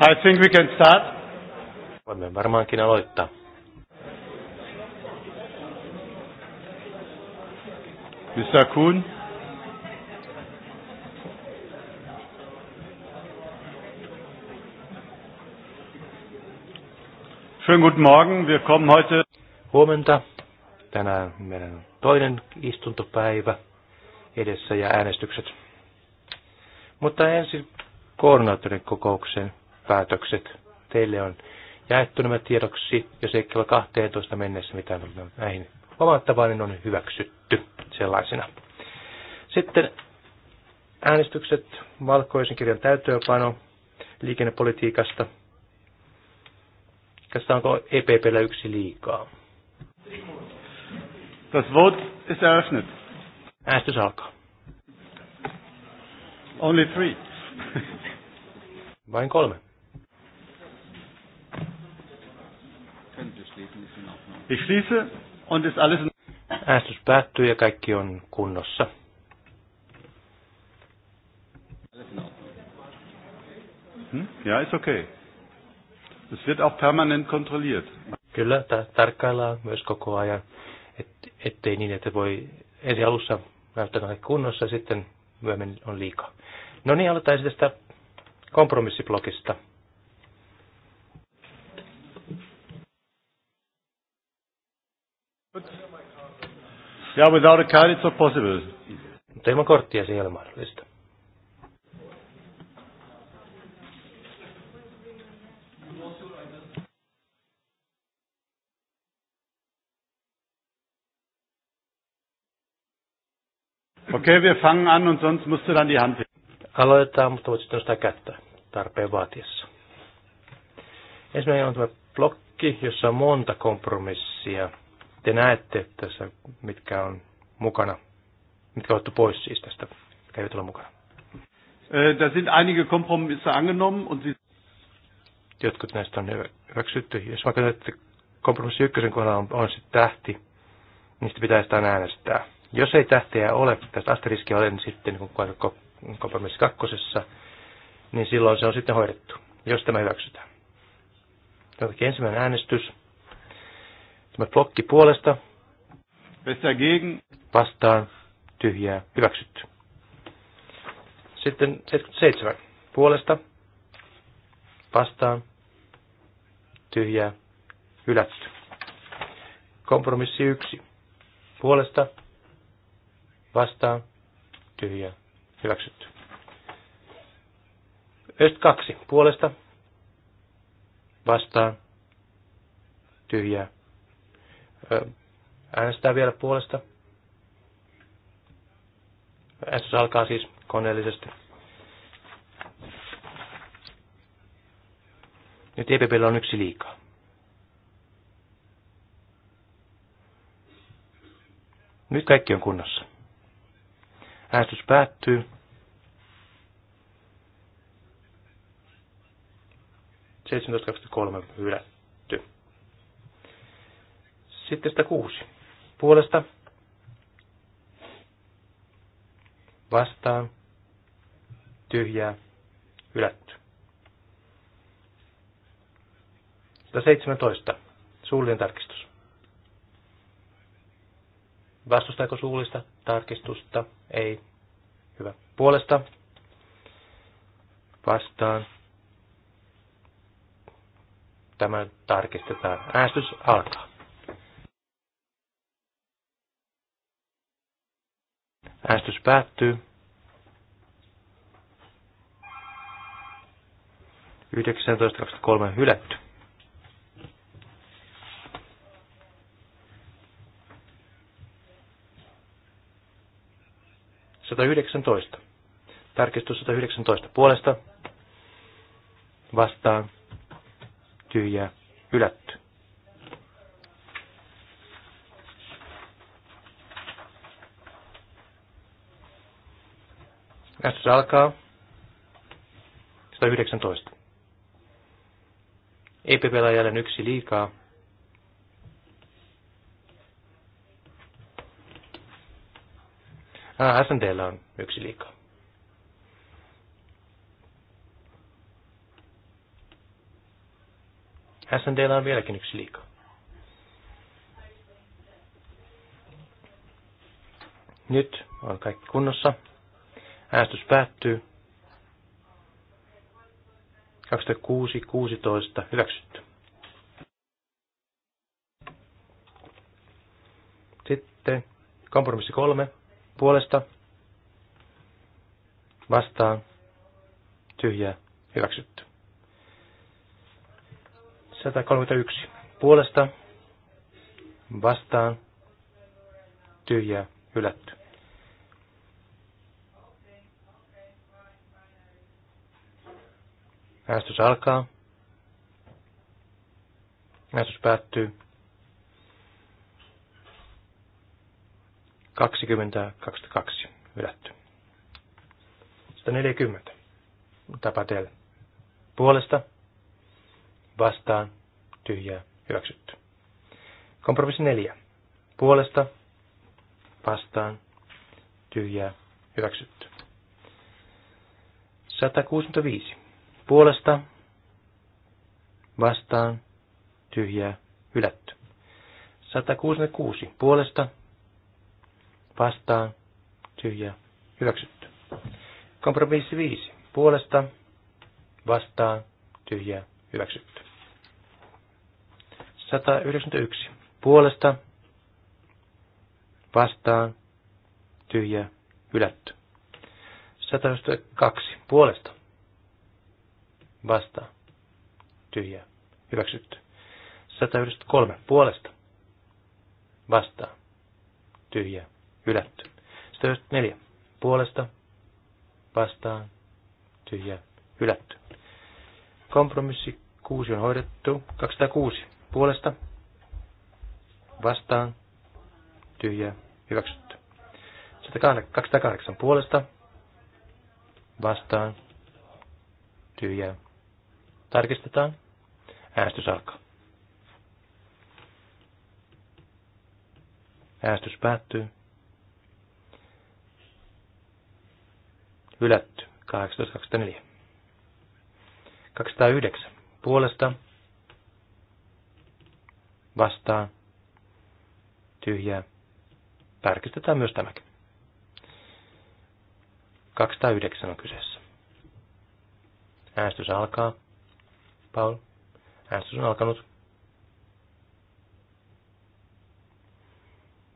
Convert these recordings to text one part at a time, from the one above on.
I think we can start. Voimme varmaankin aloittaa. Mr. Kuhn. Schönen guten Morgen, wir kommen heute. Huomenta. Tänään meidän toinen istuntopäivä edessä ja äänestykset. Mutta ensin koordinaattorin kokoukseen päätökset. Teille on jaettu nämä tiedoksi, jos ei kello 12 mennessä mitään ole näihin huomattavaa, niin on hyväksytty sellaisena. Sitten äänestykset valkoisen kirjan täytöpano liikennepolitiikasta. Tässä onko EPPllä yksi liikaa? Das Wort ist eröffnet. Äänestys alkaa. Only three. Vain kolme. Ich schließe und ist alles in Äänestys päättyy ja kaikki on kunnossa. Hmm? Ja, ist okay. Es wird auch permanent kontrolliert. Kyllä, ta- tarkkaillaan myös koko ajan, et, ettei niin, että voi ensi alussa näyttää kaikki kunnossa ja sitten myöhemmin on liikaa. No niin, aloitetaan sitten tästä kompromissiblogista. Yeah, without a card it's not possible. Mutta ilman korttia se ei ole mahdollista. Okei, okay, wir fangen an und sonst musst du dann die Hand Aloitetaan, mutta voit sitten nostaa kättä tarpeen vaatiessa. Ensimmäinen on tämä blokki, jossa on monta kompromissia te näette tässä, mitkä on mukana, mitkä otettu pois siis tästä, mitkä eivät ole mukana? Da sind einige Kompromisse angenommen und sie... Jotkut näistä on hyväksytty. Jos vaikka näette kompromissi ykkösen kohdalla on, on se tähti, sitä pitää aina äänestää. Jos ei tähtiä ole, tästä asteriskiä ole, niin sitten kun kompromissi kakkosessa, niin silloin se on sitten hoidettu, jos tämä hyväksytään. Jotenkin ensimmäinen äänestys, Tämä blokki puolesta. Dagegen. Vastaan. Tyhjää. Hyväksytty. Sitten 77. Puolesta. Vastaan. Tyhjää. Hylätty. Kompromissi 1. Puolesta. Vastaan. Tyhjää. Hyväksytty. Öst 2. Puolesta. Vastaan. Tyhjää Äänestää vielä puolesta. Äänestys alkaa siis koneellisesti. Nyt EPPllä on yksi liikaa. Nyt kaikki on kunnossa. Äänestys päättyy. kolme hylätty. Sitten kuusi. Puolesta vastaan tyhjää hylätty. 17. Suullinen tarkistus. Vastustaako suullista tarkistusta? Ei. Hyvä. Puolesta vastaan. Tämä tarkistetaan. Äänestys alkaa. Äänestys päättyy. 19.23 hylätty. Tarkistus 119 puolesta. Vastaan. tyhjä Hylätty. Se alkaa. 119. Ei pelaa jälleen yksi liikaa. Ah, SNTllä on yksi liikaa. SNTllä on vieläkin yksi liikaa. Nyt on kaikki kunnossa. Äänestys päättyy. 26.16. Hyväksytty. Sitten kompromissi kolme puolesta vastaan tyhjää hyväksytty. 131 puolesta vastaan tyhjää hylätty. Äänestys alkaa. Äänestys päättyy. 2022 hylätty. 140. Tapatel. Puolesta. Vastaan. Tyhjää. Hyväksytty. Kompromissi 4. Puolesta. Vastaan. Tyhjää. Hyväksytty. 165 Puolesta vastaan tyhjää hylätty. 166 puolesta vastaan tyhjää hyväksytty. Kompromissi 5 puolesta vastaan tyhjää hyväksytty. 191 puolesta vastaan tyhjää hylätty. 192 puolesta vastaan, tyhjä hyväksytty. 193 puolesta, vastaan, Tyhjä. hylätty. 194 puolesta, vastaan, tyhjä hylätty. Kompromissi 6 on hoidettu, 206 puolesta, vastaan, tyhjä hyväksytty. 208 puolesta, vastaan, tyhjä Tarkistetaan. Äänestys alkaa. Äänestys päättyy. Hylätty. 18.24. 209. Puolesta. Vastaan. Tyhjää. Tarkistetaan myös tämäkin. 209 on kyseessä. Äänestys alkaa. Paul, äänestys on alkanut.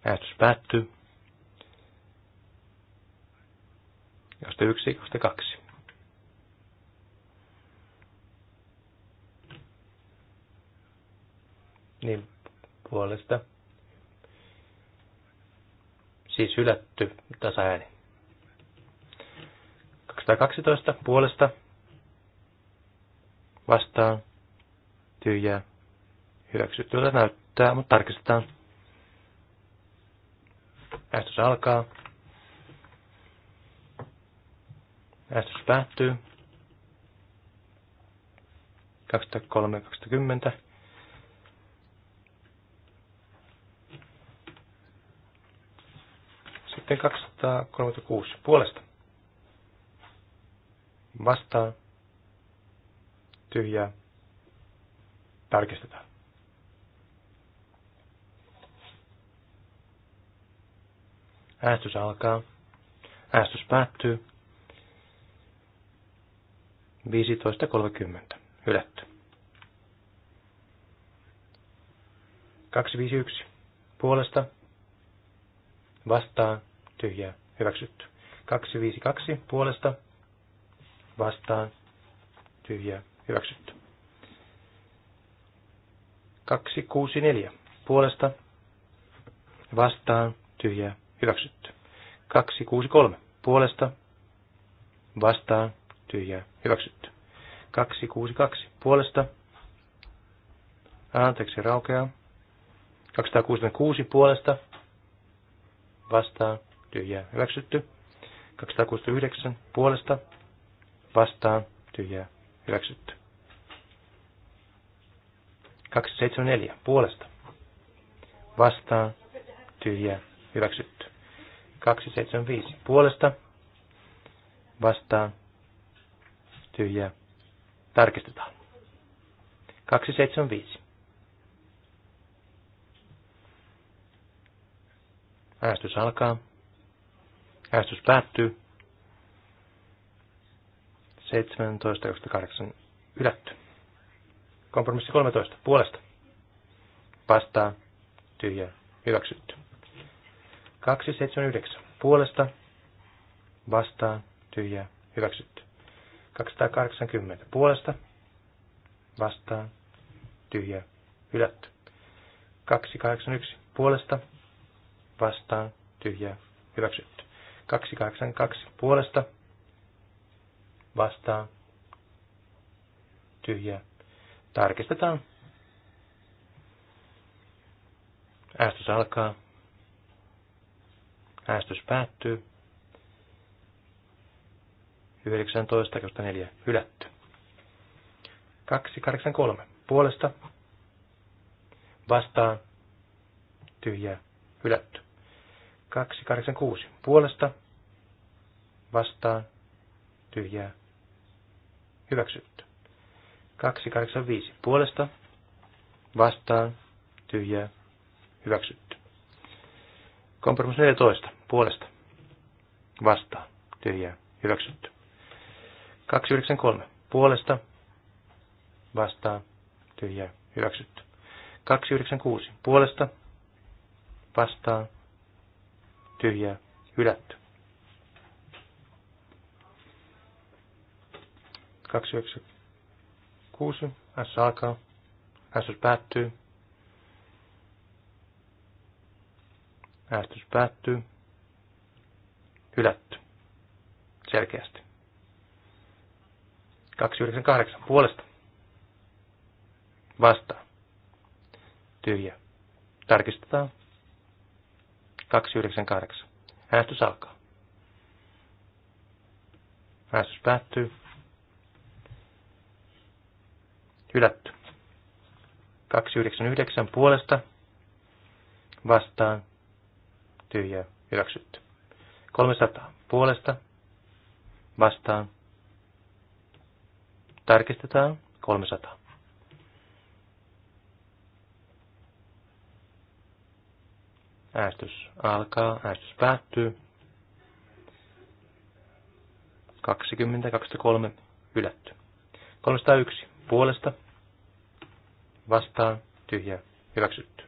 Äänestys päättyy. Josta yksi, josta kaksi. Niin puolesta. Siis hylätty tasaääni. 212 puolesta vastaan, tyhjää, hyväksyttyä näyttää, mutta tarkistetaan. Äästys alkaa. Äästys päättyy. 2320 Sitten 236 puolesta. Vastaan tyhjää, tarkistetaan. Äänestys alkaa. Äänestys päättyy. 15.30. Hylätty. 251. Puolesta. Vastaan. Tyhjää. Hyväksytty. 252. Puolesta. Vastaan. Tyhjää hyväksytty. 264 puolesta vastaan tyhjää hyväksytty. 263 puolesta vastaan tyhjää hyväksytty. 262 puolesta anteeksi raukeaa. 266 puolesta vastaan tyhjää hyväksytty. 269 puolesta vastaan tyhjää hyväksytty. 274 puolesta. Vastaan. tyhjä Hyväksytty. 275 puolesta. Vastaan. tyhjä Tarkistetaan. 275. Äänestys alkaa. Äänestys päättyy. 17.28 ylätty. Kompromissi 13. Puolesta. vastaa tyhjä Hyväksytty. 279. Puolesta. vastaa tyhjä Hyväksytty. 280. Puolesta. Vastaa. Tyhjä. Hylätty. 281. Puolesta. vastaa tyhjä Hyväksytty. 282. Puolesta. vastaa tyhjä Tarkistetaan. Äästys alkaa. Äästys päättyy. 19.4. Hylätty. 283. Puolesta. Vastaan. Tyhjää. Hylätty. 286. Puolesta. Vastaan. Tyhjää. Hyväksytty. 285 puolesta vastaan tyhjää hyväksytty. Kompromis 14 puolesta vastaan tyhjää hyväksytty. 293 puolesta vastaan tyhjää hyväksytty. 296 puolesta vastaan tyhjää hylätty. 296 kuusi, S alkaa. Äänestys päättyy. äästys päättyy. Hylätty. Selkeästi. 298 puolesta. Vastaa. Tyhjä. Tarkistetaan. 298. Äänestys alkaa. Äänestys päättyy hylätty. 299 puolesta vastaan tyhjää hyväksytty. 300 puolesta vastaan tarkistetaan 300. Äänestys alkaa, äänestys päättyy. 20-23 hylätty. 301 puolesta vastaan tyhjä hyväksytty.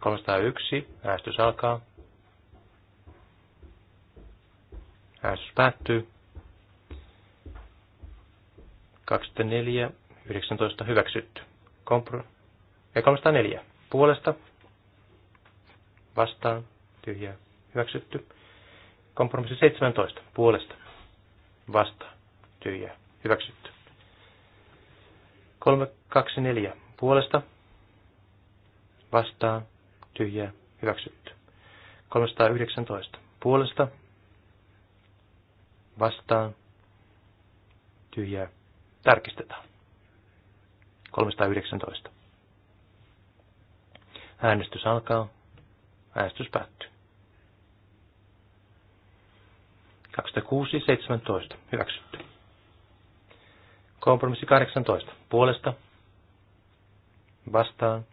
kolmesta yksi äänestys alkaa. Äänestys päättyy. 24, 19 hyväksytty. Kompro. Ja 304 puolesta vastaan tyhjä hyväksytty. Kompromissi 17 puolesta vasta tyhjä hyväksytty. 324 puolesta vastaan tyhjä hyväksytty. 319 puolesta vastaan tyhjä, tarkistetaan. 319. Äänestys alkaa. Äänestys päättyy. 206, 17. Hyväksytty. Kompromissi 18. Puolesta. Vastaan.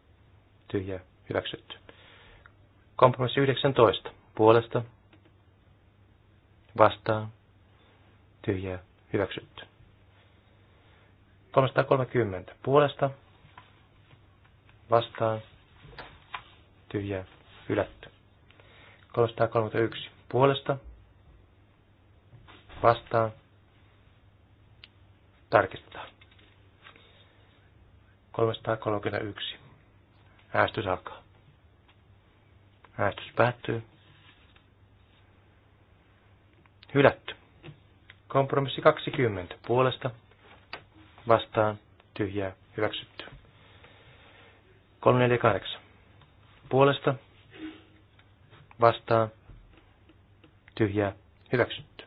Tyhjä. Hyväksytty. Kompromissi 19. Puolesta. Vastaan. Tyhjä. Hyväksytty. 330. Puolesta. Vastaan. Tyhjä. Hylätty. 331. Puolesta vastaan. Tarkistetaan. 331. Äästys alkaa. Äästys päättyy. Hylätty. Kompromissi 20. Puolesta. Vastaan. Tyhjää. Hyväksytty. 348. Puolesta. Vastaan. Tyhjää. Hyväksytty.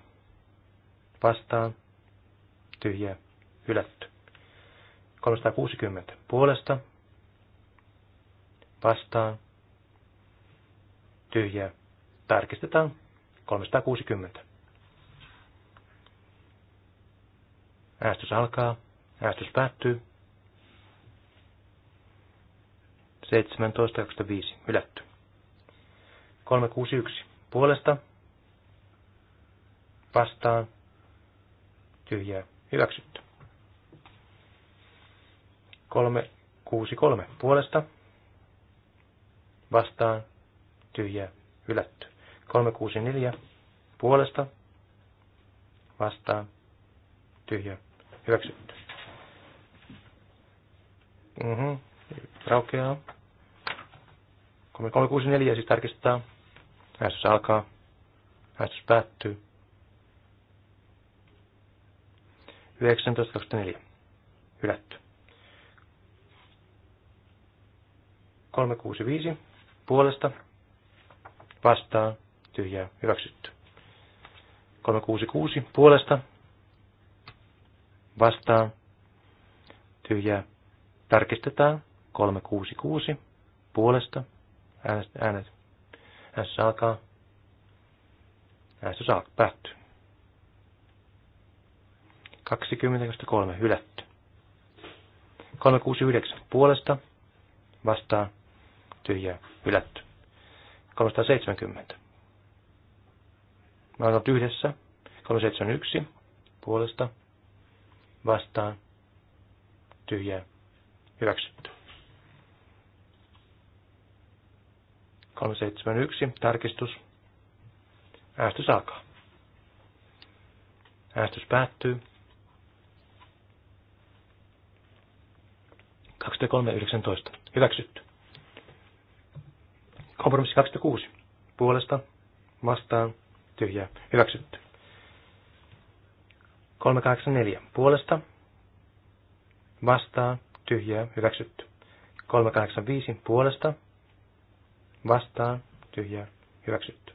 vastaan, tyhjä, hylätty. 360 puolesta, vastaan, tyhjä, tarkistetaan, 360. Äästys alkaa, äästys päättyy. 17.25, hylätty. 361, puolesta, vastaan, tyhjää hyväksytty. 363 puolesta vastaan tyhjää hylätty. 364 puolesta vastaan tyhjää hyväksytty. Mhm, raukeaa. 3364 siis tarkistetaan. Äänestys alkaa. Äänestys päättyy. 19.24. Hylätty. 365. Puolesta. Vastaan. Tyhjää. Hyväksytty. 366. Puolesta. Vastaan. Tyhjää. Tarkistetaan. 366. Puolesta. Äänet. Äänet. Äänestys alkaa. Äänestys alkaa. Päättyy. 20-23 hylätty. 369 puolesta vastaan tyhjää hylätty. 370. Mä otan yhdessä. 371 puolesta vastaan tyhjää hyväksytty. 371 tarkistus. Äästys alkaa. Äästys päättyy. 23.19. Hyväksytty. Kompromissi 26. Puolesta, vastaan, tyhjää. Hyväksytty. 384. Puolesta, vastaan, tyhjää. Hyväksytty. 385. Puolesta, vastaan, tyhjää. Hyväksytty.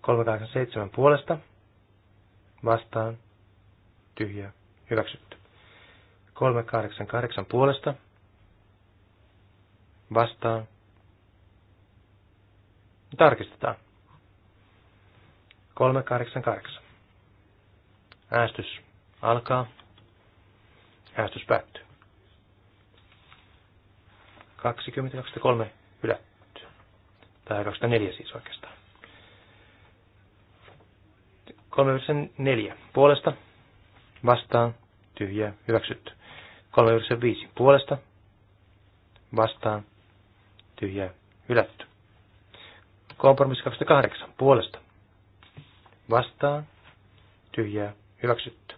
387. Puolesta, vastaan, tyhjää. Hyväksytty. 388 puolesta. Vastaan. Tarkistetaan. 388. Äänestys alkaa. Äänestys päättyy. 23 hylätty. Tai 24 siis oikeastaan. 394 puolesta vastaan tyhjä hyväksytty. 395 puolesta vastaan Tyhjä. hylätty. Kompromissi 28 puolesta vastaan Tyhjä. hyväksytty.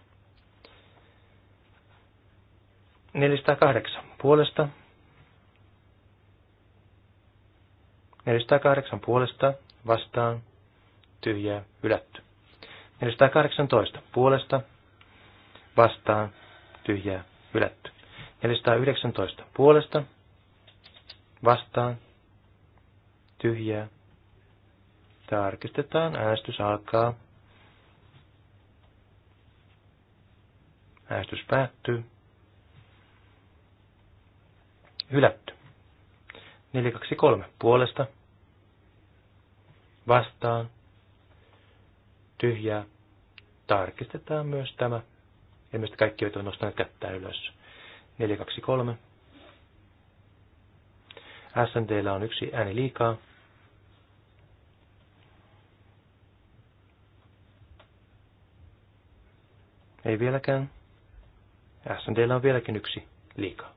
408 puolesta 408 puolesta vastaan tyhjää hylätty. 418 puolesta vastaan tyhjää ylätty. 419 puolesta vastaan tyhjää. Tarkistetaan. Äänestys alkaa. Äänestys päättyy. Hylätty. 423 puolesta vastaan tyhjää. Tarkistetaan myös tämä emme sitä kaikki eivät ole nostaneet kättä ylös. 423. SNDllä on yksi ääni liikaa. Ei vieläkään. SNDllä on vieläkin yksi liikaa.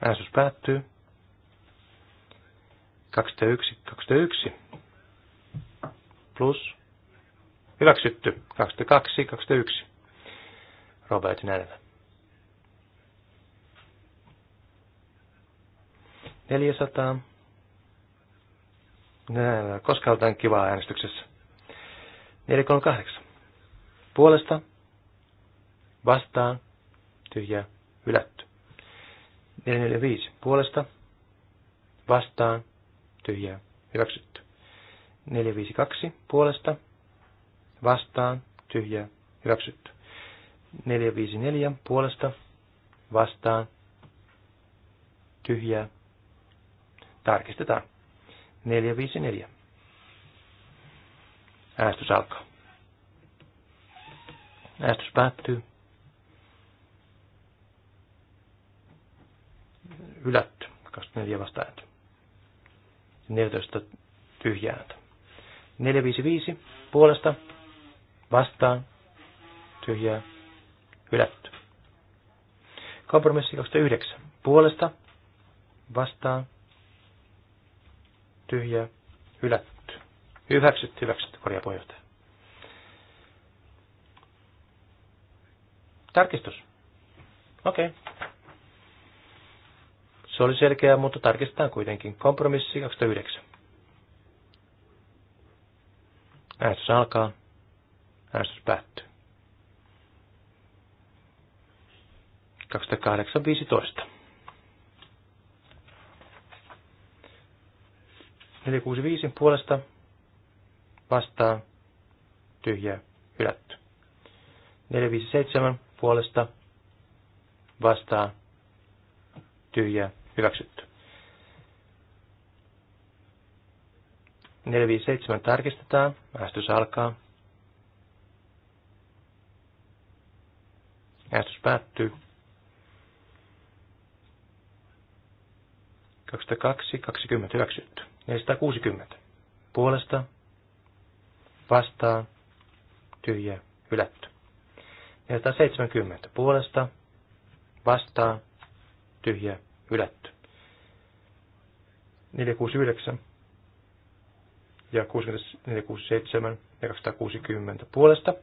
Äänestys päättyy. 21, 21 plus hyväksytty 22, 21. Robert Nelvä. 400. Nää, koska otan kivaa äänestyksessä. 438. Puolesta. Vastaan. Tyhjä. Hylätty. 445. Puolesta. Vastaan. Tyhjä. Hyväksytty. 452 puolesta vastaan tyhjä, hyväksytty. 454 puolesta vastaan tyhjä, tarkistetaan. 454. Äänestys alkaa. Äänestys päättyy. Hylätty. 24 vasta 14 tyhjää 455 puolesta vastaan tyhjää hylätty. Kompromissi 29 puolesta vastaan tyhjää hylätty. Hyväksytty, hyväksytty, korjaa puheenjohtaja. Tarkistus. Okei. Okay. Se oli selkeää, mutta tarkistetaan kuitenkin. Kompromissi 29. Äänestys alkaa. Äänestys päättyy. 2815. 465 puolesta vastaa tyhjä hylätty. 457 puolesta vastaa tyhjä hyväksytty. 457 tarkistetaan. Äästys alkaa. Äästys päättyy. 22, 20 hyväksytty. 460. Puolesta. Vastaan. Tyhjä. Hylätty. 470. Puolesta. Vastaan. Tyhjä. Hylätty. 469 ja 67 ja 260 puolesta.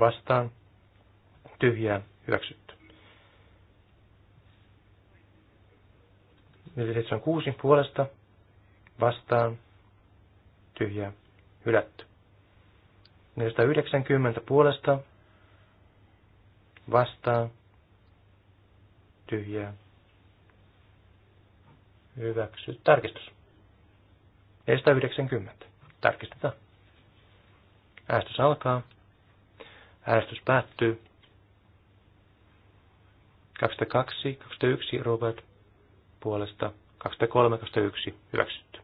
Vastaan tyhjää hyväksytty. 476 puolesta vastaan tyhjää hylätty. 490 puolesta vastaan tyhjää hyväksy. Tarkistus. 190. Tarkistetaan. Äänestys alkaa. Äänestys päättyy. 22, 21 Robert puolesta. 23, 21 hyväksytty.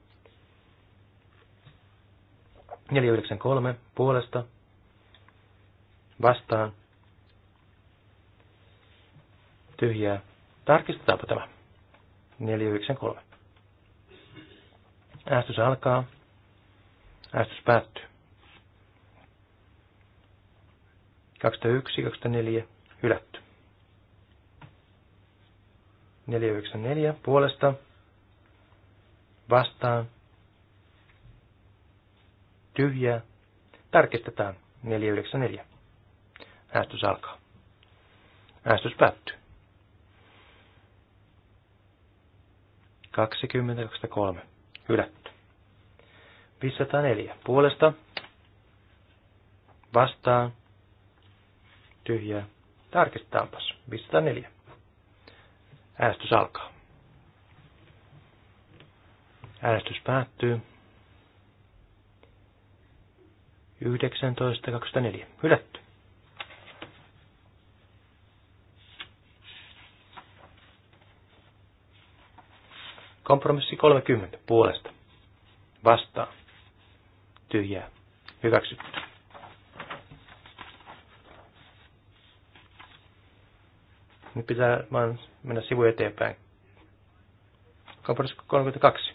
493 puolesta vastaan tyhjää. Tarkistetaanpa tämä. 493 äästys alkaa. äästys päättyy. 21, 24, hylätty. 494 puolesta vastaan tyhjää. Tarkistetaan 494. Äästys alkaa. Äästys päättyy. 20, 23 hylätty. 504 puolesta vastaan tyhjää. Tarkistetaanpas. 504. Äänestys alkaa. Äänestys päättyy. 19.24. Hylätty. Kompromissi 30 puolesta. vastaa Tyhjää. Hyväksytty. Nyt pitää vaan mennä sivu eteenpäin. Kompromissi 32.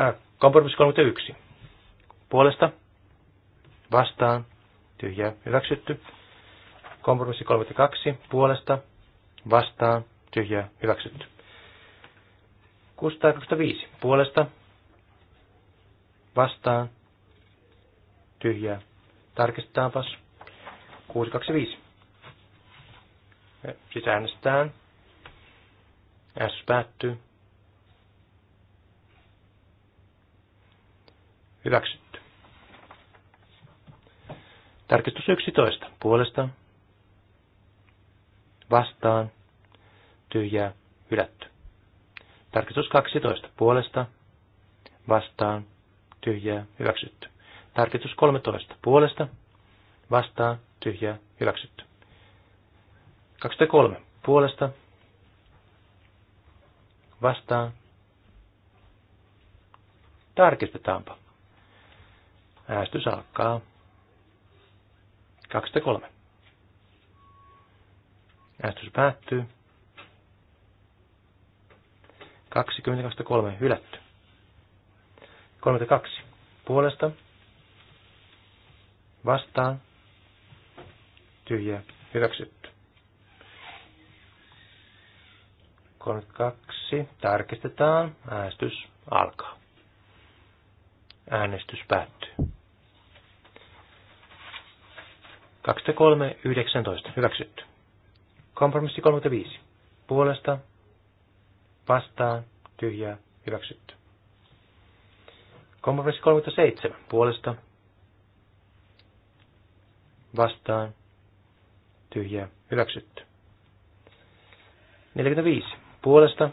Äh, kompromissi 31. Puolesta. Vastaan. tyhjä Hyväksytty. Kompromissi 32. Puolesta vastaan, tyhjää, hyväksytty. 625 puolesta, vastaan, tyhjää. Tarkistetaanpas. 625. Siis äänestetään. S päättyy. Hyväksytty. Tarkistus 11. Puolesta vastaan, tyhjää, hylätty. Tarkistus 12 puolesta, vastaan, tyhjää, hyväksytty. Tarkistus 13 puolesta, vastaan, tyhjää, hyväksytty. 23 puolesta, vastaan, tarkistetaanpa. Äästys alkaa. 23. Äänestys päättyy. 23 hylätty. 32 puolesta. Vastaan. Tyhjä. Hyväksytty. 32. Tarkistetaan. Äänestys alkaa. Äänestys päättyy. 23.19. Hyväksytty. Kompromissi 35. Puolesta, vastaan, tyhjää, hyväksytty. Kompromissi 37. Puolesta, vastaan, tyhjää, hyväksytty. 45. Puolesta,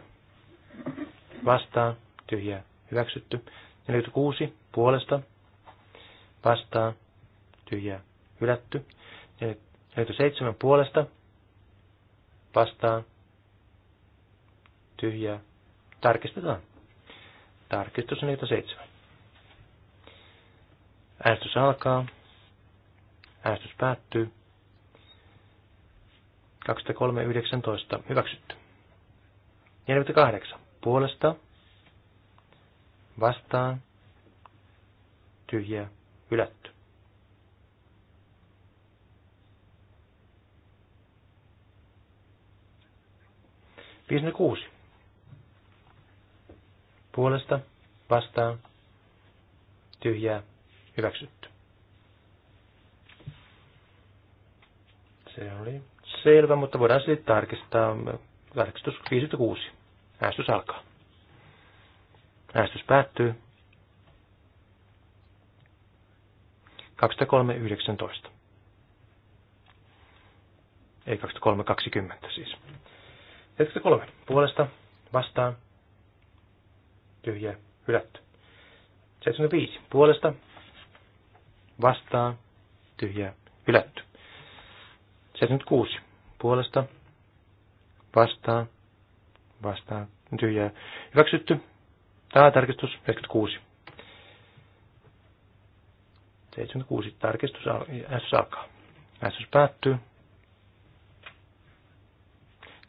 vastaan, tyhjää, hyväksytty. 46. Puolesta, vastaan, tyhjää, hylätty. 47. Puolesta, vastaan, tyhjää, tarkistetaan. Tarkistus on 47. Äänestys alkaa. Äänestys päättyy. 23.19. Hyväksytty. 48. Puolesta. Vastaan. Tyhjä. Hylätty. 56. Puolesta, vastaan, tyhjää, hyväksytty. Se oli selvä, mutta voidaan sitten tarkistaa. 56. Äänestys alkaa. Äänestys päättyy. 2319. Ei 2320 siis. 73 puolesta vastaan tyhjä hylätty. 75 puolesta vastaan tyhjä hylätty. 76 puolesta vastaan vastaan Tyhjä. hyväksytty. Tämä tarkistus 76. 76 tarkistus äänestys alkaa. Äänestys päättyy.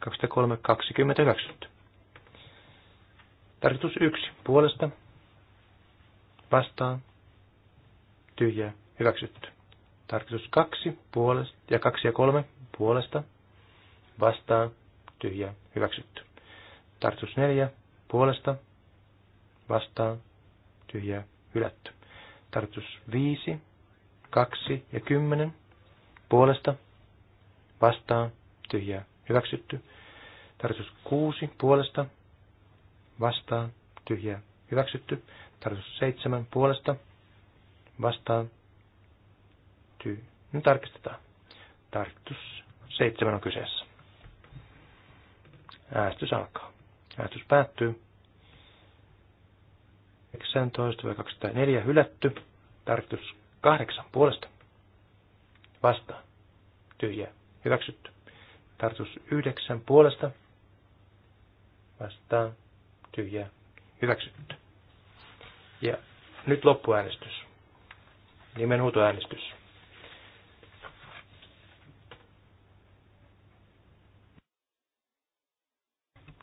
23.29. Tarkoitus 1. Puolesta. Vastaan. Tyhjää. Hyväksytty. Tarkoitus 2. Puolesta. Ja 2 ja 3. Puolesta. Vastaan. Tyhjää. Hyväksytty. Tarkoitus 4. Puolesta. Vastaan. Tyhjää. Hylätty. Tarkoitus 5. 2 ja 10. Puolesta. Vastaan. Tyhjää. Hyväksytty. Tarkistus 6 puolesta vastaan tyhjä hyväksytty. Tarkistus 7 puolesta vastaan tyhjä. No tarkistetaan. Tarkistus 7 on kyseessä. Äästys alkaa. Äästys päättyy. 19-24 vai hylätty. Tarkistus 8 puolesta vastaan tyhjä hyväksytty. Tartus 9 puolesta vastaan tyhjää hyväksytty. Ja nyt loppuäänestys. Nimenhuutoäänestys.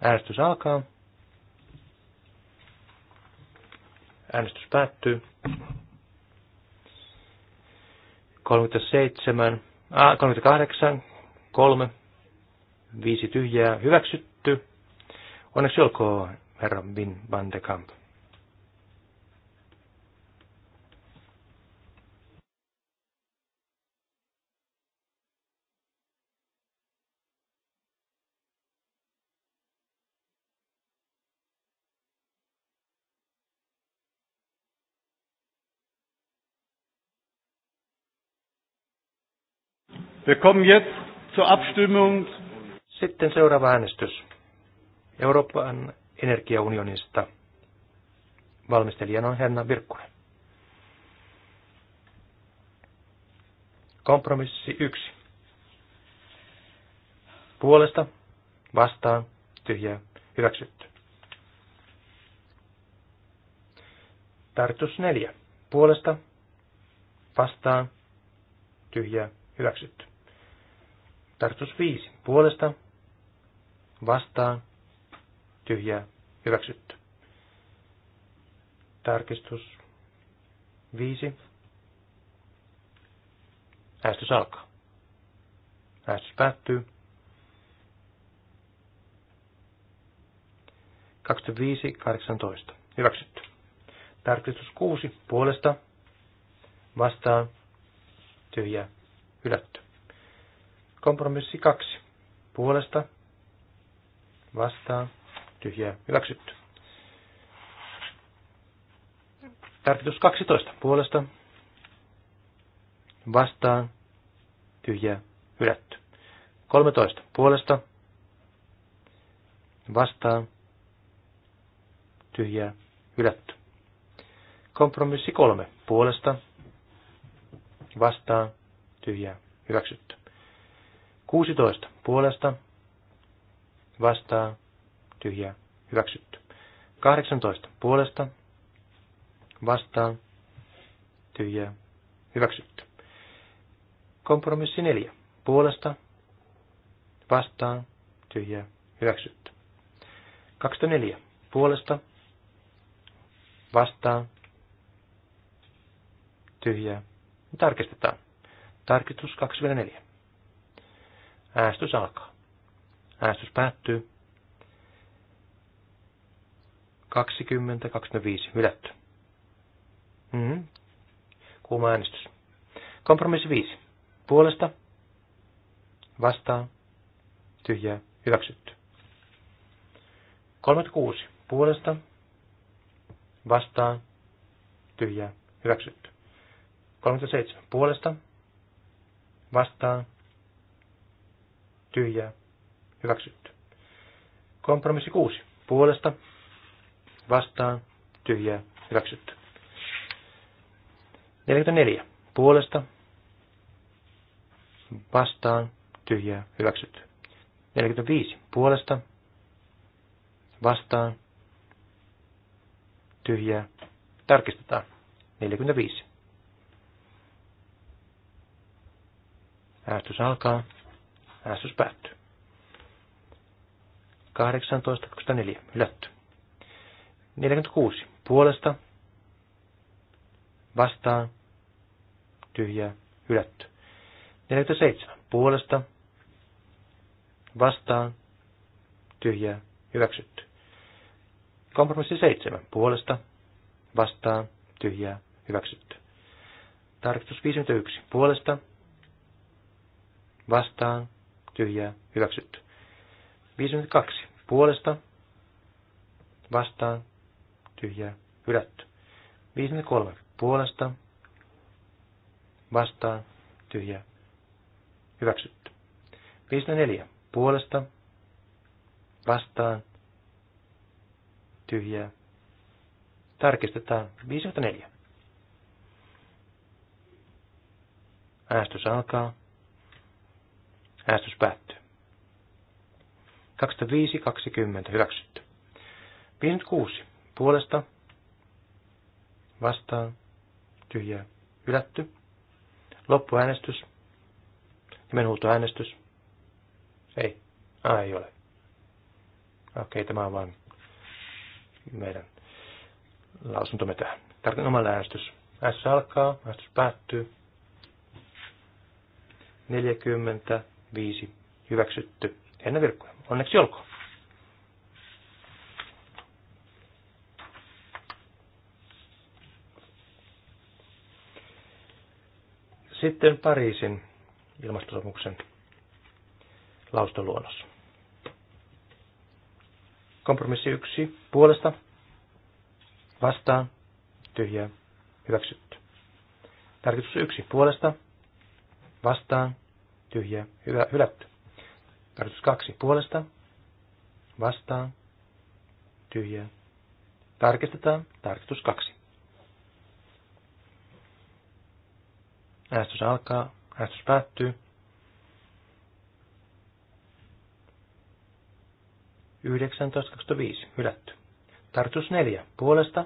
Äänestys alkaa. Äänestys päättyy. 37, äh, 38, 3, 5 tyhjää hyväksytty. Onneksi olkoon, herra Bin van de Kamp. Wir kommen jetzt zur Abstimmung. Sitten seuraava äänestys. Euroopan energiaunionista. Valmistelijana on Henna Virkkunen. Kompromissi 1. Puolesta, vastaan, tyhjää, hyväksytty. Tartus 4. Puolesta, vastaan, tyhjää, hyväksytty. Tartus 5. Puolesta, vastaan, tyhjää hyväksytty. Tarkistus 5. Äästys alkaa. Äästys päättyy. 25.18. Hyväksytty. Tarkistus 6. Puolesta. Vastaan. Tyhjä. Hylätty. Kompromissi 2. Puolesta. Vastaan tyhjää hyväksytty. Tarkoitus 12 puolesta vastaan tyhjää hylätty. 13 puolesta vastaan tyhjää hylätty. Kompromissi 3 puolesta vastaan tyhjää hyväksytty. 16 puolesta vastaan tyhjää, hyväksytty. 18 puolesta, vastaan, tyhjää, hyväksytty. Kompromissi 4 puolesta, vastaan, tyhjää, hyväksytty. 24 puolesta, vastaan, tyhjää, tarkistetaan. Tarkistus 24. Äänestys alkaa. Äänestys päättyy. 20, 25, hylätty. Mm-hmm. Kuuma äänestys. Kompromissi 5. Puolesta. Vastaan. Tyhjää. Hyväksytty. 36. Puolesta. Vastaan. Tyhjää. Hyväksytty. 37. Puolesta. Vastaan. Tyhjää. Hyväksytty. Kompromissi 6. Puolesta vastaan, tyhjää, hyväksytty. 44. Puolesta, vastaan, tyhjää, hyväksytty. 45. Puolesta, vastaan, tyhjää, tarkistetaan. 45. Äästys alkaa. äästys päättyy. 18.24. Hylätty. 46. Puolesta vastaan tyhjä, hylätty. 47. Puolesta vastaan tyhjä, hyväksytty. Kompromissi 7. Puolesta vastaan tyhjä, hyväksytty. Tarkistus 51. Puolesta vastaan tyhjä, hyväksytty. 52. Puolesta vastaan tyhjää, hylätty. 53 puolesta, vastaan, tyhjä, hyväksytty. 54 puolesta, vastaan, tyhjää, tarkistetaan, 54. Äänestys alkaa. Äänestys päättyy. 25.20 hyväksytty. 56 puolesta vastaan tyhjä ylätty Loppuäänestys. Nimenhuutoäänestys. Ei. Ah, ei ole. Okei, tämä on vain meidän lausuntomme tähän. Tarkoitan omalla äänestys. S alkaa, äänestys päättyy. 45 hyväksytty. Ennen virkkoja. Onneksi olkoon. Sitten Pariisin ilmastosopimuksen lausuntoluonnos. Kompromissi yksi puolesta vastaan tyhjää hyväksytty. Tarkoitus yksi puolesta vastaan tyhjää hyvä, hylätty. Tarkoitus kaksi puolesta vastaan tyhjää. Tarkistetaan tarkistus kaksi. Äänestys alkaa. Äänestys päättyy. 19.25. Hylätty. Tartus 4. Puolesta.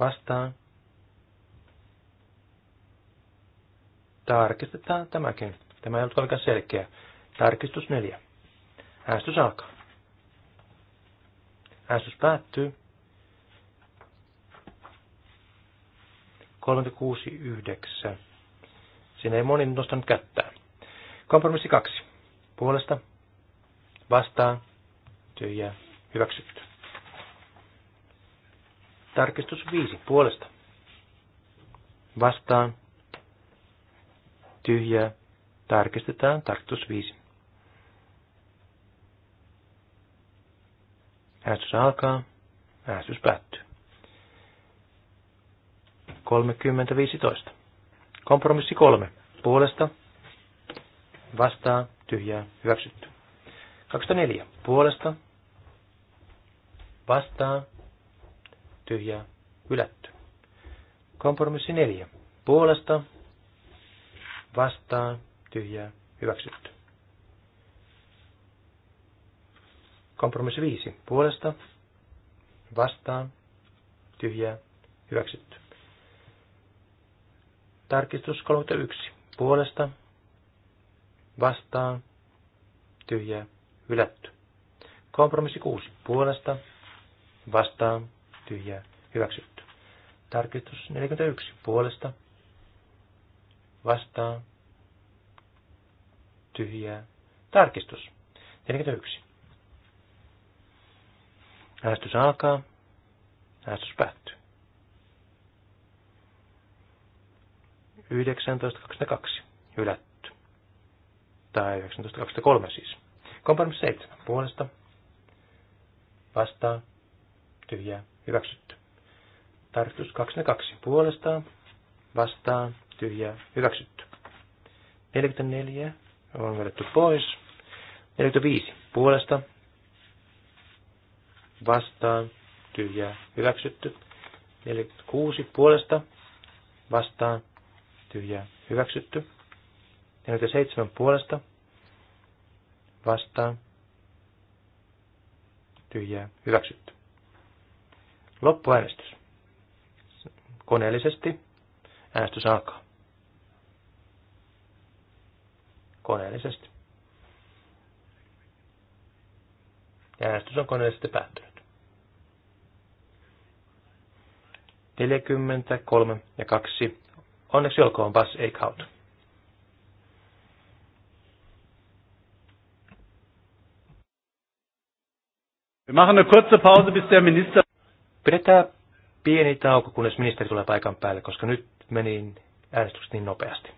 Vastaan. Tarkistetaan tämäkin. Tämä ei ollut oikein selkeä. Tarkistus 4. Äänestys alkaa. Äänestys päättyy. 369. Siinä ei moni nostanut kättään. Kompromissi 2. Puolesta, vastaan, tyhjää, hyväksytty. Tarkistus 5. Puolesta, vastaan, tyhjää, tarkistetaan, tarkistus 5. Äänestys alkaa, äänestys päättyy. 30.15. Kompromissi 3. Puolesta, vastaan, tyhjää, hyväksytty. 24. Puolesta, vastaan, tyhjää, hylätty. Kompromissi 4. Puolesta, vastaan, tyhjää, hyväksytty. Kompromissi 5. Puolesta, vastaan, tyhjää, hyväksytty. Tarkistus 31. Puolesta. Vastaan. tyhjä, Hylätty. Kompromissi 6. Puolesta. Vastaan. tyhjä, Hyväksytty. Tarkistus 41. Puolesta. Vastaan. tyhjä, Tarkistus. 41. Äänestys alkaa. Äänestys päättyy. 19.22 hylätty. Tai 19.23 siis. Kompromissi 7 puolesta vastaan tyhjää hyväksytty. Tarkistus 22 puolestaan vastaan tyhjää hyväksytty. 44 on vedetty pois. 45 puolesta vastaan tyhjää hyväksytty. 46 puolesta vastaan tyhjää hyväksytty. 47 puolesta vastaan tyhjää hyväksytty. Loppuäänestys. Koneellisesti äänestys alkaa. Koneellisesti. Ja äänestys on koneellisesti päättynyt. 43 ja 2 Onneksi olkoon Bas Eichhout. Wir machen eine kurze Pause, bis der Minister... Pidetään pieni tauko, kunnes ministeri tulee paikan päälle, koska nyt meni äänestykset niin nopeasti.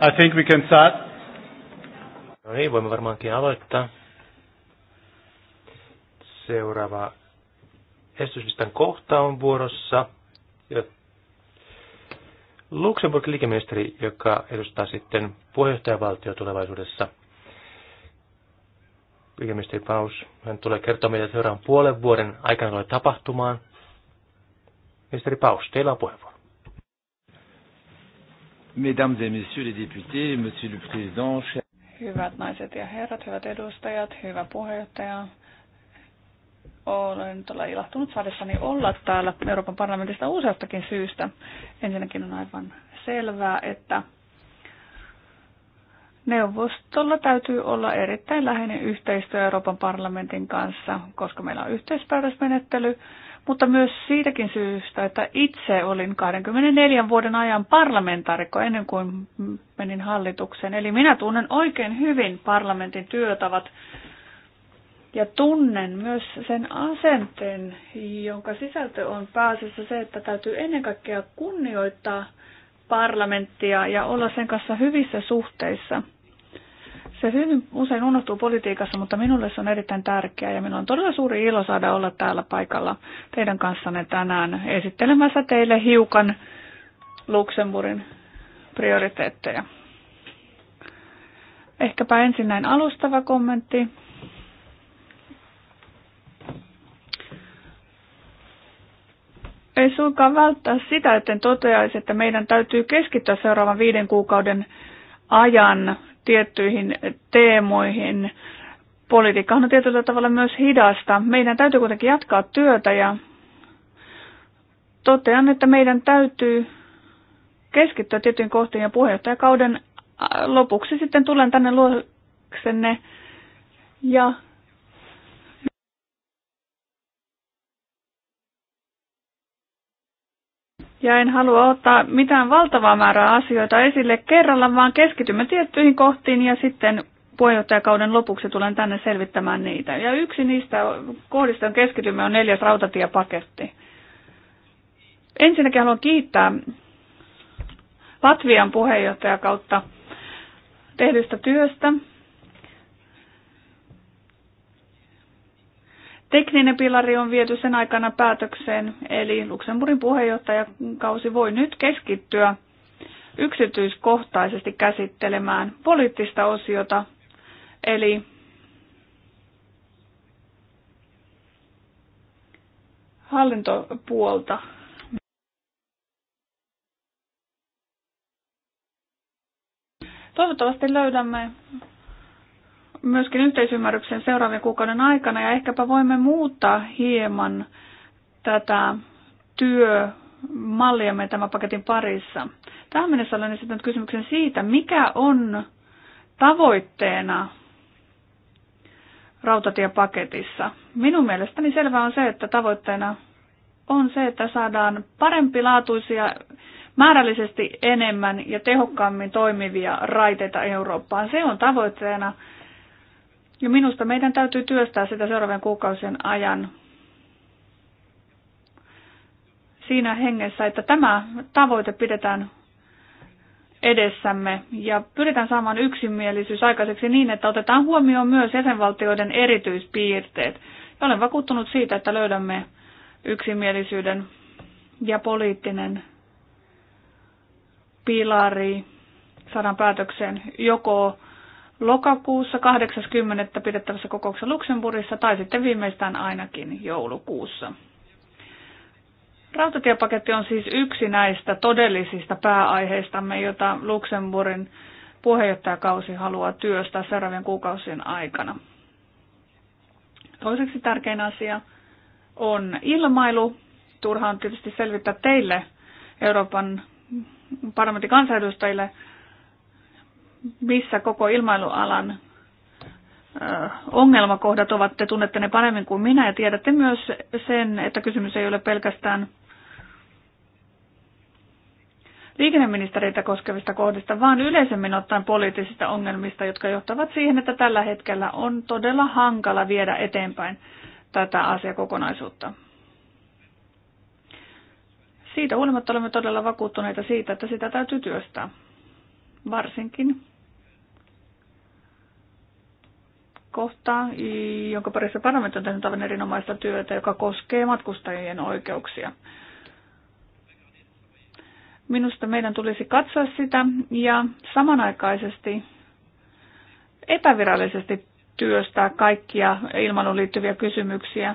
I think we can start. No niin, voimme varmaankin aloittaa. Seuraava esityslistan kohta on vuorossa. Luxemburg liikeministeri, joka edustaa sitten puheenjohtajavaltio tulevaisuudessa. Liikeministeri Paus, hän tulee kertomaan, mitä seuraavan puolen vuoden aikana tulee tapahtumaan. Ministeri Paus, teillä on puheenvuoro. Mesdames et messieurs les députés, monsieur le président, Hyvät naiset ja herrat, hyvät edustajat, hyvä puheenjohtaja. Olen todella ilahtunut saadessani olla täällä Euroopan parlamentista useastakin syystä. Ensinnäkin on aivan selvää, että Neuvostolla täytyy olla erittäin läheinen yhteistyö Euroopan parlamentin kanssa, koska meillä on yhteispäätösmenettely mutta myös siitäkin syystä, että itse olin 24 vuoden ajan parlamentaarikko ennen kuin menin hallitukseen. Eli minä tunnen oikein hyvin parlamentin työtavat ja tunnen myös sen asenteen, jonka sisältö on pääasiassa se, että täytyy ennen kaikkea kunnioittaa parlamenttia ja olla sen kanssa hyvissä suhteissa. Se hyvin usein unohtuu politiikassa, mutta minulle se on erittäin tärkeää ja minulla on todella suuri ilo saada olla täällä paikalla teidän kanssanne tänään esittelemässä teille hiukan Luxemburgin prioriteetteja. Ehkäpä ensin näin alustava kommentti. Ei suinkaan välttää sitä, että toteaisi, että meidän täytyy keskittyä seuraavan viiden kuukauden ajan tiettyihin teemoihin. Politiikka on tietyllä tavalla myös hidasta. Meidän täytyy kuitenkin jatkaa työtä ja totean, että meidän täytyy keskittyä tietyn kohtiin ja puheenjohtajakauden lopuksi sitten tulen tänne luoksenne ja ja en halua ottaa mitään valtavaa määrää asioita esille kerralla, vaan keskitymme tiettyihin kohtiin ja sitten puheenjohtajakauden lopuksi tulen tänne selvittämään niitä. Ja yksi niistä kohdista, on keskitymme, on neljäs rautatiepaketti. Ensinnäkin haluan kiittää Latvian puheenjohtajakautta tehdystä työstä. Tekninen pilari on viety sen aikana päätökseen, eli Luxemburgin puheenjohtajakausi voi nyt keskittyä yksityiskohtaisesti käsittelemään poliittista osiota, eli hallintopuolta. Toivottavasti löydämme myöskin yhteisymmärryksen seuraavien kuukauden aikana ja ehkäpä voimme muuttaa hieman tätä työmalliamme tämän paketin parissa. Tähän mennessä olen esittänyt kysymyksen siitä, mikä on tavoitteena rautatiepaketissa. Minun mielestäni selvää on se, että tavoitteena on se, että saadaan parempilaatuisia, määrällisesti enemmän ja tehokkaammin toimivia raiteita Eurooppaan. Se on tavoitteena ja minusta meidän täytyy työstää sitä seuraavien kuukausien ajan siinä hengessä, että tämä tavoite pidetään edessämme ja pyritään saamaan yksimielisyys aikaiseksi niin, että otetaan huomioon myös jäsenvaltioiden erityispiirteet. Ja olen vakuuttunut siitä, että löydämme yksimielisyyden ja poliittinen pilari saadaan päätökseen joko lokakuussa 80. pidettävässä kokouksessa Luxemburgissa tai sitten viimeistään ainakin joulukuussa. Rautatiepaketti on siis yksi näistä todellisista pääaiheistamme, jota Luxemburgin puheenjohtajakausi haluaa työstää seuraavien kuukausien aikana. Toiseksi tärkein asia on ilmailu. Turha on tietysti selvittää teille Euroopan parlamentin kansanedustajille, missä koko ilmailualan ongelmakohdat ovat. Te tunnette ne paremmin kuin minä ja tiedätte myös sen, että kysymys ei ole pelkästään liikenneministeriitä koskevista kohdista, vaan yleisemmin ottaen poliittisista ongelmista, jotka johtavat siihen, että tällä hetkellä on todella hankala viedä eteenpäin tätä asiakokonaisuutta. Siitä huolimatta olemme todella vakuuttuneita siitä, että sitä täytyy työstää. Varsinkin kohtaa, jonka parissa parlamentti on tehnyt aivan erinomaista työtä, joka koskee matkustajien oikeuksia. Minusta meidän tulisi katsoa sitä ja samanaikaisesti epävirallisesti työstää kaikkia ilmailuun liittyviä kysymyksiä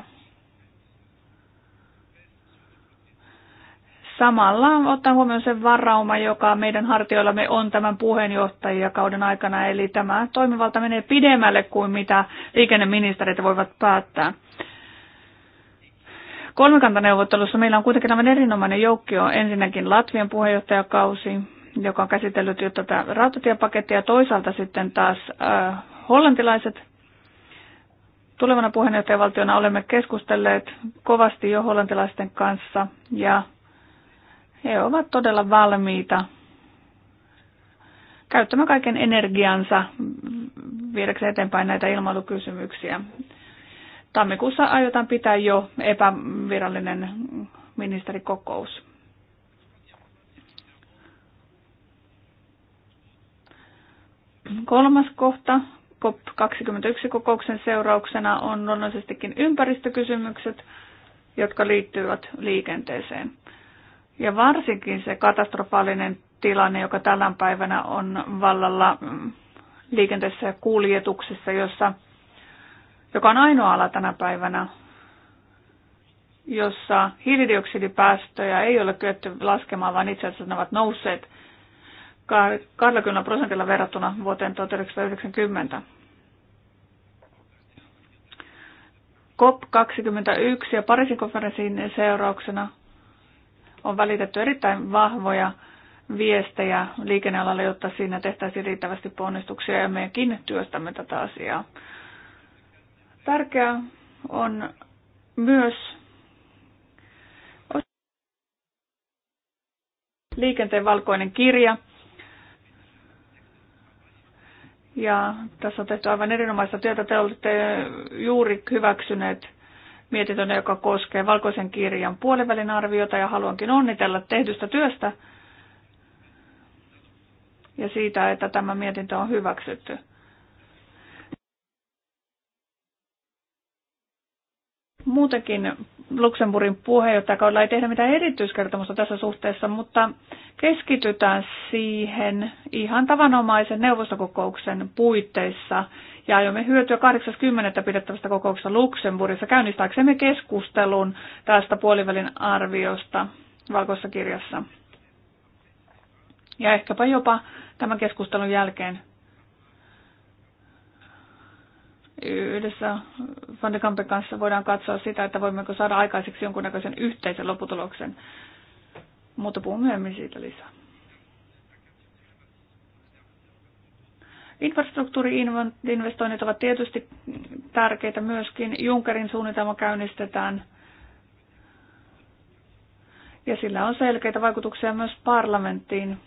Samalla ottaen huomioon sen varauma, joka meidän hartioillamme on tämän puheenjohtajakauden aikana, eli tämä toimivalta menee pidemmälle kuin mitä liikenneministerit voivat päättää. Kolmikantaneuvottelussa meillä on kuitenkin aivan erinomainen joukko Ensinnäkin Latvian puheenjohtajakausi, joka on käsitellyt jo tätä rautatiepakettia, ja toisaalta sitten taas äh, hollantilaiset. Tulevana puheenjohtajavaltiona olemme keskustelleet kovasti jo hollantilaisten kanssa ja he ovat todella valmiita käyttämään kaiken energiansa viedäkseen eteenpäin näitä ilmailukysymyksiä. Tammikuussa aiotaan pitää jo epävirallinen ministerikokous. Kolmas kohta COP21-kokouksen seurauksena on luonnollisestikin ympäristökysymykset, jotka liittyvät liikenteeseen. Ja varsinkin se katastrofaalinen tilanne, joka tällä päivänä on vallalla mm, liikenteessä ja kuljetuksessa, jossa, joka on ainoa ala tänä päivänä, jossa hiilidioksidipäästöjä ei ole kyetty laskemaan, vaan itse asiassa ne ovat nousseet 20 prosentilla verrattuna vuoteen 1990. COP21 ja Pariisin konferenssin seurauksena on välitetty erittäin vahvoja viestejä liikennealalle, jotta siinä tehtäisiin riittävästi ponnistuksia ja mekin työstämme tätä asiaa. Tärkeää on myös liikenteen valkoinen kirja. Ja tässä on tehty aivan erinomaista työtä. Te olette juuri hyväksyneet mietitön, joka koskee valkoisen kirjan puolivälin arviota ja haluankin onnitella tehdystä työstä ja siitä, että tämä mietintö on hyväksytty. muutenkin Luxemburgin puheenjohtajakaudella ei tehdä mitään erityiskertomusta tässä suhteessa, mutta keskitytään siihen ihan tavanomaisen neuvostokokouksen puitteissa ja aiomme hyötyä 80. pidettävästä kokouksesta Luxemburgissa käynnistääksemme keskustelun tästä puolivälin arviosta valkoisessa kirjassa. Ja ehkäpä jopa tämän keskustelun jälkeen yhdessä Van de Kampen kanssa voidaan katsoa sitä, että voimmeko saada aikaiseksi jonkunnäköisen yhteisen lopputuloksen. Mutta puhun myöhemmin siitä lisää. Infrastruktuuriinvestoinnit ovat tietysti tärkeitä myöskin. Junkerin suunnitelma käynnistetään ja sillä on selkeitä vaikutuksia myös parlamenttiin.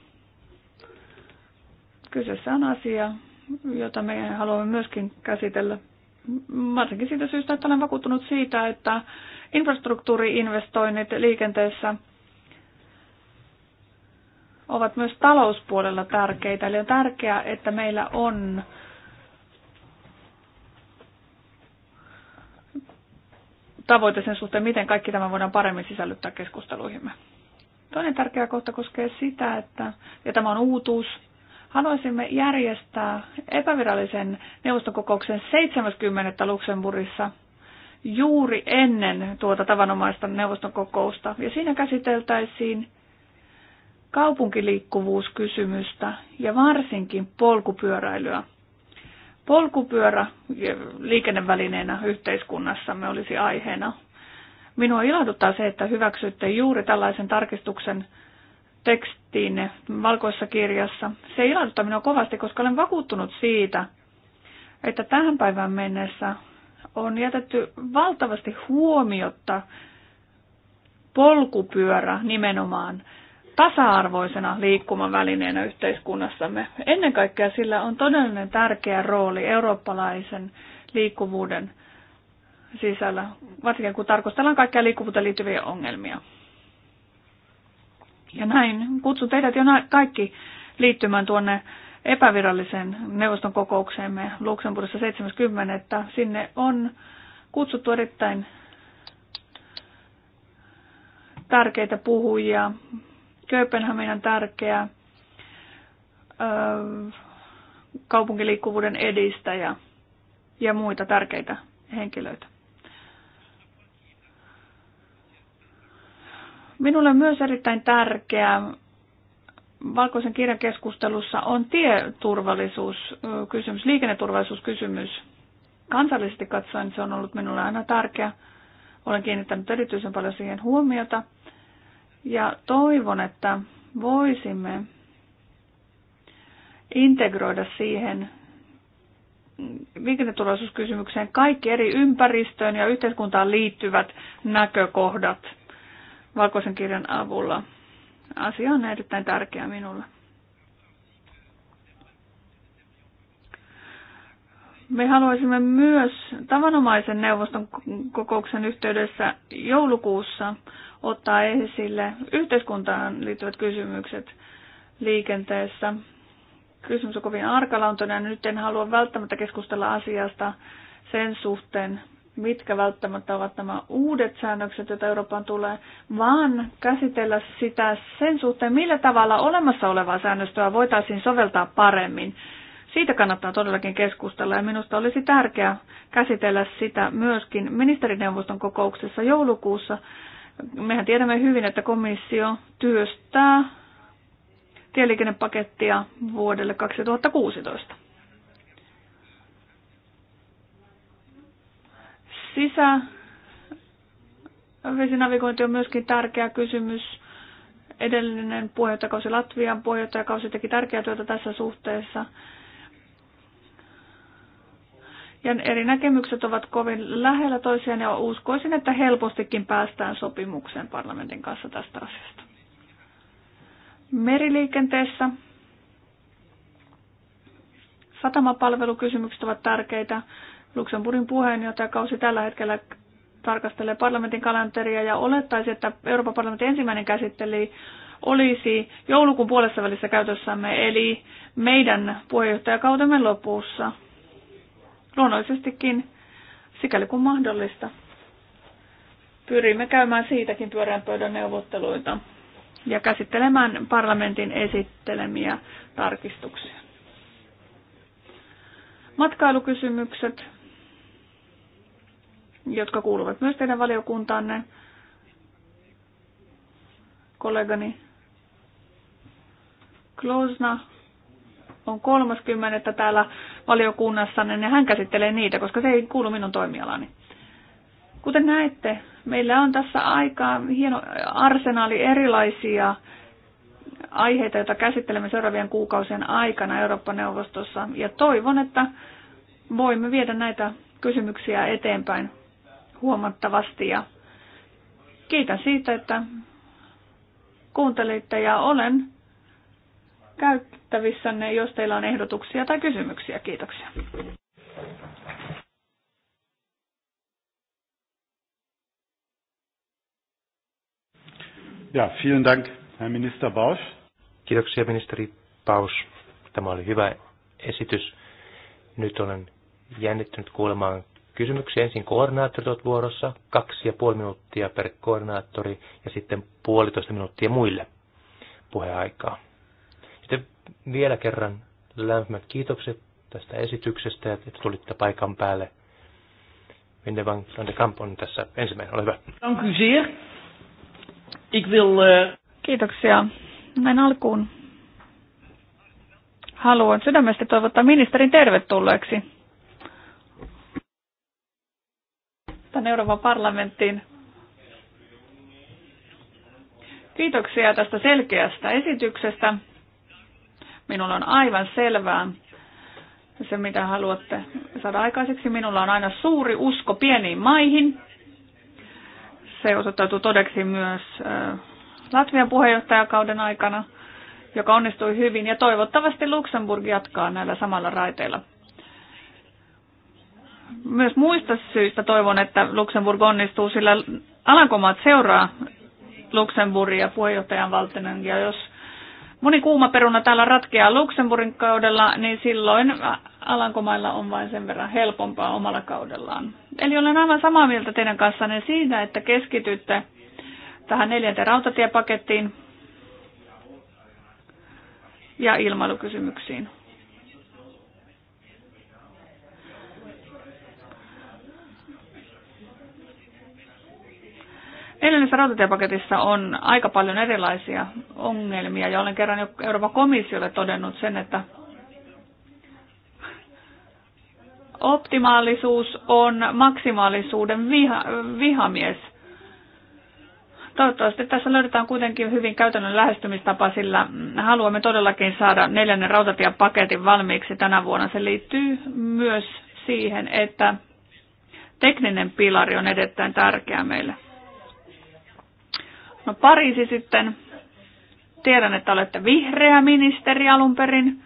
Kyseessä on asia, jota me haluamme myöskin käsitellä. Varsinkin siitä syystä, että olen vakuuttunut siitä, että infrastruktuuriinvestoinnit liikenteessä ovat myös talouspuolella tärkeitä. Eli on tärkeää, että meillä on tavoite sen suhteen, miten kaikki tämä voidaan paremmin sisällyttää keskusteluihimme. Toinen tärkeä kohta koskee sitä, että, ja tämä on uutuus, Haluaisimme järjestää epävirallisen neuvostokokouksen 70. Luxemburgissa juuri ennen tuota tavanomaista neuvoston kokousta. Ja siinä käsiteltäisiin kaupunkiliikkuvuuskysymystä ja varsinkin polkupyöräilyä. Polkupyörä liikennevälineenä yhteiskunnassamme olisi aiheena. Minua ilahduttaa se, että hyväksytte juuri tällaisen tarkistuksen, tekstiin valkoisessa kirjassa. Se ilahduttaa minua kovasti, koska olen vakuuttunut siitä, että tähän päivään mennessä on jätetty valtavasti huomiotta polkupyörä nimenomaan tasa-arvoisena liikkumavälineenä yhteiskunnassamme. Ennen kaikkea sillä on todellinen tärkeä rooli eurooppalaisen liikkuvuuden sisällä, varsinkin kun tarkastellaan kaikkia liikkuvuuteen liittyviä ongelmia. Ja näin kutsun teidät jo kaikki liittymään tuonne epäviralliseen neuvoston kokoukseemme Luxemburgissa 70. Sinne on kutsuttu erittäin tärkeitä puhujia. Kööpenhaminan tärkeä öö, kaupunkiliikkuvuuden edistäjä ja muita tärkeitä henkilöitä. Minulle myös erittäin tärkeää valkoisen kirjan keskustelussa on tieturvallisuuskysymys, liikenneturvallisuuskysymys. Kansallisesti katsoen se on ollut minulle aina tärkeä. Olen kiinnittänyt erityisen paljon siihen huomiota ja toivon, että voisimme integroida siihen liikenneturvallisuuskysymykseen kaikki eri ympäristöön ja yhteiskuntaan liittyvät näkökohdat – valkoisen kirjan avulla. Asia on erittäin tärkeä minulle. Me haluaisimme myös tavanomaisen neuvoston kokouksen yhteydessä joulukuussa ottaa esille yhteiskuntaan liittyvät kysymykset liikenteessä. Kysymys on kovin arkaluontoinen ja nyt en halua välttämättä keskustella asiasta sen suhteen, mitkä välttämättä ovat nämä uudet säännökset, joita Euroopan tulee, vaan käsitellä sitä sen suhteen, millä tavalla olemassa olevaa säännöstöä voitaisiin soveltaa paremmin. Siitä kannattaa todellakin keskustella ja minusta olisi tärkeää käsitellä sitä myöskin ministerineuvoston kokouksessa joulukuussa. Mehän tiedämme hyvin, että komissio työstää tieliikennepakettia vuodelle 2016. Sisä vesinavigointi on myöskin tärkeä kysymys. Edellinen puheenjohtajakausi Latvian puheenjohtajakausi teki tärkeää työtä tässä suhteessa. Ja eri näkemykset ovat kovin lähellä toisiaan ja uskoisin, että helpostikin päästään sopimukseen parlamentin kanssa tästä asiasta. Meriliikenteessä satamapalvelukysymykset ovat tärkeitä. Luxemburgin puheenjohtajakausi tällä hetkellä tarkastelee parlamentin kalenteria ja olettaisi, että Euroopan parlamentin ensimmäinen käsittely olisi joulukuun puolessa välissä käytössämme, eli meidän puheenjohtajakautemme lopussa. Luonnollisestikin, sikäli kuin mahdollista, pyrimme käymään siitäkin pyörän pöydän neuvotteluita ja käsittelemään parlamentin esittelemiä tarkistuksia. Matkailukysymykset jotka kuuluvat myös teidän valiokuntaanne. Kollegani Klosna on 30. täällä valiokunnassa, niin hän käsittelee niitä, koska se ei kuulu minun toimialani. Kuten näette, meillä on tässä aika hieno arsenaali erilaisia aiheita, joita käsittelemme seuraavien kuukausien aikana Eurooppa-neuvostossa. Ja toivon, että voimme viedä näitä kysymyksiä eteenpäin huomattavasti ja kiitän siitä, että kuuntelitte ja olen käyttävissänne, jos teillä on ehdotuksia tai kysymyksiä. Kiitoksia. Ja, vielen Dank, Herr Minister Bausch. Kiitoksia, ministeri Bausch. Tämä oli hyvä esitys. Nyt olen jännittynyt kuulemaan kysymyksiä. Ensin koordinaattorit vuorossa, kaksi ja puoli minuuttia per koordinaattori ja sitten puolitoista minuuttia muille puheaikaa. Sitten vielä kerran lämpimät kiitokset tästä esityksestä, että tulitte paikan päälle. Vinde van de Kamp on tässä ensimmäinen, ole hyvä. Dank u zeer. Ik wil, uh... Kiitoksia. Näin alkuun haluan sydämestä toivottaa ministerin tervetulleeksi Vastaan Euroopan parlamenttiin. Kiitoksia tästä selkeästä esityksestä. Minulla on aivan selvää se, mitä haluatte saada aikaiseksi. Minulla on aina suuri usko pieniin maihin. Se osoittautui todeksi myös Latvian puheenjohtajakauden aikana, joka onnistui hyvin. Ja toivottavasti Luxemburg jatkaa näillä samalla raiteilla myös muista syistä toivon, että Luxemburg onnistuu, sillä Alankomaat seuraa Luxemburgia puheenjohtajan valtinen. Ja jos moni kuuma peruna täällä ratkeaa Luxemburgin kaudella, niin silloin Alankomailla on vain sen verran helpompaa omalla kaudellaan. Eli olen aivan samaa mieltä teidän kanssanne siitä, että keskitytte tähän neljänteen rautatiepakettiin ja ilmailukysymyksiin. Edellisessä rautatiepaketissa on aika paljon erilaisia ongelmia ja olen kerran jo Euroopan komissiolle todennut sen, että optimaalisuus on maksimaalisuuden viha, vihamies. Toivottavasti tässä löydetään kuitenkin hyvin käytännön lähestymistapa, sillä haluamme todellakin saada neljännen rautatiepaketin valmiiksi tänä vuonna. Se liittyy myös siihen, että tekninen pilari on erittäin tärkeä meille. No Pariisi sitten. Tiedän, että olette vihreä ministeri alun perin.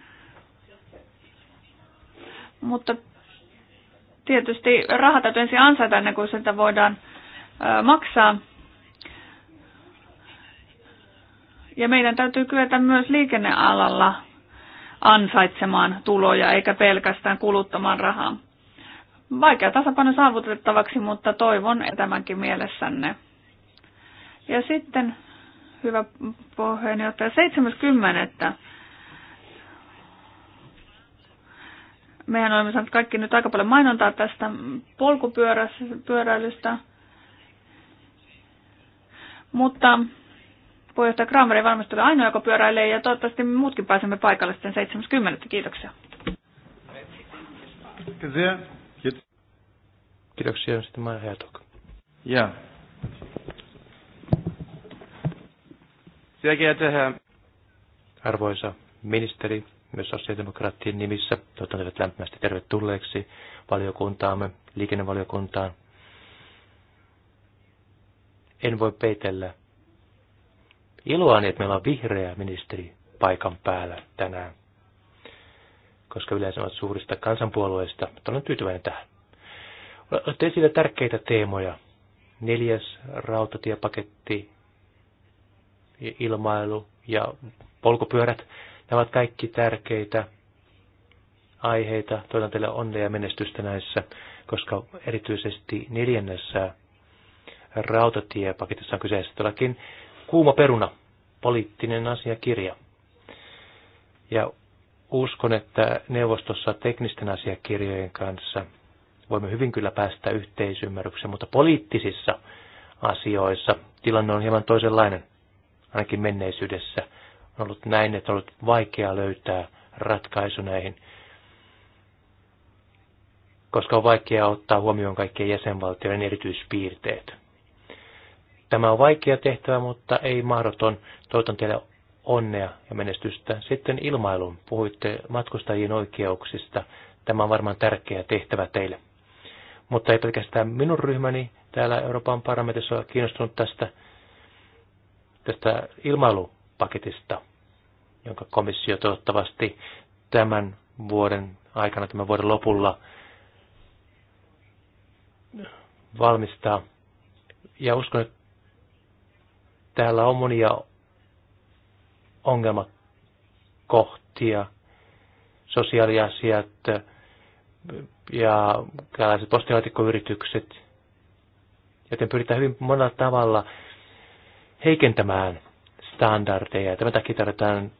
Mutta tietysti rahat täytyy ensin ansaita ennen kuin sitä voidaan maksaa. Ja meidän täytyy kyetä myös liikennealalla ansaitsemaan tuloja eikä pelkästään kuluttamaan rahaa. Vaikea tasapaino saavutettavaksi, mutta toivon tämänkin mielessänne. Ja sitten, hyvä puheenjohtaja, 70. Mehän olemme saaneet kaikki nyt aika paljon mainontaa tästä polkupyöräilystä. Mutta puheenjohtaja Kramer ei varmasti ole ainoa, joka pyöräilee, ja toivottavasti me muutkin pääsemme paikalle sitten 70. Kiitoksia. Kiitoksia. Sitten Maija Hertog. Ja, Sehr geehrter Herr. Arvoisa ministeri, myös sosiaalidemokraattien nimissä toivotan teidät lämpimästi tervetulleeksi valiokuntaamme, liikennevaliokuntaan. En voi peitellä iloani, että meillä on vihreä ministeri paikan päällä tänään, koska yleensä ovat suurista kansanpuolueista, mutta olen tyytyväinen tähän. Olette esillä tärkeitä teemoja. Neljäs rautatiepaketti, ilmailu ja polkupyörät. Nämä ovat kaikki tärkeitä aiheita. Toivotan teille onnea ja menestystä näissä, koska erityisesti neljännessä rautatiepaketissa on kyseessä todellakin kuuma peruna, poliittinen asiakirja. Ja uskon, että neuvostossa teknisten asiakirjojen kanssa voimme hyvin kyllä päästä yhteisymmärrykseen, mutta poliittisissa asioissa tilanne on hieman toisenlainen ainakin menneisyydessä on ollut näin, että on ollut vaikea löytää ratkaisu näihin, koska on vaikea ottaa huomioon kaikkien jäsenvaltioiden erityispiirteet. Tämä on vaikea tehtävä, mutta ei mahdoton. Toivotan teille onnea ja menestystä. Sitten ilmailun. Puhuitte matkustajien oikeuksista. Tämä on varmaan tärkeä tehtävä teille. Mutta ei pelkästään minun ryhmäni täällä Euroopan parlamentissa ole kiinnostunut tästä, tästä ilmailupaketista, jonka komissio toivottavasti tämän vuoden aikana, tämän vuoden lopulla valmistaa. Ja uskon, että täällä on monia ongelmakohtia, sosiaaliasiat ja tällaiset postilaatikkoyritykset, joten pyritään hyvin monella tavalla heikentämään standardeja. Tämän takia tarvitaan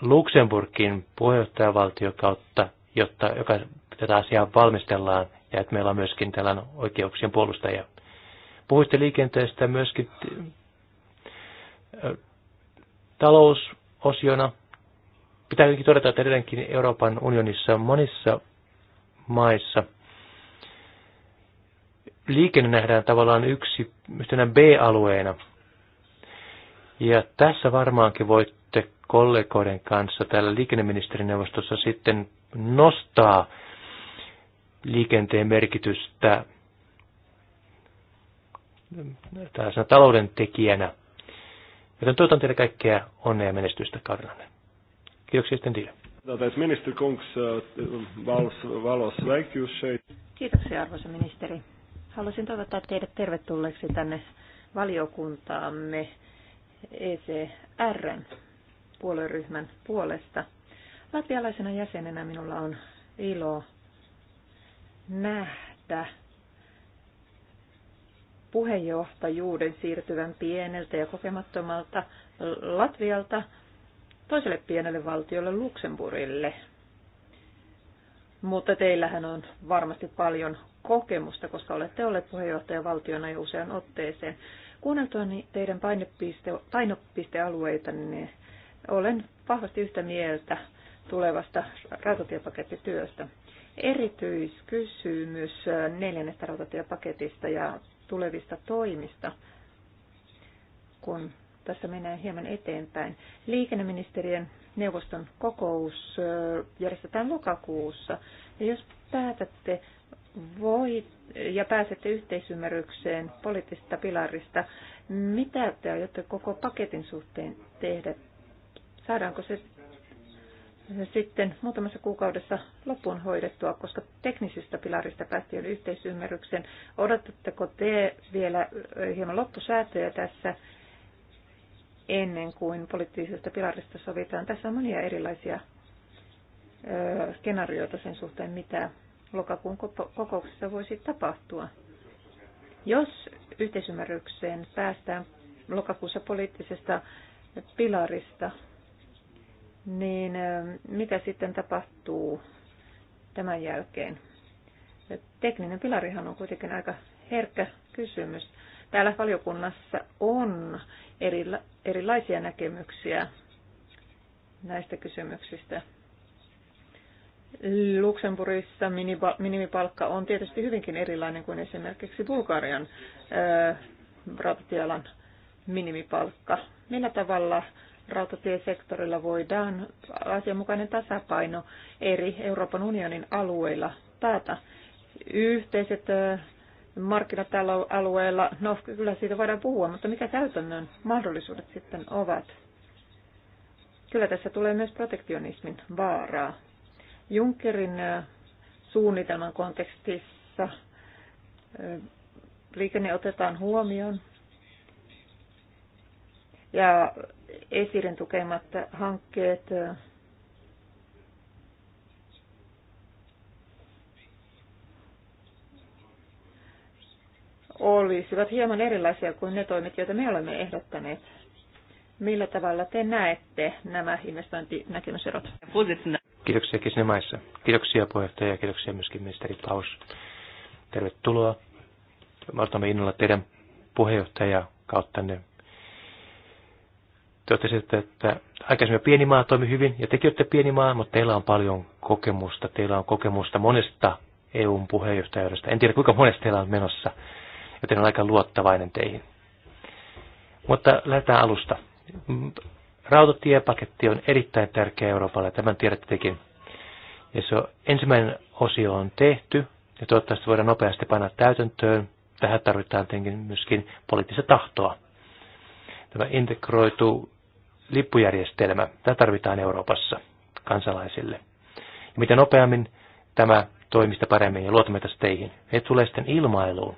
Luxemburgin puheenjohtajavaltio kautta, jotta joka, tätä asiaa valmistellaan ja että meillä on myöskin tällainen oikeuksien puolustaja. Puhuitte liikenteestä myöskin äh, talousosiona. Pitää kuitenkin todeta, että edelleenkin Euroopan unionissa monissa maissa liikenne nähdään tavallaan yksi yhtenä B-alueena – ja tässä varmaankin voitte kollegoiden kanssa täällä liikenneministerineuvostossa sitten nostaa liikenteen merkitystä tällaisena talouden tekijänä. Joten toivotan teille kaikkea onnea ja menestystä kaudellanne. Kiitoksia sitten teille. Kiitoksia arvoisa ministeri. Haluaisin toivottaa teidät tervetulleeksi tänne valiokuntaamme ECRn puolueryhmän puolesta. Latvialaisena jäsenenä minulla on ilo nähdä puheenjohtajuuden siirtyvän pieneltä ja kokemattomalta Latvialta toiselle pienelle valtiolle Luxemburille. Mutta teillähän on varmasti paljon kokemusta, koska olette olleet puheenjohtajavaltiona jo usean otteeseen. Kuunneltuani teidän painopiste, niin olen vahvasti yhtä mieltä tulevasta rautatiepakettityöstä. Erityiskysymys äh, neljännestä rautatiepaketista ja tulevista toimista, kun tässä mennään hieman eteenpäin. Liikenneministerien neuvoston kokous äh, järjestetään lokakuussa. Ja jos päätätte voi, ja pääsette yhteisymmärrykseen poliittisesta pilarista, mitä te aiotte koko paketin suhteen tehdä? Saadaanko se sitten muutamassa kuukaudessa loppuun hoidettua, koska teknisistä pilarista päästiin yhteisymmärrykseen. Odotatteko te vielä hieman loppusäätöjä tässä ennen kuin poliittisesta pilarista sovitaan? Tässä on monia erilaisia skenaarioita sen suhteen, mitä lokakuun kokouksessa voisi tapahtua. Jos yhteisymmärrykseen päästään lokakuussa poliittisesta pilarista, niin mitä sitten tapahtuu tämän jälkeen? Tekninen pilarihan on kuitenkin aika herkkä kysymys. Täällä valiokunnassa on erila- erilaisia näkemyksiä näistä kysymyksistä. Luxemburgissa minimipalkka on tietysti hyvinkin erilainen kuin esimerkiksi Bulgarian rautatiealan minimipalkka. Millä tavalla rautatiesektorilla voidaan asianmukainen tasapaino eri Euroopan unionin alueilla taata? Yhteiset alueella, no kyllä siitä voidaan puhua, mutta mikä käytännön mahdollisuudet sitten ovat? Kyllä tässä tulee myös protektionismin vaaraa Junckerin suunnitelman kontekstissa liikenne otetaan huomioon ja esirin tukemat hankkeet olisivat hieman erilaisia kuin ne toimet, joita me olemme ehdottaneet. Millä tavalla te näette nämä investointinäkemyserot? Kiitoksia sinne maissa. Kiitoksia puheenjohtaja ja kiitoksia myöskin ministeri Paus. Tervetuloa. Me odotamme innolla teidän puheenjohtaja kauttanne. Te olette että aikaisemmin pieni maa toimi hyvin ja tekin olette pieni maa, mutta teillä on paljon kokemusta. Teillä on kokemusta monesta EUn puheenjohtajuudesta. En tiedä kuinka monesta teillä on menossa, joten on aika luottavainen teihin. Mutta lähdetään alusta. Rautatiepaketti on erittäin tärkeä Euroopalle, tämän tiedätte tekin. Ja se on, ensimmäinen osio on tehty, ja toivottavasti voidaan nopeasti panna täytäntöön. Tähän tarvitaan tietenkin myöskin poliittista tahtoa. Tämä integroitu lippujärjestelmä, tämä tarvitaan Euroopassa kansalaisille. Ja mitä nopeammin tämä toimista paremmin ja luotamme tästä teihin. He tulee sitten ilmailuun.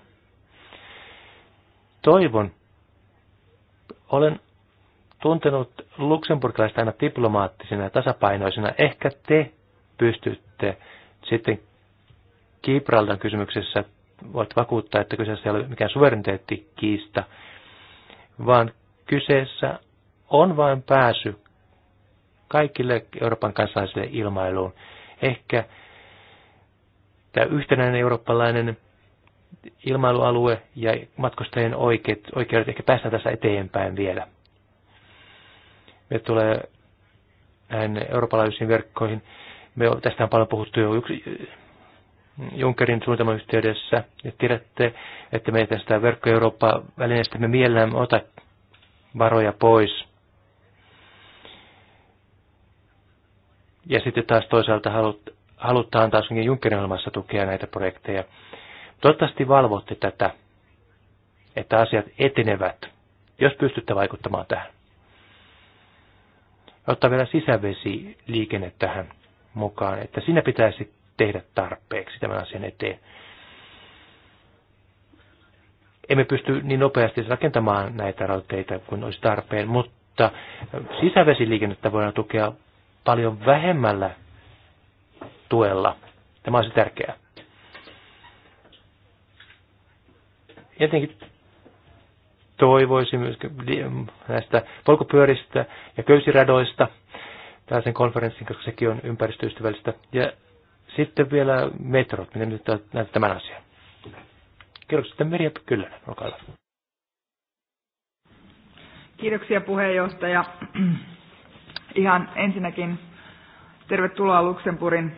Toivon, olen tuntenut luksemburgilaista aina diplomaattisena ja tasapainoisena. Ehkä te pystytte sitten Kiipraldan kysymyksessä, voit vakuuttaa, että kyseessä ei ole mikään suvereniteettikiista, vaan kyseessä on vain pääsy kaikille Euroopan kansalaisille ilmailuun. Ehkä tämä yhtenäinen eurooppalainen ilmailualue ja matkustajien oikeudet, oikeudet ehkä päästään tässä eteenpäin vielä. Me tulee näihin eurooppalaisiin verkkoihin. Me, tästä on paljon puhuttu jo yksi, Junckerin suunnitelman yhteydessä, ja tiedätte, että me tästä verkko Eurooppa välineestä me mielellään ota varoja pois. Ja sitten taas toisaalta halut, halutaan taas Junckerin olemassa tukea näitä projekteja. Toivottavasti valvotte tätä, että asiat etenevät, jos pystytte vaikuttamaan tähän ottaa vielä sisävesiliikenne tähän mukaan, että siinä pitäisi tehdä tarpeeksi tämän asian eteen. Emme pysty niin nopeasti rakentamaan näitä rautateitä kuin olisi tarpeen, mutta sisävesiliikennettä voidaan tukea paljon vähemmällä tuella. Tämä olisi tärkeää. Jotenkin toivoisin myös näistä polkupyöristä ja köysiradoista tällaisen konferenssin, koska sekin on ympäristöystävällistä. Ja sitten vielä metrot, miten nyt näet tämän asian. Kiitoksia sitten Merja Kyllönen, olkaa hyvä. Kiitoksia puheenjohtaja. Ihan ensinnäkin tervetuloa Luxemburgin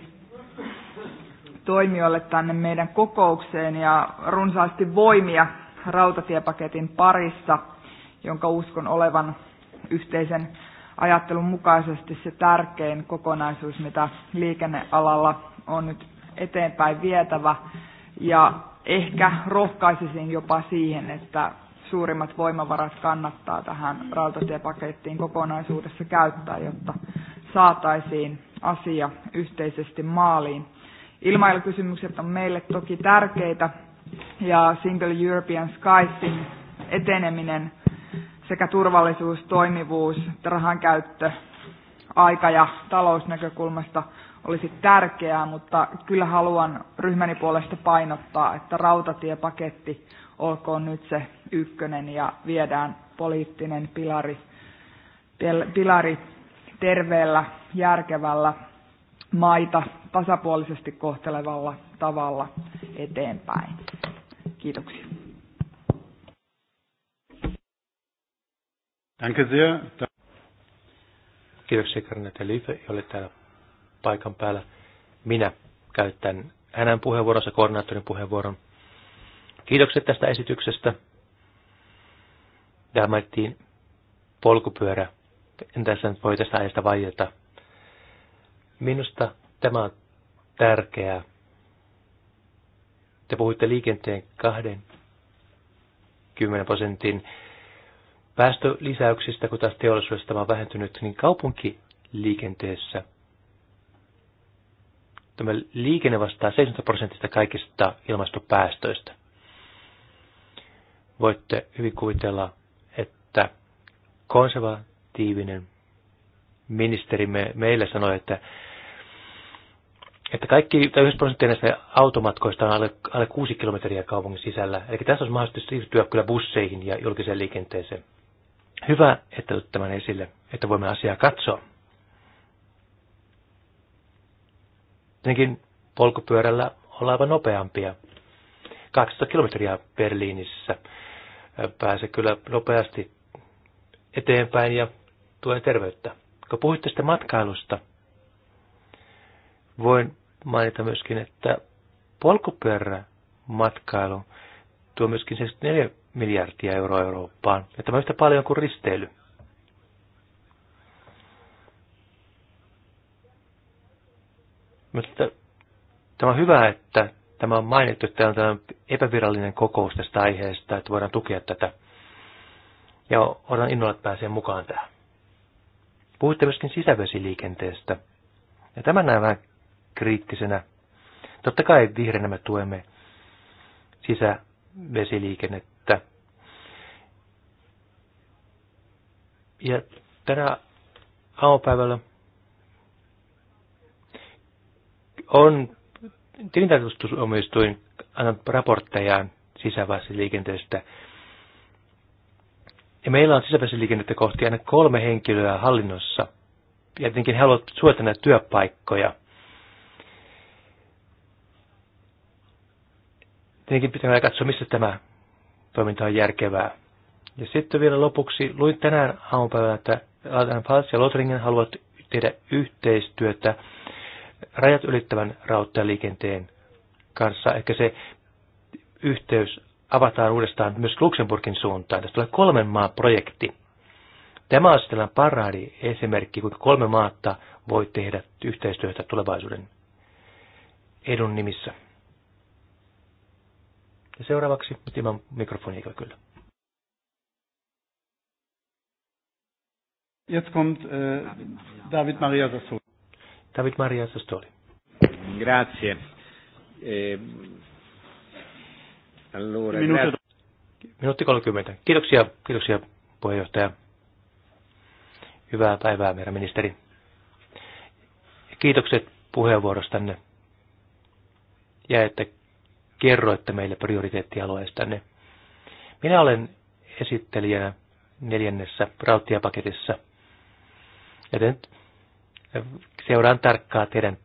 toimijoille tänne meidän kokoukseen ja runsaasti voimia rautatiepaketin parissa, jonka uskon olevan yhteisen ajattelun mukaisesti se tärkein kokonaisuus, mitä liikennealalla on nyt eteenpäin vietävä. Ja ehkä rohkaisisin jopa siihen, että suurimmat voimavarat kannattaa tähän rautatiepakettiin kokonaisuudessa käyttää, jotta saataisiin asia yhteisesti maaliin. Ilmailukysymykset on meille toki tärkeitä, ja Single European Skysin eteneminen sekä turvallisuus, toimivuus, rahankäyttö, aika- ja talousnäkökulmasta olisi tärkeää, mutta kyllä haluan ryhmäni puolesta painottaa, että rautatiepaketti olkoon nyt se ykkönen ja viedään poliittinen pilari, pilari terveellä, järkevällä maita tasapuolisesti kohtelevalla tavalla eteenpäin. Kiitoksia. Danke sehr. Kiitoksia Karinette Liife, jolle täällä paikan päällä. Minä käytän hänen puheenvuoronsa, koordinaattorin puheenvuoron. Kiitokset tästä esityksestä. Täällä mainittiin polkupyörä. En tässä nyt voi tästä aiheesta vaieta. Minusta tämä on tärkeää. Te puhuitte liikenteen kahden prosentin päästölisäyksistä, kun taas teollisuudesta on vähentynyt, niin kaupunkiliikenteessä tämä liikenne vastaa 70 prosentista kaikista ilmastopäästöistä. Voitte hyvin kuvitella, että konservatiivinen ministerimme meille sanoi, että että kaikki, tai 1 prosenttia näistä automatkoista on alle, alle 6 kilometriä kaupungin sisällä. Eli tässä olisi mahdollista siirtyä kyllä busseihin ja julkiseen liikenteeseen. Hyvä, että otit tämän esille, että voimme asiaa katsoa. Tietenkin polkupyörällä ollaan aivan nopeampia. 200 kilometriä Berliinissä pääsee kyllä nopeasti eteenpäin ja tuen terveyttä. Kun puhuit tästä matkailusta, voin mainita myöskin, että polkupyörämatkailu tuo myöskin 74 miljardia euroa Eurooppaan. Ja tämä on yhtä paljon kuin risteily. Mutta tämä on hyvä, että tämä on mainittu, että on tämä epävirallinen kokous tästä aiheesta, että voidaan tukea tätä. Ja odotan innolla, että pääsee mukaan tähän. Puhuitte myöskin sisävesiliikenteestä. Ja tämä näen vähän kriittisenä. Totta kai vihreänä me tuemme sisävesiliikennettä. Ja tänä aamupäivällä on tilintarkastusomistuin annan raporttejaan sisävesiliikenteestä. Ja meillä on sisävesiliikennettä kohti aina kolme henkilöä hallinnossa. Ja tietenkin he haluavat suojata näitä työpaikkoja. tietenkin pitää katsoa, missä tämä toiminta on järkevää. Ja sitten vielä lopuksi, luin tänään aamupäivänä, että Adam Fals ja Lotringen haluavat tehdä yhteistyötä rajat ylittävän rautatieliikenteen kanssa. Ehkä se yhteys avataan uudestaan myös Luxemburgin suuntaan. Tästä tulee kolmen maan projekti. Tämä on sitten parhaadi esimerkki, kuinka kolme maata voi tehdä yhteistyötä tulevaisuuden edun nimissä. Ja seuraavaksi Timon mikrofoni, ikävä kyllä. Jetzt kommt äh, David Maria Sassoli. David Maria Sassoli. Grazie. Eh, allora, Minuutti. Minuutti 30. Kiitoksia, kiitoksia puheenjohtaja. Hyvää päivää, meidän ministeri. Kiitokset puheenvuorostanne. Ja että kerroitte meille prioriteettialueistanne. Minä olen esittelijänä neljännessä rautatiepaketissa, joten seuraan tarkkaa teidän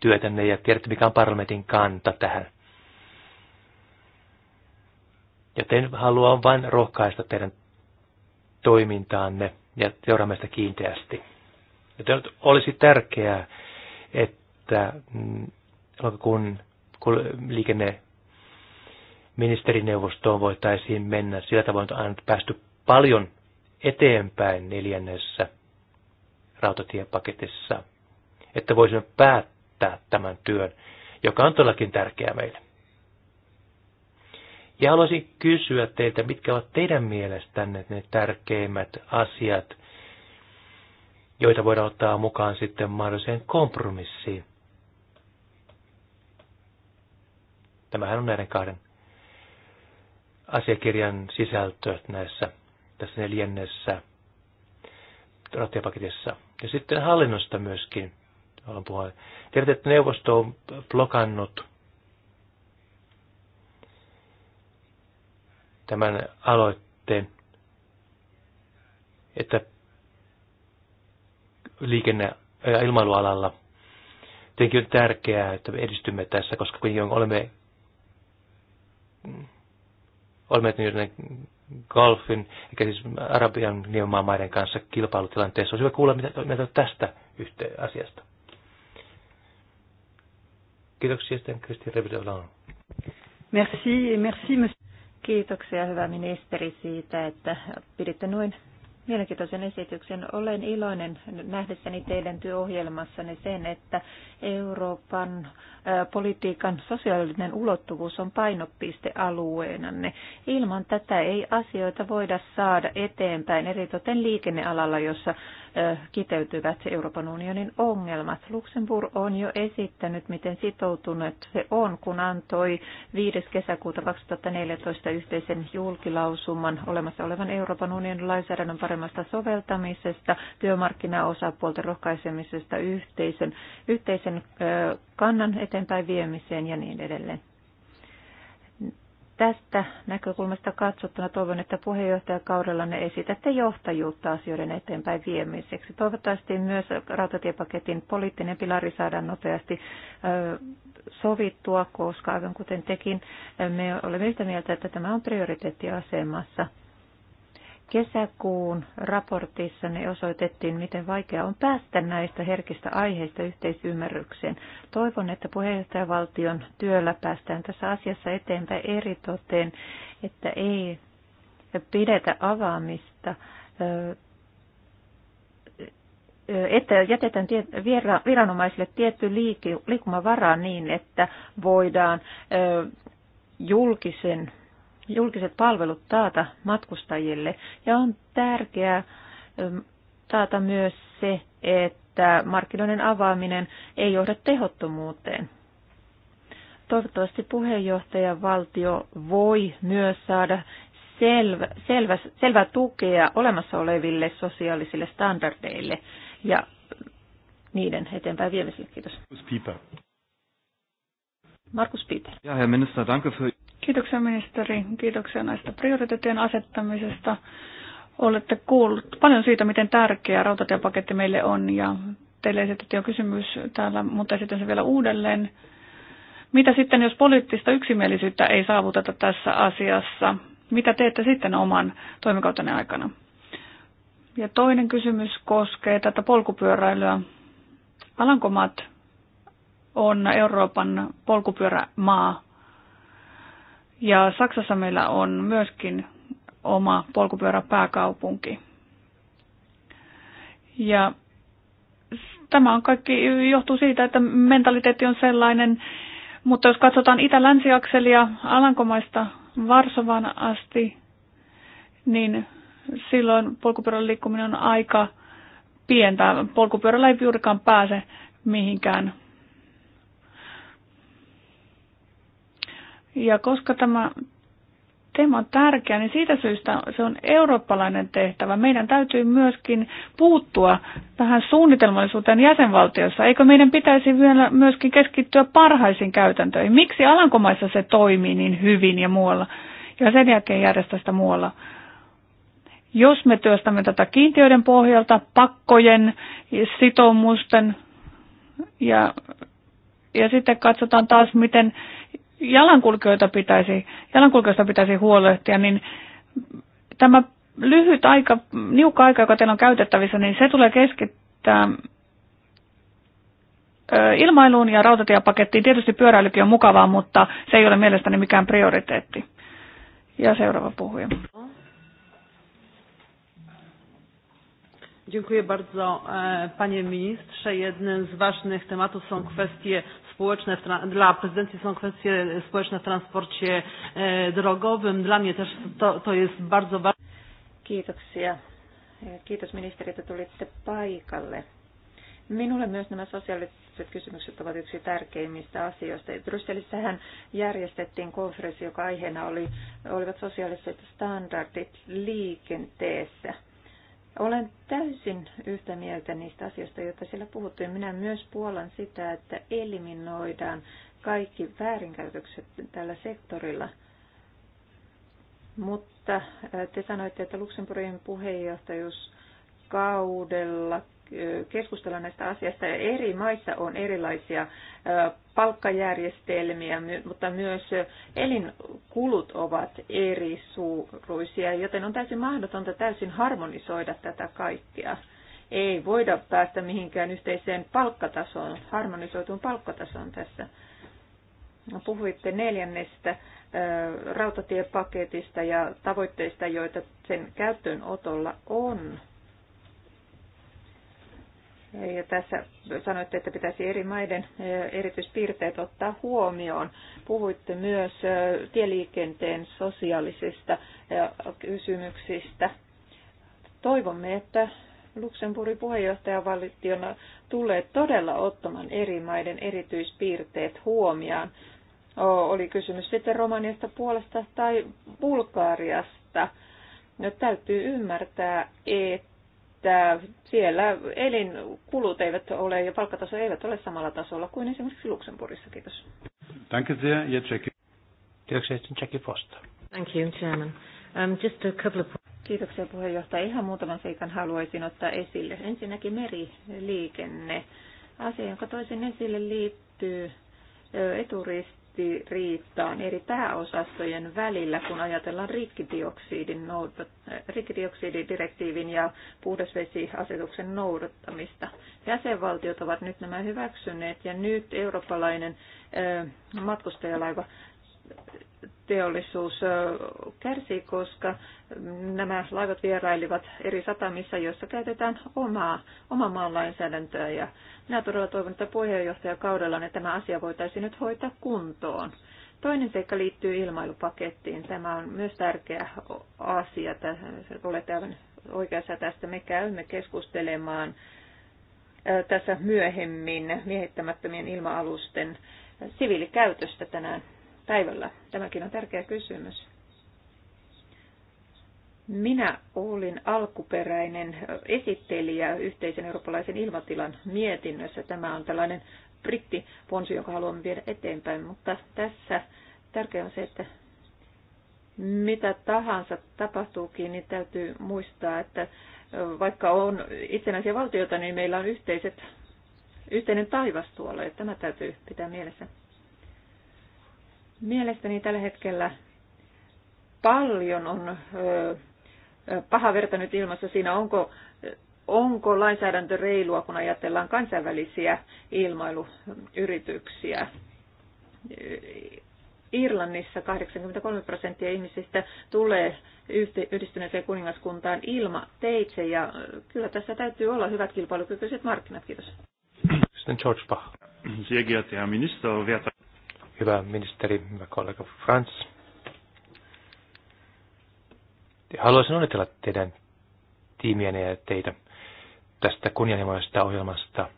työtänne ja tiedätte, mikä on parlamentin kanta tähän. Joten haluan vain rohkaista teidän toimintaanne ja seuraamme sitä kiinteästi. Joten olisi tärkeää, että mm, kun liikenne ministerineuvostoon voitaisiin mennä. Sillä tavoin on päästy paljon eteenpäin neljännessä rautatiepaketissa, että voisimme päättää tämän työn, joka on todellakin tärkeää meille. Ja haluaisin kysyä teiltä, mitkä ovat teidän mielestänne ne tärkeimmät asiat, joita voidaan ottaa mukaan sitten mahdolliseen kompromissiin. Tämähän on näiden kahden asiakirjan sisältö näissä tässä neljännessä rattiapaketissa. Ja sitten hallinnosta myöskin haluan puhua. Tiedätte, että neuvosto on blokannut tämän aloitteen, että liikenne- ja ilmailualalla tietenkin on tärkeää, että me edistymme tässä, koska kun olemme olemme niiden golfin, eikä siis Arabian niemaa maiden kanssa kilpailutilanteessa. Olisi hyvä kuulla, mitä mieltä tästä yhteen asiasta. Kiitoksia sitten Kristi Revidolan. Merci, merci, Kiitoksia hyvä ministeri siitä, että piditte noin mielenkiintoisen esityksen. Olen iloinen nähdessäni teidän työohjelmassanne sen, että Euroopan politiikan sosiaalinen ulottuvuus on painopistealueenanne. Ilman tätä ei asioita voida saada eteenpäin, eritoten liikennealalla, jossa kiteytyvät Euroopan unionin ongelmat. Luxemburg on jo esittänyt, miten sitoutunut se on, kun antoi 5. kesäkuuta 2014 yhteisen julkilausuman olemassa olevan Euroopan unionin lainsäädännön paremmasta soveltamisesta, työmarkkinaosapuolten rohkaisemisesta yhteisen, yhteisen kannan eteenpäin viemiseen ja niin edelleen. Tästä näkökulmasta katsottuna toivon, että puheenjohtajakaudella ne esitätte johtajuutta asioiden eteenpäin viemiseksi. Toivottavasti myös rautatiepaketin poliittinen pilari saadaan nopeasti sovittua, koska aivan kuten tekin, me olemme yhtä mieltä, että tämä on prioriteettiasemassa. Kesäkuun raportissa ne osoitettiin, miten vaikea on päästä näistä herkistä aiheista yhteisymmärrykseen. Toivon, että puheenjohtajavaltion työllä päästään tässä asiassa eteenpäin eri toteen, että ei pidetä avaamista että jätetään viranomaisille tietty liikumavara niin, että voidaan julkisen julkiset palvelut taata matkustajille. Ja on tärkeää ähm, taata myös se, että markkinoiden avaaminen ei johda tehottomuuteen. Toivottavasti puheenjohtaja valtio voi myös saada selvä, selvä, selvä tukea olemassa oleville sosiaalisille standardeille ja niiden eteenpäin viemiselle. Kiitos. Markus Pieper. Ja, Herr Minister, danke für... Kiitoksia ministeri, kiitoksia näistä prioriteettien asettamisesta. Olette kuullut paljon siitä, miten tärkeä rautatiepaketti meille on ja teille esitettiin jo kysymys täällä, mutta esitän se vielä uudelleen. Mitä sitten, jos poliittista yksimielisyyttä ei saavuteta tässä asiassa? Mitä teette sitten oman toimikautenne aikana? Ja toinen kysymys koskee tätä polkupyöräilyä. Alankomaat on Euroopan polkupyörämaa. Ja Saksassa meillä on myöskin oma polkupyöräpääkaupunki. Ja tämä on kaikki johtuu siitä, että mentaliteetti on sellainen, mutta jos katsotaan itä-länsiakselia Alankomaista Varsovan asti, niin silloin polkupyörän liikkuminen on aika pientä. Polkupyörällä ei juurikaan pääse mihinkään Ja koska tämä teema on tärkeä, niin siitä syystä se on eurooppalainen tehtävä. Meidän täytyy myöskin puuttua tähän suunnitelmallisuuteen jäsenvaltiossa. Eikö meidän pitäisi vielä myöskin keskittyä parhaisiin käytäntöihin? Miksi Alankomaissa se toimii niin hyvin ja muualla? Ja sen jälkeen järjestää sitä muualla. Jos me työstämme tätä kiintiöiden pohjalta, pakkojen, sitoumusten ja, ja sitten katsotaan taas, miten jalankulkijoita pitäisi, jalankulkijoista pitäisi huolehtia, niin tämä lyhyt aika, niukka aika, joka teillä on käytettävissä, niin se tulee keskittää ilmailuun ja rautatiepakettiin. Tietysti pyöräilykin on mukavaa, mutta se ei ole mielestäni mikään prioriteetti. Ja seuraava puhuja. Dziękuję bardzo e, panie ministrze. Jednym z ważnych tematów są kwestie społeczne w dla prezydencji są kwestie e, społeczne w transporcie e, drogowym. Dla mnie też to, to jest bardzo ważne. Kiitoksia. Kiitos ministeri, että tulitte paikalle. Minulle myös nämä sosiaaliset kysymykset ovat yksi tärkeimmistä asioista. Brysselissähän järjestettiin konferenssi, joka aiheena oli, olivat sosiaaliset standardit liikenteessä. Olen täysin yhtä mieltä niistä asioista, joita siellä puhuttiin. Minä myös puolan sitä, että eliminoidaan kaikki väärinkäytökset tällä sektorilla. Mutta te sanoitte, että Luxemburgin puheenjohtajuuskaudella keskustella näistä asiasta. Eri maissa on erilaisia palkkajärjestelmiä, mutta myös elinkulut ovat eri suuruisia, joten on täysin mahdotonta täysin harmonisoida tätä kaikkea. Ei voida päästä mihinkään yhteiseen palkkatasoon, harmonisoituun palkkatasoon tässä. Puhuitte neljännestä rautatiepaketista ja tavoitteista, joita sen käyttöönotolla on ja tässä sanoitte, että pitäisi eri maiden eh, erityispiirteet ottaa huomioon. Puhuitte myös eh, tieliikenteen sosiaalisista eh, kysymyksistä. Toivomme, että Luxemburgin puheenjohtajavaltiona tulee todella ottamaan eri maiden erityispiirteet huomioon. Oli kysymys sitten Romaniasta, Puolesta tai Bulgaariasta. No, täytyy ymmärtää, että että siellä elinkulut eivät ole ja palkkataso eivät ole samalla tasolla kuin esimerkiksi Luxemburgissa. Kiitos. Danke sehr, ja Jackie. Kiitoksia, Foster. Thank you, Chairman. Um, just a couple of Kiitoksia puheenjohtaja. Ihan muutaman seikan haluaisin ottaa esille. Ensinnäkin meriliikenne. Asia, jonka toisin esille liittyy eturist ristiriitaan eri pääosastojen välillä, kun ajatellaan rikkidioksidin noudat, äh, rikkidioksididirektiivin ja puhdasvesiasetuksen noudattamista. Jäsenvaltiot ovat nyt nämä hyväksyneet ja nyt eurooppalainen äh, matkustajalaiva teollisuus kärsii, koska nämä laivat vierailivat eri satamissa, joissa käytetään omaa, oman maan lainsäädäntöä. Ja minä todella toivon, että puheenjohtajakaudella että niin tämä asia voitaisiin nyt hoitaa kuntoon. Toinen seikka liittyy ilmailupakettiin. Tämä on myös tärkeä asia. Olette aivan oikeassa tästä. Me käymme keskustelemaan tässä myöhemmin miehittämättömien ilma-alusten siviilikäytöstä tänään päivällä? Tämäkin on tärkeä kysymys. Minä olin alkuperäinen esittelijä yhteisen eurooppalaisen ilmatilan mietinnössä. Tämä on tällainen brittiponsi, jonka haluamme viedä eteenpäin, mutta tässä tärkeää on se, että mitä tahansa tapahtuukin, niin täytyy muistaa, että vaikka on itsenäisiä valtioita, niin meillä on yhteiset, yhteinen taivas tuolla, ja tämä täytyy pitää mielessä. Mielestäni tällä hetkellä paljon on paha verta nyt ilmassa siinä, onko, onko lainsäädäntö reilua, kun ajatellaan kansainvälisiä ilmailuyrityksiä. Irlannissa 83 prosenttia ihmisistä tulee yhdistyneeseen kuningaskuntaan ilma teitse ja kyllä tässä täytyy olla hyvät kilpailukykyiset markkinat. Kiitos. Sitten George Bach. Sehr geehrter Herr Minister, hyvä ministeri, hyvä kollega Frans. Haluaisin onnitella teidän tiimienne ja teitä tästä kunnianhimoisesta ohjelmasta.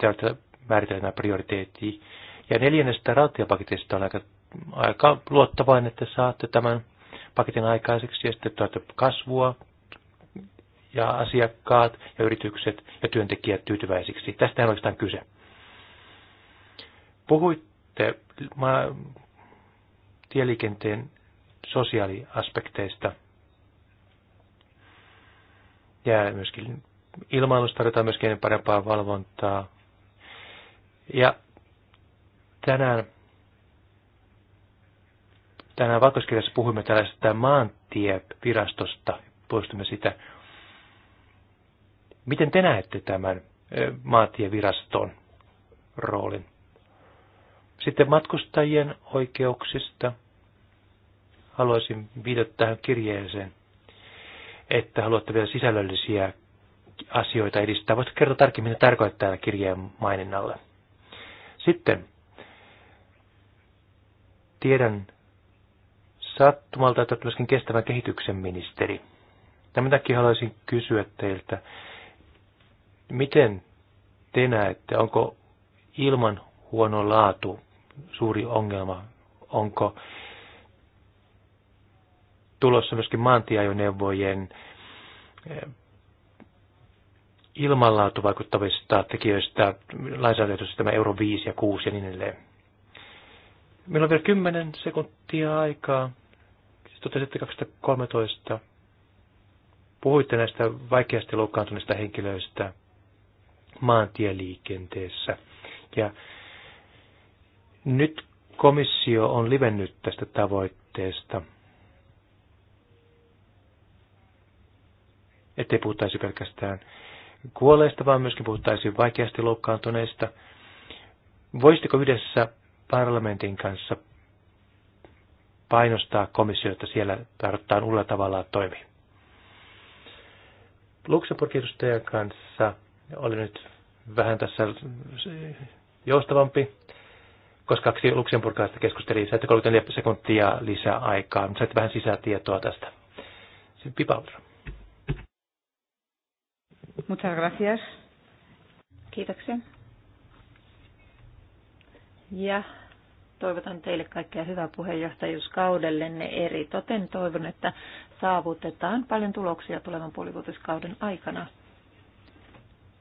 Te olette määritelmä prioriteettiin. Ja neljännestä rautiapaketista on aika, aika luottavainen, että saatte tämän paketin aikaiseksi ja sitten tuotte kasvua ja asiakkaat ja yritykset ja työntekijät tyytyväisiksi. Tästä on oikeastaan kyse. Puhuitte tieliikenteen sosiaaliaspekteista ja myöskin ilmailusta tarvitaan myöskin parempaa valvontaa. Ja tänään, tänään valkoiskirjassa puhuimme tällaisesta maantievirastosta, poistumme sitä. Miten te näette tämän maantieviraston roolin? Sitten matkustajien oikeuksista haluaisin viitata tähän kirjeeseen, että haluatte vielä sisällöllisiä asioita edistää. Voitko kertoa tarkemmin, mitä tarkoittaa täällä kirjeen maininnalla? Sitten tiedän sattumalta, että olet myöskin kestävän kehityksen ministeri. Tämän takia haluaisin kysyä teiltä, miten te näette, onko ilman huono laatu suuri ongelma. Onko tulossa myöskin maantieajoneuvojen eh, ilmanlaatu vaikuttavista tekijöistä, lainsäädäntöistä tämä euro 5 ja 6 ja niin edelleen. Meillä on vielä 10 sekuntia aikaa. Sitten totesitte 2013. Puhuitte näistä vaikeasti loukkaantuneista henkilöistä maantieliikenteessä. Ja nyt komissio on livennyt tästä tavoitteesta, ettei puhuttaisi pelkästään kuolleista, vaan myöskin puhuttaisiin vaikeasti loukkaantuneista. Voisitteko yhdessä parlamentin kanssa painostaa komissiota siellä tarvitaan uudella tavalla toimia? Luxemburgin edustajan kanssa oli nyt vähän tässä joustavampi koska kaksi luksemburgilaista keskusteli, saitte 34 sekuntia lisää aikaa, saitte vähän sisätietoa tästä. Sitten Pipaudra. Muchas gracias. Kiitoksia. Ja toivotan teille kaikkea hyvää puheenjohtajuuskaudellenne eri. Toten toivon, että saavutetaan paljon tuloksia tulevan puolivuotiskauden aikana.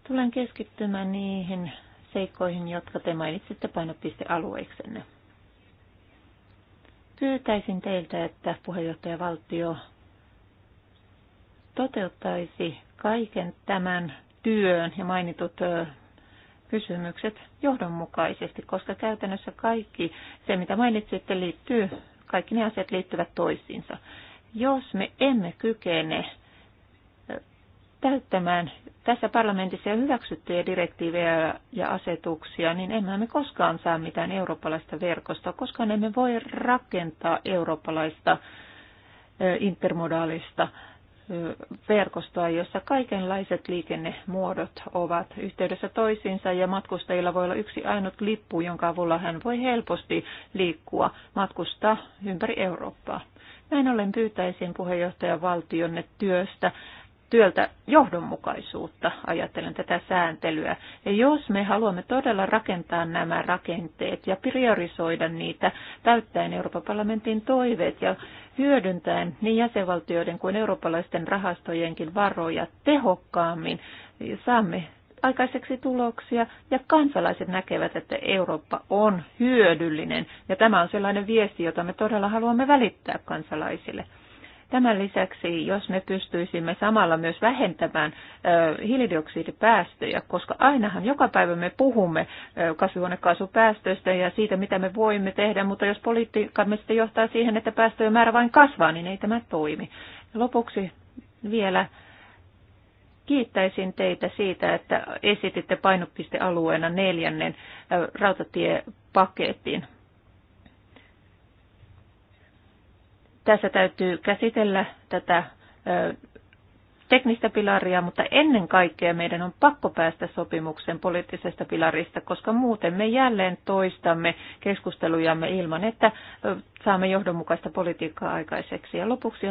Tulen keskittymään niihin seikkoihin, jotka te mainitsitte painopistealueiksenne. Pyytäisin teiltä, että puheenjohtajavaltio toteuttaisi kaiken tämän työn ja mainitut kysymykset johdonmukaisesti, koska käytännössä kaikki se, mitä mainitsitte, liittyy, kaikki ne asiat liittyvät toisiinsa. Jos me emme kykene täyttämään tässä parlamentissa jo hyväksyttyjä direktiivejä ja asetuksia, niin emme me koskaan saa mitään eurooppalaista verkostoa, koska emme voi rakentaa eurooppalaista intermodaalista verkostoa, jossa kaikenlaiset liikennemuodot ovat yhteydessä toisiinsa ja matkustajilla voi olla yksi ainut lippu, jonka avulla hän voi helposti liikkua, matkustaa ympäri Eurooppaa. Näin ollen pyytäisin puheenjohtajan valtionne työstä työltä johdonmukaisuutta, ajattelen tätä sääntelyä. Ja jos me haluamme todella rakentaa nämä rakenteet ja priorisoida niitä täyttäen Euroopan parlamentin toiveet ja hyödyntäen niin jäsenvaltioiden kuin eurooppalaisten rahastojenkin varoja tehokkaammin, saamme aikaiseksi tuloksia ja kansalaiset näkevät, että Eurooppa on hyödyllinen. Ja tämä on sellainen viesti, jota me todella haluamme välittää kansalaisille. Tämän lisäksi, jos me pystyisimme samalla myös vähentämään hiilidioksidipäästöjä, koska ainahan joka päivä me puhumme kasvihuonekaasupäästöistä ja siitä, mitä me voimme tehdä, mutta jos politiikkamme sitten johtaa siihen, että päästöjen määrä vain kasvaa, niin ei tämä toimi. Lopuksi vielä kiittäisin teitä siitä, että esititte painopistealueena neljännen rautatiepaketin. Tässä täytyy käsitellä tätä teknistä pilaria, mutta ennen kaikkea meidän on pakko päästä sopimuksen poliittisesta pilarista, koska muuten me jälleen toistamme keskustelujamme ilman, että saamme johdonmukaista politiikkaa aikaiseksi. Ja lopuksi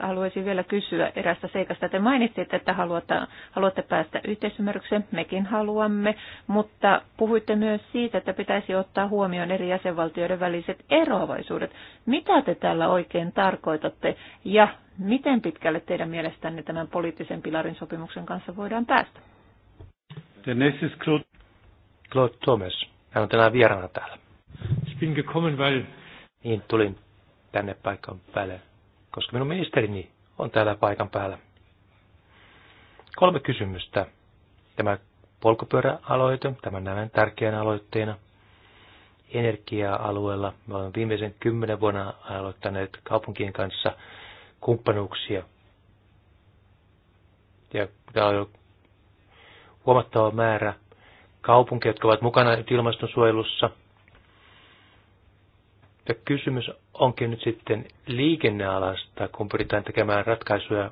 haluaisin vielä kysyä erästä seikasta. Te mainitsitte, että haluatte, haluatte päästä yhteisymmärrykseen. Mekin haluamme, mutta puhuitte myös siitä, että pitäisi ottaa huomioon eri jäsenvaltioiden väliset eroavaisuudet. Mitä te tällä oikein tarkoitatte ja miten pitkälle teidän mielestänne tämän poliittisen pilarin sopimuksen kanssa voidaan päästä? The next is Claude, Claude Thomas. Hän on tänään vieraana täällä. Ich bin gekommen, weil niin tulin tänne paikan päälle, koska minun ministerini on täällä paikan päällä. Kolme kysymystä. Tämä polkupyöräaloite, tämän näen tärkeän aloitteena. Energia-alueella me olemme viimeisen kymmenen vuonna aloittaneet kaupunkien kanssa kumppanuuksia. Ja tämä on huomattava määrä kaupunkeja, jotka ovat mukana ilmastonsuojelussa – ja kysymys onkin nyt sitten liikennealasta, kun pyritään tekemään ratkaisuja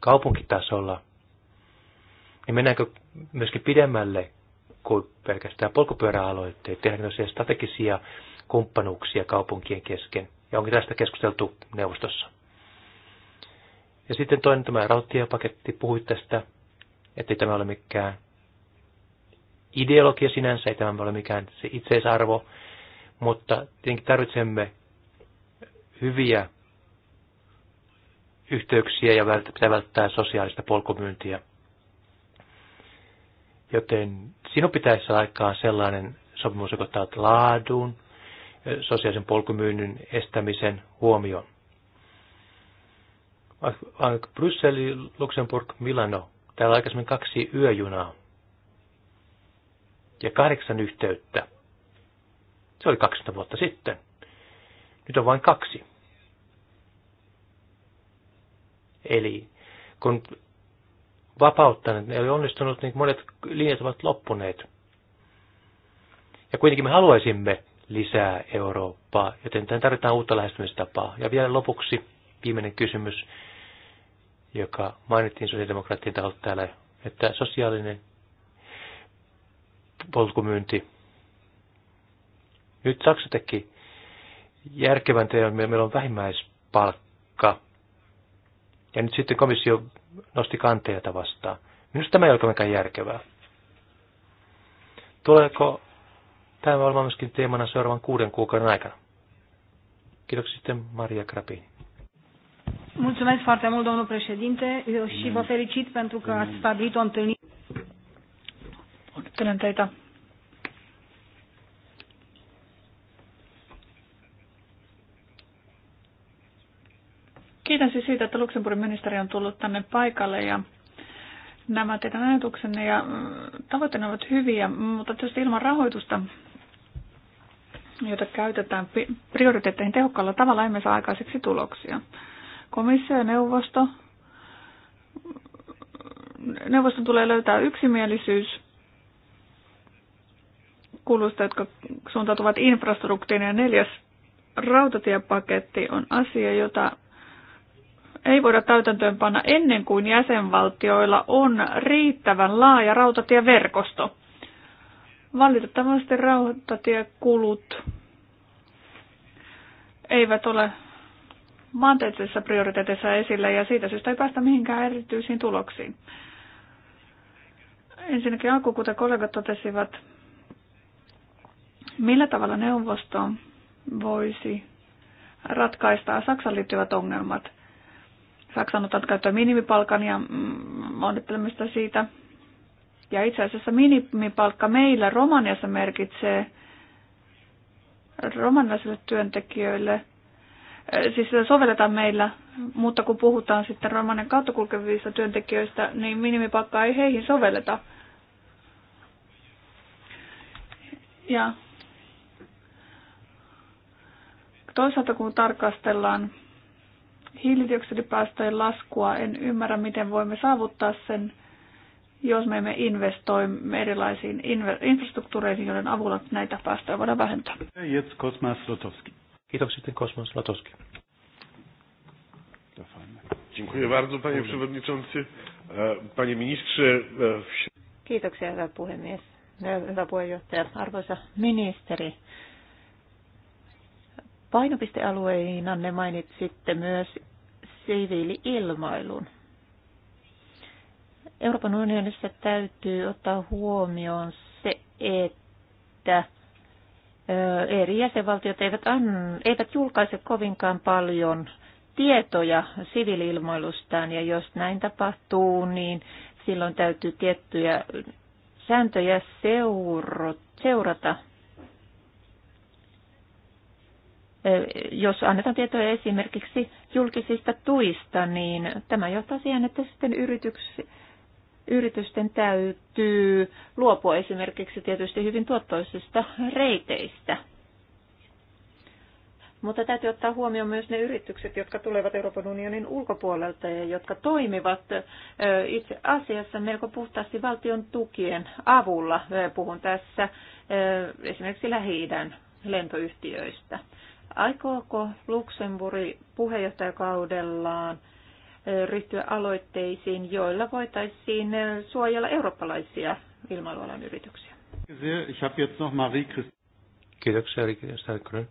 kaupunkitasolla. Niin mennäänkö myöskin pidemmälle kuin pelkästään polkupyöräaloitteet? Tehdäänkö tosiaan strategisia kumppanuuksia kaupunkien kesken? Ja onkin tästä keskusteltu neuvostossa? Ja sitten toinen tämä rautatiepaketti, puhuit tästä, että tämä ole mikään ideologia sinänsä, ei tämä ole mikään se itseisarvo, mutta tietenkin tarvitsemme hyviä yhteyksiä ja pitää välttää sosiaalista polkumyyntiä. Joten sinun pitäisi saada aikaan sellainen sopimus, joka ottaa laadun, sosiaalisen polkumyynnin estämisen huomioon. Brysseli, Luxemburg, Milano. Täällä on aikaisemmin kaksi yöjunaa ja kahdeksan yhteyttä. Se oli 20 vuotta sitten. Nyt on vain kaksi. Eli kun vapauttanut, ne oli onnistunut, niin monet linjat ovat loppuneet. Ja kuitenkin me haluaisimme lisää Eurooppaa, joten tähän tarvitaan uutta lähestymistapaa. Ja vielä lopuksi viimeinen kysymys, joka mainittiin sosiaalidemokraattien taholta täällä, että sosiaalinen polkumyynti nyt Saksa teki järkevän teon, meillä on vähimmäispalkka. Ja nyt sitten komissio nosti kanteita vastaan. Minusta tämä ei ole mikään järkevää. Tuleeko tämä olemaan myöskin teemana seuraavan kuuden kuukauden aikana? Kiitoksia sitten Maria Krapin. Mulțumesc foarte mult, domnul președinte, și vă felicit pentru că ați stabilit o întâlnire. teitä Kiitän siis siitä, että Luxemburgin ministeri on tullut tänne paikalle ja nämä teidän ajatuksenne ja mm, tavoitteena ovat hyviä, mutta tietysti ilman rahoitusta, jota käytetään prioriteetteihin tehokkaalla tavalla, emme saa aikaiseksi tuloksia. Komissio ja neuvosto, neuvoston tulee löytää yksimielisyys kulusta, jotka suuntautuvat infrastruktiin ja neljäs rautatiepaketti on asia, jota ei voida täytäntöönpanna ennen kuin jäsenvaltioilla on riittävän laaja rautatieverkosto. Valitettavasti rautatiekulut eivät ole maantieteellisissä prioriteeteissa esillä ja siitä syystä ei päästä mihinkään erityisiin tuloksiin. Ensinnäkin alku, kuten kollegat totesivat, millä tavalla neuvosto voisi ratkaista Saksan liittyvät ongelmat. Saksan otat käyttöön minimipalkan ja mm, onnittelemista siitä. Ja itse asiassa minimipalkka meillä Romaniassa merkitsee romanilaisille työntekijöille, siis sitä sovelletaan meillä, mutta kun puhutaan sitten romanian kautta kulkevista työntekijöistä, niin minimipalkkaa ei heihin sovelleta. Ja toisaalta kun tarkastellaan hiilidioksidipäästöjen laskua. En ymmärrä, miten voimme saavuttaa sen, jos me emme investoi erilaisiin infrastruktuureihin, joiden avulla näitä päästöjä voidaan vähentää. Kiitoksia Kosmas Kiitos sitten Kosmas Latoski. Dziękuję bardzo, panie przewodniczący. E, panie ministrze. E, Kiitoksia, hyvä puhemies. E, hyvä puheenjohtaja. Arvoisa ministeri, Painopistealueina ne mainitsitte myös siviili-ilmailun. Euroopan unionissa täytyy ottaa huomioon se, että eri jäsenvaltiot eivät, an, eivät julkaise kovinkaan paljon tietoja siviiliilmailustaan, ja jos näin tapahtuu, niin silloin täytyy tiettyjä sääntöjä seurata jos annetaan tietoja esimerkiksi julkisista tuista, niin tämä johtaa siihen, että sitten yrityks, yritysten täytyy luopua esimerkiksi tietysti hyvin tuottoisista reiteistä. Mutta täytyy ottaa huomioon myös ne yritykset, jotka tulevat Euroopan unionin ulkopuolelta ja jotka toimivat itse asiassa melko puhtaasti valtion tukien avulla. Puhun tässä esimerkiksi Lähi-idän lentoyhtiöistä. Aikooko Luxemburgi puheenjohtajakaudellaan eh, ryhtyä aloitteisiin, joilla voitaisiin eh, suojella eurooppalaisia ilmailualan yrityksiä? Kiitoksia, Rikke Starkren.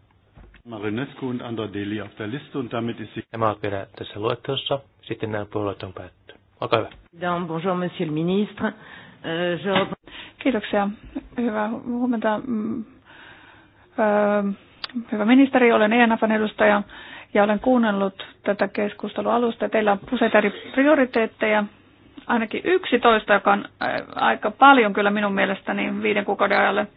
Marinescu und Andradeli auf der Liste und damit ist sie... vielä tässä luettelossa. Sitten nämä puolueet on päätty. Olkaa hyvä. bonjour, monsieur le ministre. Euh, Kiitoksia. Hyvää huomenta. Mm, öö, Hyvä ministeri, olen ENFn edustaja ja olen kuunnellut tätä keskustelua alusta. Teillä on useita eri prioriteetteja, ainakin toista, joka on äh, aika paljon kyllä minun mielestäni viiden kuukauden ajalle.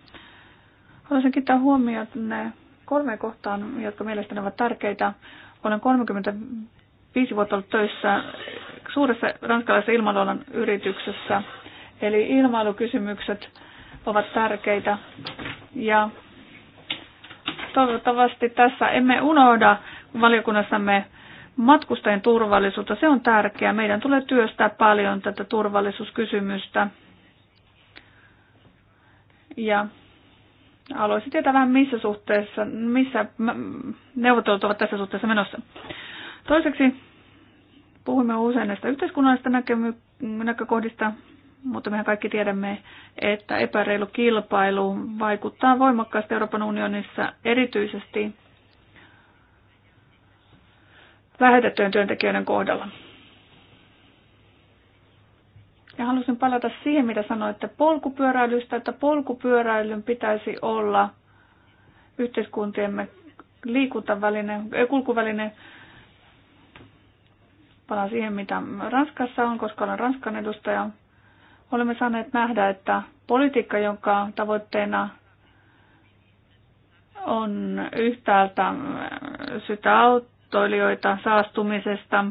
Haluaisin kiittää huomioon ne kolme kohtaan, jotka mielestäni ovat tärkeitä. Olen 35 vuotta ollut töissä suuressa ranskalaisessa ilmailualan yrityksessä, eli ilmailukysymykset ovat tärkeitä. Ja Toivottavasti tässä emme unohda valiokunnassamme matkustajien turvallisuutta. Se on tärkeää. Meidän tulee työstää paljon tätä turvallisuuskysymystä. Ja haluaisin tietää vähän missä suhteessa, missä neuvottelut ovat tässä suhteessa menossa. Toiseksi puhumme usein näistä yhteiskunnallisista näkökohdista mutta mehän kaikki tiedämme, että epäreilu kilpailu vaikuttaa voimakkaasti Euroopan unionissa erityisesti lähetettyjen työntekijöiden kohdalla. Ja halusin palata siihen, mitä sanoitte polkupyöräilystä, että polkupyöräilyn pitäisi olla yhteiskuntiemme liikuntaväline, eh, kulkuväline. Palaan siihen, mitä Ranskassa on, koska olen Ranskan edustaja olemme saaneet nähdä, että politiikka, jonka tavoitteena on yhtäältä äh, sitä autoilijoita saastumisesta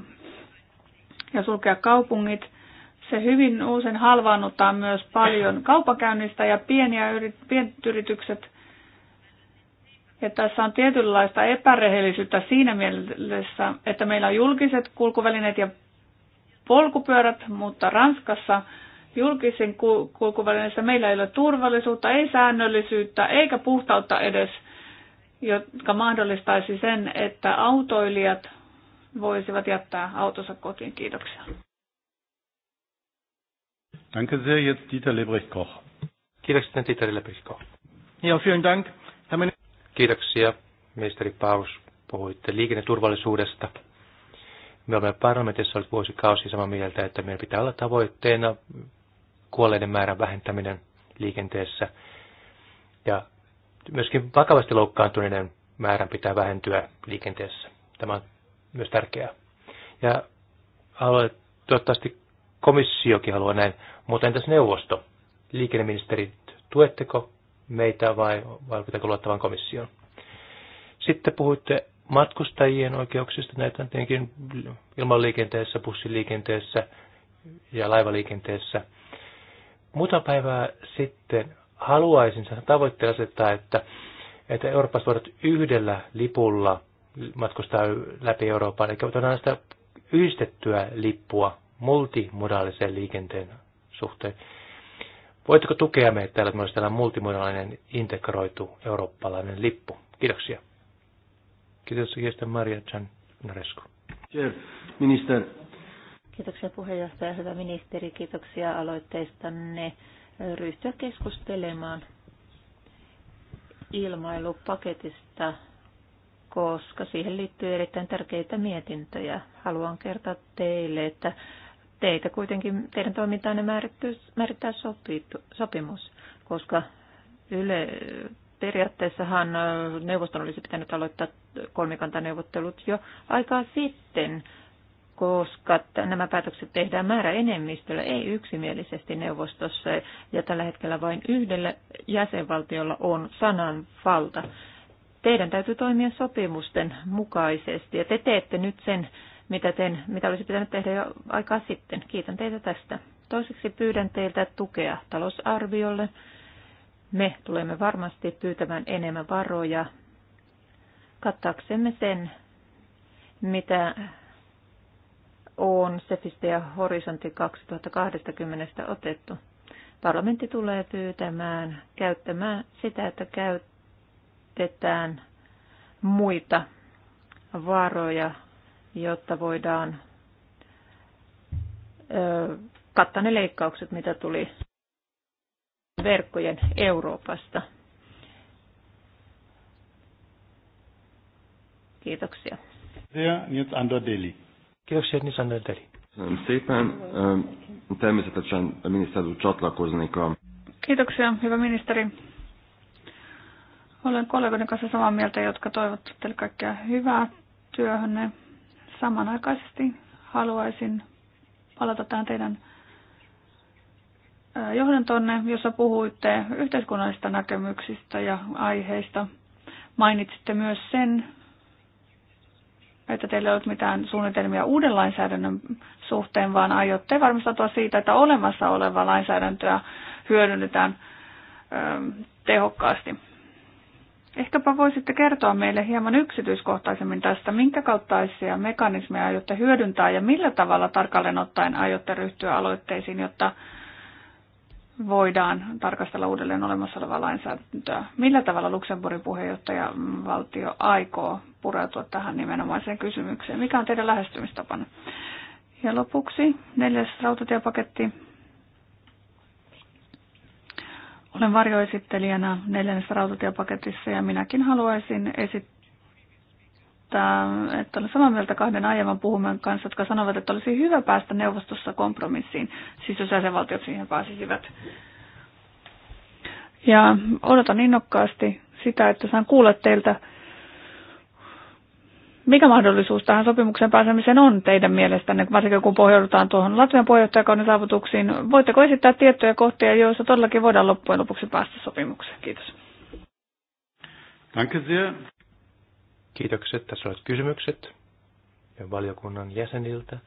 ja sulkea kaupungit, se hyvin usein halvaannuttaa myös paljon kaupakäynnistä ja pieniä yrit, yritykset. Ja tässä on tietynlaista epärehellisyyttä siinä mielessä, että meillä on julkiset kulkuvälineet ja polkupyörät, mutta Ranskassa Julkisen kulkuvälineessä meillä ei ole turvallisuutta, ei säännöllisyyttä eikä puhtautta edes, jotka mahdollistaisi sen, että autoilijat voisivat jättää autonsa kotiin. Kiitoksia. Danke sehr, jetzt Dieter Lebrecht-Koch. Kiitoksia, Dieter Lebrecht-Koch. Ja, vielen Dank. Kiitoksia, ministeri Paus. Puhuitte liikenneturvallisuudesta. Me olemme parlamentissa ollut vuosikausi samaa mieltä, että meidän pitää olla tavoitteena kuolleiden määrän vähentäminen liikenteessä. Ja myöskin vakavasti loukkaantuneiden määrän pitää vähentyä liikenteessä. Tämä on myös tärkeää. Ja haluan, toivottavasti komissiokin haluaa näin, mutta entäs neuvosto? Liikenneministerit, tuetteko meitä vai, vai pitääkö luottavan komission? Sitten puhuitte matkustajien oikeuksista, näitä tietenkin ilmanliikenteessä, bussiliikenteessä ja laivaliikenteessä – Muutama päivää sitten haluaisin sen tavoitteen asettaa, että, että Euroopassa voidaan yhdellä lipulla matkustaa läpi Euroopan, eli voidaan sitä yhdistettyä lippua multimodaalisen liikenteen suhteen. Voitteko tukea meitä täällä, että tällainen multimodaalinen integroitu eurooppalainen lippu? Kiitoksia. Kiitos, Kirsten Maria Chan Norescu. Minister, Kiitoksia puheenjohtaja, hyvä ministeri, kiitoksia aloitteistanne ryhtyä keskustelemaan ilmailupaketista, koska siihen liittyy erittäin tärkeitä mietintöjä. Haluan kertoa teille, että teitä kuitenkin, teidän toimintaanne määrittyy, määrittää sopitu, sopimus, koska yle, periaatteessahan neuvoston olisi pitänyt aloittaa kolmikantaneuvottelut jo aikaa sitten, koska nämä päätökset tehdään määrä enemmistöllä, ei yksimielisesti neuvostossa, ja tällä hetkellä vain yhdellä jäsenvaltiolla on sananvalta. Teidän täytyy toimia sopimusten mukaisesti, ja te teette nyt sen, mitä, teen, mitä olisi pitänyt tehdä jo aikaa sitten. Kiitän teitä tästä. Toiseksi pyydän teiltä tukea talousarviolle. Me tulemme varmasti pyytämään enemmän varoja kattaaksemme sen, mitä on SEFistä ja Horisontti 2020 otettu. Parlamentti tulee pyytämään käyttämään sitä, että käytetään muita varoja, jotta voidaan kattaa ne leikkaukset, mitä tuli verkkojen Euroopasta. Kiitoksia. Ja nyt Andor Deli. Kiitoksia Nisan Deli. Szépen. Természetesen miniszter úr csatlakoznék a... Kiitoksia, hyvä ministeri. Olen kollegani kanssa samaa mieltä, jotka toivottavat teille kaikkea hyvää työhönne. Samanaikaisesti haluaisin palata tähän teidän johdantonne, jossa puhuitte yhteiskunnallisista näkemyksistä ja aiheista. Mainitsitte myös sen, että teillä ei ole mitään suunnitelmia uuden lainsäädännön suhteen, vaan aiotte varmistautua siitä, että olemassa olevaa lainsäädäntöä hyödynnetään ö, ähm, tehokkaasti. Ehkäpä voisitte kertoa meille hieman yksityiskohtaisemmin tästä, minkä kauttaisia mekanismeja aiotte hyödyntää ja millä tavalla tarkalleen ottaen aiotte ryhtyä aloitteisiin, jotta voidaan tarkastella uudelleen olemassa olevaa lainsäädäntöä. Millä tavalla Luxemburgin puheenjohtajavaltio aikoo pureutua tähän nimenomaiseen kysymykseen? Mikä on teidän lähestymistapana? Ja lopuksi neljäs rautatiepaketti. Olen varjoesittelijänä neljännessä rautatiepaketissa ja minäkin haluaisin esittää että, että olen samaa mieltä kahden aiemman puhuman kanssa, jotka sanovat, että olisi hyvä päästä neuvostossa kompromissiin, siis jos jäsenvaltiot siihen pääsisivät. Ja odotan innokkaasti sitä, että saan kuulla teiltä, mikä mahdollisuus tähän sopimukseen pääsemiseen on teidän mielestänne, varsinkin kun pohjaudutaan tuohon Latvian puheenjohtajakauden saavutuksiin? Voitteko esittää tiettyjä kohtia, joissa todellakin voidaan loppujen lopuksi päästä sopimukseen? Kiitos. Danke sehr. Kiitokset. Tässä olet kysymykset ja valiokunnan jäseniltä.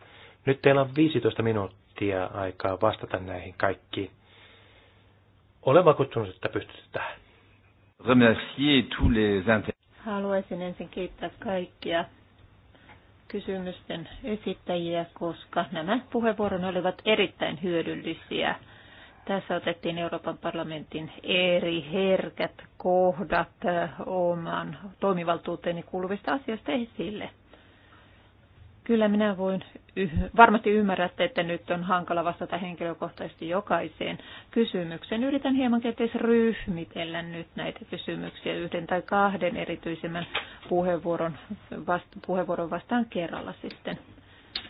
Nyt teillä on 15 minuuttia aikaa vastata näihin kaikkiin. Olen vakuuttunut, että pystytte tähän. Haluaisin ensin kiittää kaikkia kysymysten esittäjiä, koska nämä puheenvuoron olivat erittäin hyödyllisiä. Tässä otettiin Euroopan parlamentin eri herkät kohdat oman toimivaltuuteeni kuuluvista asioista esille. Kyllä minä voin, varmasti ymmärrätte, että nyt on hankala vastata henkilökohtaisesti jokaiseen kysymykseen. Yritän hieman kenties ryhmitellä nyt näitä kysymyksiä yhden tai kahden erityisemmän puheenvuoron, vast, puheenvuoron vastaan kerralla sitten.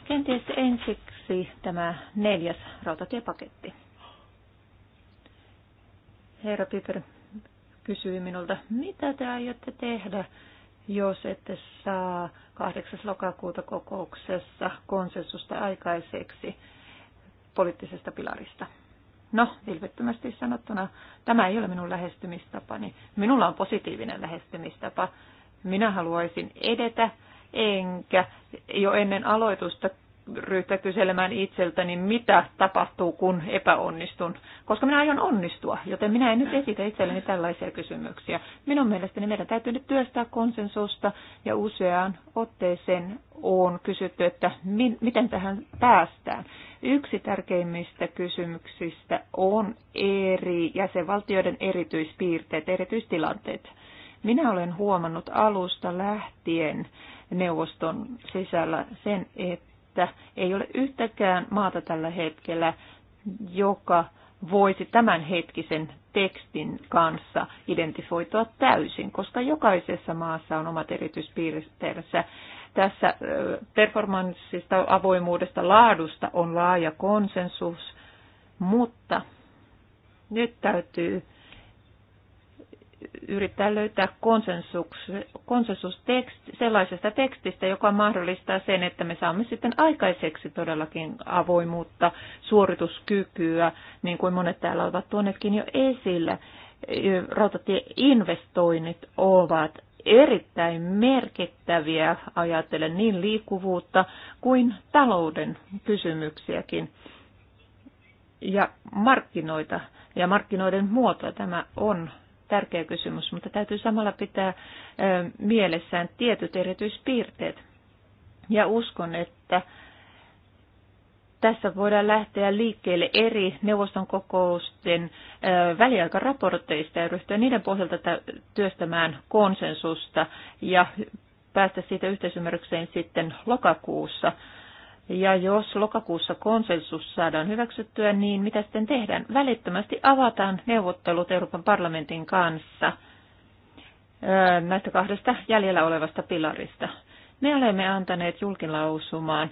Kenties ensiksi tämä neljäs rautatiepaketti. Herra Piper kysyi minulta, mitä te aiotte tehdä, jos ette saa 8. lokakuuta kokouksessa konsensusta aikaiseksi poliittisesta pilarista. No, vilpittömästi sanottuna, tämä ei ole minun lähestymistapani. Minulla on positiivinen lähestymistapa. Minä haluaisin edetä, enkä jo ennen aloitusta ryhtyä kyselemään itseltäni, mitä tapahtuu, kun epäonnistun, koska minä aion onnistua, joten minä en nyt esitä itselleni tällaisia kysymyksiä. Minun mielestäni meidän täytyy nyt työstää konsensusta ja useaan otteeseen on kysytty, että mi- miten tähän päästään. Yksi tärkeimmistä kysymyksistä on eri jäsenvaltioiden erityispiirteet, erityistilanteet. Minä olen huomannut alusta lähtien neuvoston sisällä sen, että että ei ole yhtäkään maata tällä hetkellä, joka voisi tämän hetkisen tekstin kanssa identifoitua täysin, koska jokaisessa maassa on omat erityispiirteensä. Tässä performanssista, avoimuudesta, laadusta on laaja konsensus, mutta nyt täytyy yrittää löytää konsensus, konsensus tekst, sellaisesta tekstistä, joka mahdollistaa sen, että me saamme sitten aikaiseksi todellakin avoimuutta, suorituskykyä, niin kuin monet täällä ovat tuoneetkin jo esillä. Rautatieinvestoinnit ovat erittäin merkittäviä, ajatellen niin liikkuvuutta kuin talouden kysymyksiäkin ja markkinoita ja markkinoiden muotoa. Tämä on tärkeä kysymys, mutta täytyy samalla pitää mielessään tietyt erityispiirteet. Ja uskon, että tässä voidaan lähteä liikkeelle eri neuvoston kokousten väliaikaraporteista ja ryhtyä niiden pohjalta työstämään konsensusta ja päästä siitä yhteisymmärrykseen sitten lokakuussa ja jos lokakuussa konsensus saadaan hyväksyttyä, niin mitä sitten tehdään? Välittömästi avataan neuvottelut Euroopan parlamentin kanssa näistä kahdesta jäljellä olevasta pilarista. Me olemme antaneet julkilausumaan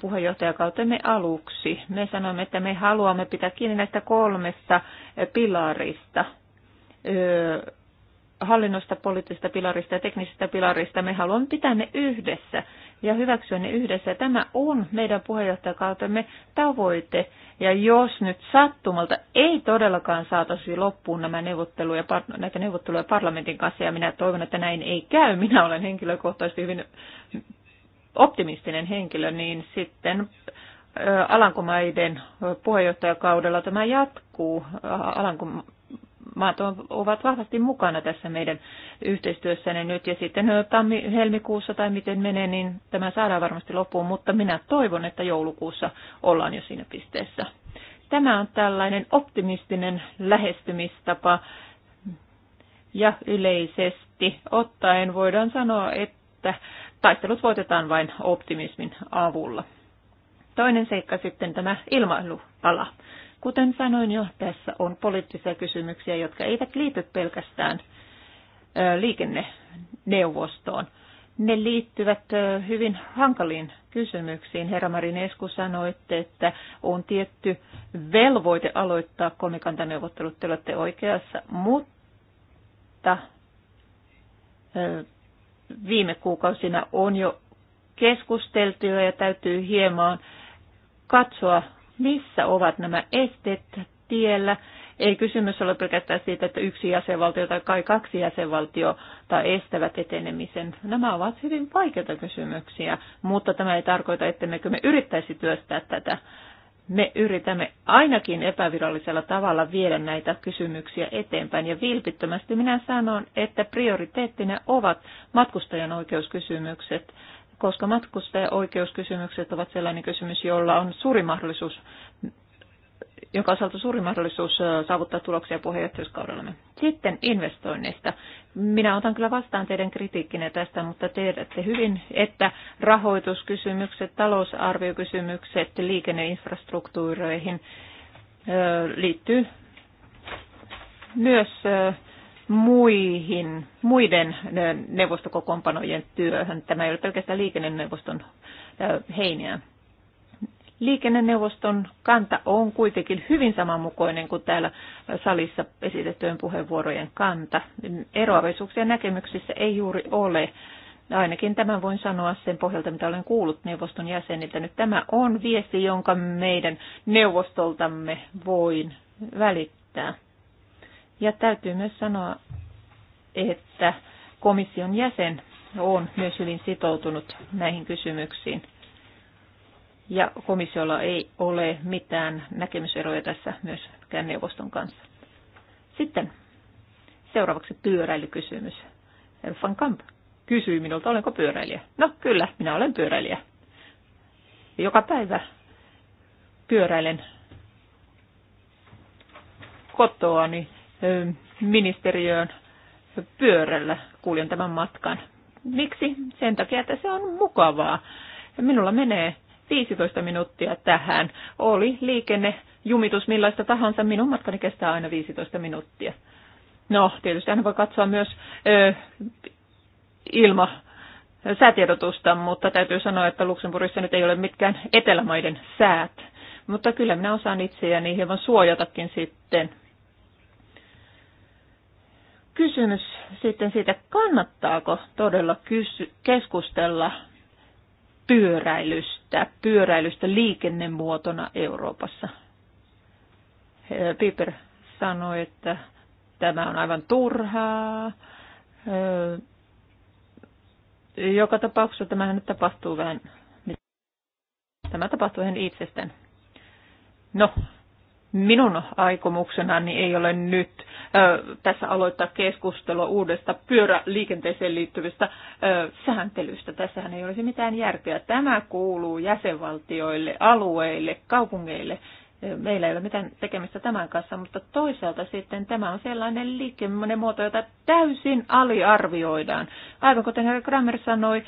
puheenjohtajakautemme aluksi. Me sanoimme, että me haluamme pitää kiinni näistä kolmesta pilarista hallinnosta, poliittisesta pilarista ja teknisestä pilarista. Me haluamme pitää ne yhdessä ja hyväksyä ne yhdessä. Tämä on meidän puheenjohtajakautemme tavoite. Ja jos nyt sattumalta ei todellakaan saataisi loppuun nämä neuvotteluja, näitä neuvotteluja parlamentin kanssa, ja minä toivon, että näin ei käy, minä olen henkilökohtaisesti hyvin optimistinen henkilö, niin sitten Alankomaiden puheenjohtajakaudella tämä jatkuu. Alankomaiden maat ovat vahvasti mukana tässä meidän yhteistyössäni nyt. Ja sitten tammi, helmikuussa tai miten menee, niin tämä saadaan varmasti loppuun, mutta minä toivon, että joulukuussa ollaan jo siinä pisteessä. Tämä on tällainen optimistinen lähestymistapa ja yleisesti ottaen voidaan sanoa, että taistelut voitetaan vain optimismin avulla. Toinen seikka sitten tämä ilmailuala. Kuten sanoin jo, tässä on poliittisia kysymyksiä, jotka eivät liity pelkästään liikenneneuvostoon. Ne liittyvät hyvin hankaliin kysymyksiin. Herra Esku sanoitte, että on tietty velvoite aloittaa kolmikantaneuvottelut, te olette oikeassa, mutta viime kuukausina on jo keskusteltu ja täytyy hieman katsoa missä ovat nämä esteet tiellä. Ei kysymys ole pelkästään siitä, että yksi jäsenvaltio tai kaksi jäsenvaltiota estävät etenemisen. Nämä ovat hyvin vaikeita kysymyksiä, mutta tämä ei tarkoita, että me yrittäisi työstää tätä. Me yritämme ainakin epävirallisella tavalla viedä näitä kysymyksiä eteenpäin ja vilpittömästi minä sanon, että prioriteettina ovat matkustajan oikeuskysymykset koska oikeuskysymykset ovat sellainen kysymys, jolla on suuri mahdollisuus, jonka osalta suuri mahdollisuus saavuttaa tuloksia puheenjohtajuuskaudellamme. Sitten investoinneista. Minä otan kyllä vastaan teidän kritiikkinne tästä, mutta tiedätte hyvin, että rahoituskysymykset, talousarviokysymykset liikenneinfrastruktuureihin liittyy myös muihin, muiden neuvostokokoonpanojen työhön. Tämä ei ole pelkästään liikenneneuvoston heiniä. Liikenneneuvoston kanta on kuitenkin hyvin samanmukainen kuin täällä salissa esitettyjen puheenvuorojen kanta. Eroavaisuuksia näkemyksissä ei juuri ole. Ainakin tämän voin sanoa sen pohjalta, mitä olen kuullut neuvoston jäseniltä. Nyt tämä on viesti, jonka meidän neuvostoltamme voin välittää. Ja täytyy myös sanoa, että komission jäsen on myös hyvin sitoutunut näihin kysymyksiin. Ja komissiolla ei ole mitään näkemyseroja tässä myöskään neuvoston kanssa. Sitten seuraavaksi pyöräilykysymys. Herr van Kamp kysyi minulta, olenko pyöräilijä. No kyllä, minä olen pyöräilijä. Joka päivä pyöräilen kotoani ministeriöön pyörällä kuljen tämän matkan. Miksi? Sen takia, että se on mukavaa. Minulla menee 15 minuuttia tähän. Oli liikenne, jumitus millaista tahansa, minun matkani kestää aina 15 minuuttia. No, tietysti aina voi katsoa myös ö, ilma säätiedotusta, mutta täytyy sanoa, että Luxemburgissa nyt ei ole mitkään etelämaiden säät. Mutta kyllä minä osaan itseäni hieman suojatakin sitten kysymys sitten siitä, kannattaako todella kysy- keskustella pyöräilystä, pyöräilystä liikennemuotona Euroopassa. Piper sanoi, että tämä on aivan turhaa. Joka tapauksessa tämähän nyt tapahtuu vähän, tämä tapahtuu ihan itsestään. No, minun aikomuksenani ei ole nyt ö, tässä aloittaa keskustelua uudesta pyöräliikenteeseen liittyvistä ö, sääntelystä. Tässähän ei olisi mitään järkeä. Tämä kuuluu jäsenvaltioille, alueille, kaupungeille. Meillä ei ole mitään tekemistä tämän kanssa, mutta toisaalta sitten tämä on sellainen liikemmoinen muoto, jota täysin aliarvioidaan. Aivan kuten herra Kramer sanoi,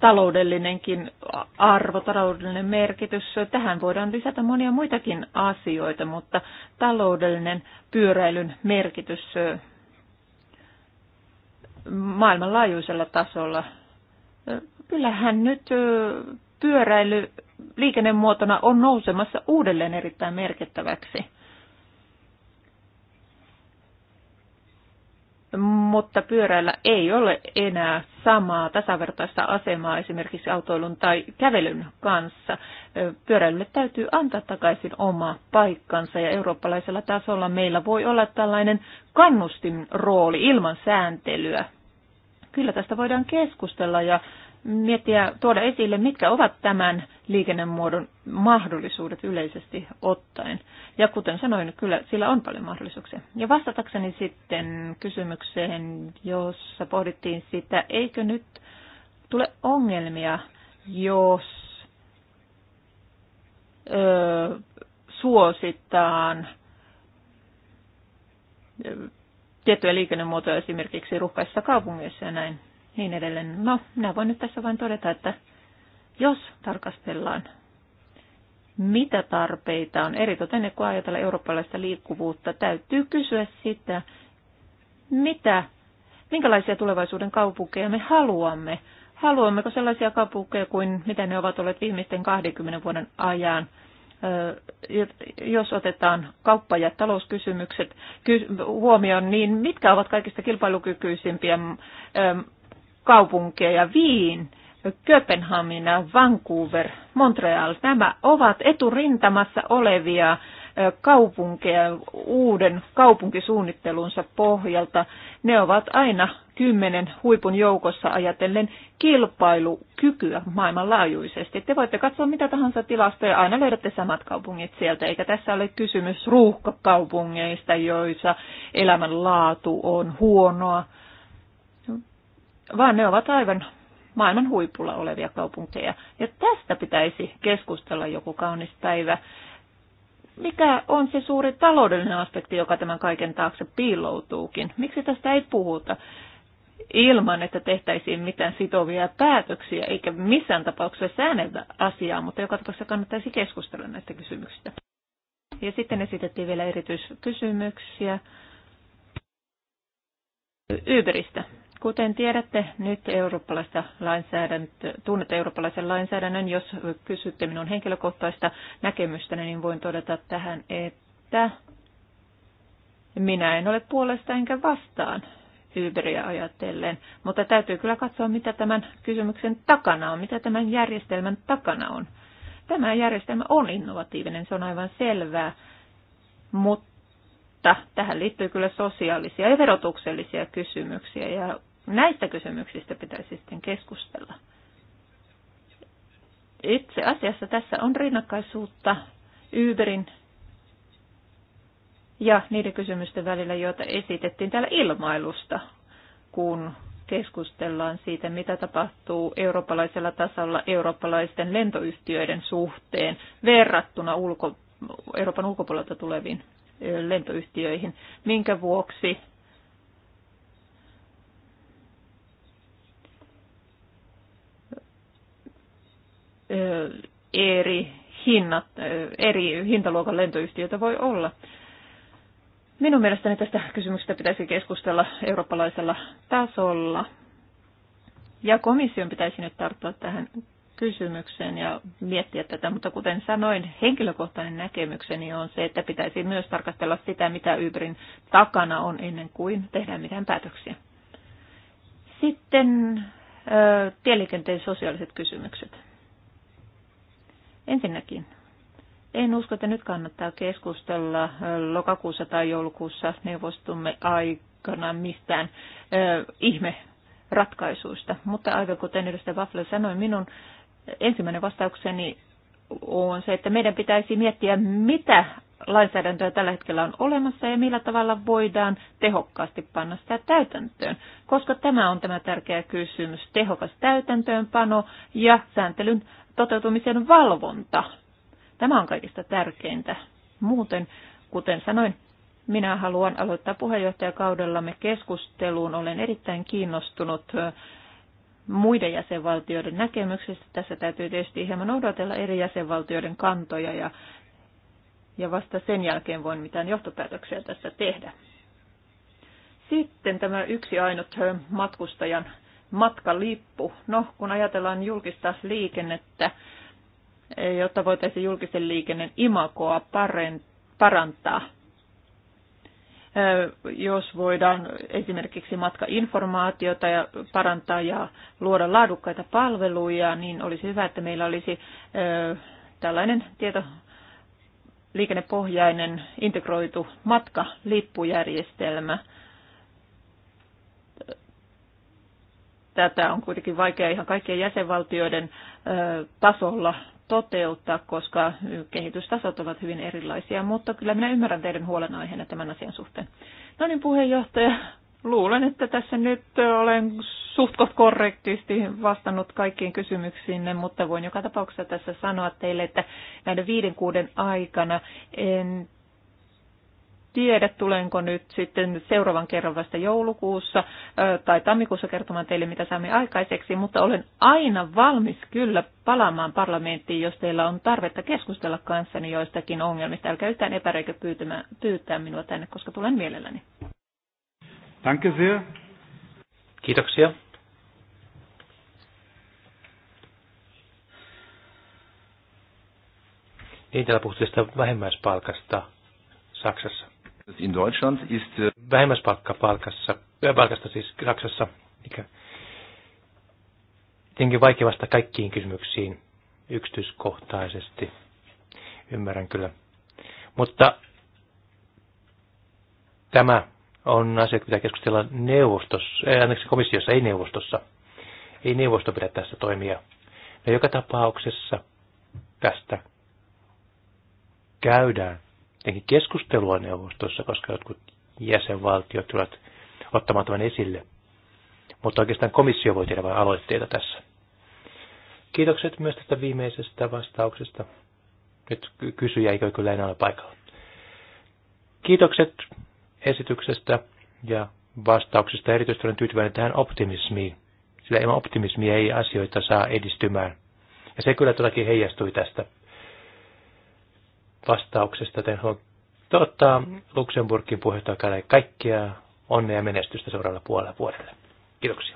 taloudellinenkin arvo, taloudellinen merkitys. Tähän voidaan lisätä monia muitakin asioita, mutta taloudellinen pyöräilyn merkitys maailmanlaajuisella tasolla. Kyllähän nyt pyöräily liikennemuotona on nousemassa uudelleen erittäin merkittäväksi. mutta pyöräillä ei ole enää samaa tasavertaista asemaa esimerkiksi autoilun tai kävelyn kanssa. Pyöräilylle täytyy antaa takaisin oma paikkansa ja eurooppalaisella tasolla meillä voi olla tällainen rooli ilman sääntelyä. Kyllä tästä voidaan keskustella ja miettiä, tuoda esille, mitkä ovat tämän liikennemuodon mahdollisuudet yleisesti ottaen. Ja kuten sanoin, kyllä sillä on paljon mahdollisuuksia. Ja vastatakseni sitten kysymykseen, jossa pohdittiin sitä, eikö nyt tule ongelmia, jos ö, suositaan tiettyjä liikennemuotoja esimerkiksi ruuhkaisissa kaupungeissa ja näin niin edelleen. No, minä voin nyt tässä vain todeta, että jos tarkastellaan, mitä tarpeita on, eritoten kun ajatellaan eurooppalaista liikkuvuutta, täytyy kysyä sitä, mitä, minkälaisia tulevaisuuden kaupunkeja me haluamme. Haluammeko sellaisia kaupunkeja kuin mitä ne ovat olleet viimeisten 20 vuoden ajan, jos otetaan kauppa- ja talouskysymykset huomioon, niin mitkä ovat kaikista kilpailukykyisimpiä kaupunkeja, Viin, Köpenhamina, Vancouver, Montreal. Nämä ovat eturintamassa olevia kaupunkeja uuden kaupunkisuunnittelunsa pohjalta. Ne ovat aina kymmenen huipun joukossa ajatellen kilpailukykyä maailmanlaajuisesti. Te voitte katsoa mitä tahansa tilastoja, aina löydätte samat kaupungit sieltä, eikä tässä ole kysymys ruuhkakaupungeista, joissa elämänlaatu on huonoa vaan ne ovat aivan maailman huipulla olevia kaupunkeja. Ja tästä pitäisi keskustella joku kaunis päivä. Mikä on se suuri taloudellinen aspekti, joka tämän kaiken taakse piiloutuukin? Miksi tästä ei puhuta? ilman, että tehtäisiin mitään sitovia päätöksiä, eikä missään tapauksessa säännellä asiaa, mutta joka tapauksessa kannattaisi keskustella näistä kysymyksistä. Ja sitten esitettiin vielä erityiskysymyksiä Yberistä. Kuten tiedätte, nyt eurooppalaista lainsäädäntö, tunnette eurooppalaisen lainsäädännön. Jos kysytte minun henkilökohtaista näkemystäni, niin voin todeta tähän, että minä en ole puolesta enkä vastaan Uberia ajatellen, mutta täytyy kyllä katsoa, mitä tämän kysymyksen takana on, mitä tämän järjestelmän takana on. Tämä järjestelmä on innovatiivinen, se on aivan selvää, mutta tähän liittyy kyllä sosiaalisia ja verotuksellisia kysymyksiä ja Näistä kysymyksistä pitäisi sitten keskustella. Itse asiassa tässä on rinnakkaisuutta Uberin ja niiden kysymysten välillä, joita esitettiin täällä ilmailusta, kun keskustellaan siitä, mitä tapahtuu eurooppalaisella tasolla eurooppalaisten lentoyhtiöiden suhteen verrattuna ulko, Euroopan ulkopuolelta tuleviin lentoyhtiöihin, minkä vuoksi eri, hinnat, eri hintaluokan lentoyhtiöitä voi olla. Minun mielestäni tästä kysymyksestä pitäisi keskustella eurooppalaisella tasolla. Ja komission pitäisi nyt tarttua tähän kysymykseen ja miettiä tätä, mutta kuten sanoin, henkilökohtainen näkemykseni on se, että pitäisi myös tarkastella sitä, mitä Uberin takana on ennen kuin tehdään mitään päätöksiä. Sitten tieliikenteen sosiaaliset kysymykset. Ensinnäkin, en usko, että nyt kannattaa keskustella lokakuussa tai joulukuussa neuvostumme aikana mistään ö, ihme ratkaisuista. Mutta aivan kuten edustaja Waffle sanoi, minun ensimmäinen vastaukseni on se, että meidän pitäisi miettiä, mitä lainsäädäntöä tällä hetkellä on olemassa ja millä tavalla voidaan tehokkaasti panna sitä täytäntöön, koska tämä on tämä tärkeä kysymys, tehokas täytäntöönpano ja sääntelyn toteutumisen valvonta. Tämä on kaikista tärkeintä. Muuten, kuten sanoin, minä haluan aloittaa puheenjohtajakaudellamme keskusteluun. Olen erittäin kiinnostunut muiden jäsenvaltioiden näkemyksistä. Tässä täytyy tietysti hieman odotella eri jäsenvaltioiden kantoja ja, ja vasta sen jälkeen voin mitään johtopäätöksiä tässä tehdä. Sitten tämä yksi ainut matkustajan matkalippu. No, kun ajatellaan julkista liikennettä, e, jotta voitaisiin julkisen liikenteen imakoa parantaa, e, jos voidaan esimerkiksi matkainformaatiota ja parantaa ja luoda laadukkaita palveluja, niin olisi hyvä, että meillä olisi e, tällainen tieto liikennepohjainen integroitu matkalippujärjestelmä – Tätä on kuitenkin vaikea ihan kaikkien jäsenvaltioiden tasolla toteuttaa, koska kehitystasot ovat hyvin erilaisia, mutta kyllä minä ymmärrän teidän huolenaiheena tämän asian suhteen. No niin, puheenjohtaja, luulen, että tässä nyt olen suhtkot korrektisti vastannut kaikkiin kysymyksiin, mutta voin joka tapauksessa tässä sanoa teille, että näiden viiden kuuden aikana en tiedä, tulenko nyt sitten seuraavan kerran vasta joulukuussa tai tammikuussa kertomaan teille, mitä saamme aikaiseksi, mutta olen aina valmis kyllä palaamaan parlamenttiin, jos teillä on tarvetta keskustella kanssani joistakin ongelmista. Älkää yhtään epäreikö pyytää minua tänne, koska tulen mielelläni. Danke sehr. Kiitoksia. Niin, täällä puhuttiin sitä vähimmäispalkasta Saksassa. In Deutschland ist... Äh, Vähimmäispalkka palkassa, äh, palkasta siis Saksassa, mikä tietenkin vaikea vastata kaikkiin kysymyksiin yksityiskohtaisesti. Ymmärrän kyllä. Mutta tämä on asia, joka pitää keskustella neuvostossa, äh, ei, komissiossa, ei neuvostossa. Ei neuvosto pidä tässä toimia. No joka tapauksessa tästä käydään keskustelua neuvostossa, koska jotkut jäsenvaltiot tulevat ottamaan tämän esille. Mutta oikeastaan komissio voi tehdä vain aloitteita tässä. Kiitokset myös tästä viimeisestä vastauksesta. Nyt kysyjä eikö kyllä enää ole paikalla. Kiitokset esityksestä ja vastauksesta. Erityisesti olen tyytyväinen tähän optimismiin, sillä ilman optimismia ei asioita saa edistymään. Ja se kyllä todellakin heijastui tästä vastauksesta. Joten haluan toivottaa Luxemburgin puheenjohtaja kaikkia onnea ja menestystä seuraavalla puolella vuodelle. Kiitoksia.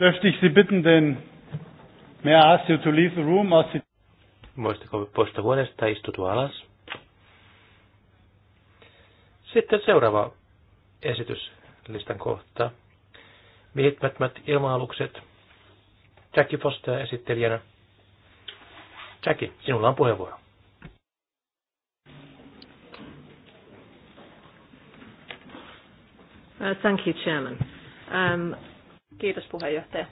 Möchte ich Sie bitten, den May I ask you to leave the room Voisitteko poistua huoneesta ja istutua alas? Sitten seuraava esityslistan kohta. Miehittämättömät ilma-alukset. Jackie Foster esittelijänä. Jackie, sinulla on puheenvuoro. Uh, thank you, Chairman. Um, Kiitos puheenjohtaja.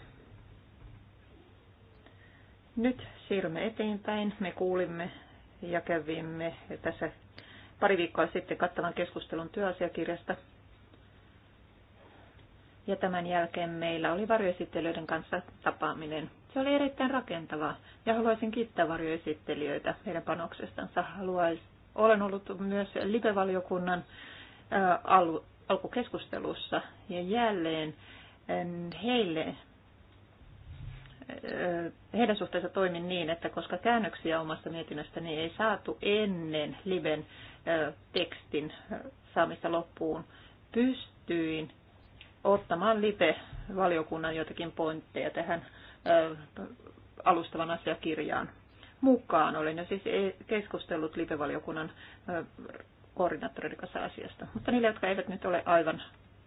Nyt siirrymme eteenpäin. Me kuulimme ja kävimme tässä pari viikkoa sitten kattavan keskustelun työasiakirjasta. Ja tämän jälkeen meillä oli varjoesittelijöiden kanssa tapaaminen. Se oli erittäin rakentavaa ja haluaisin kiittää varjoesittelijöitä heidän panoksestansa. Haluais, olen ollut myös live-valiokunnan alkukeskustelussa ja jälleen heille heidän suhteensa toimin niin, että koska käännöksiä omasta mietinnöstäni niin ei saatu ennen liven tekstin saamista loppuun, pystyin ottamaan live-valiokunnan joitakin pointteja tähän alustavan asiakirjaan mukaan. Olen jo siis e-, keskustellut live-valiokunnan koordinaattorin kanssa asiasta, mutta niille, jotka eivät nyt ole aivan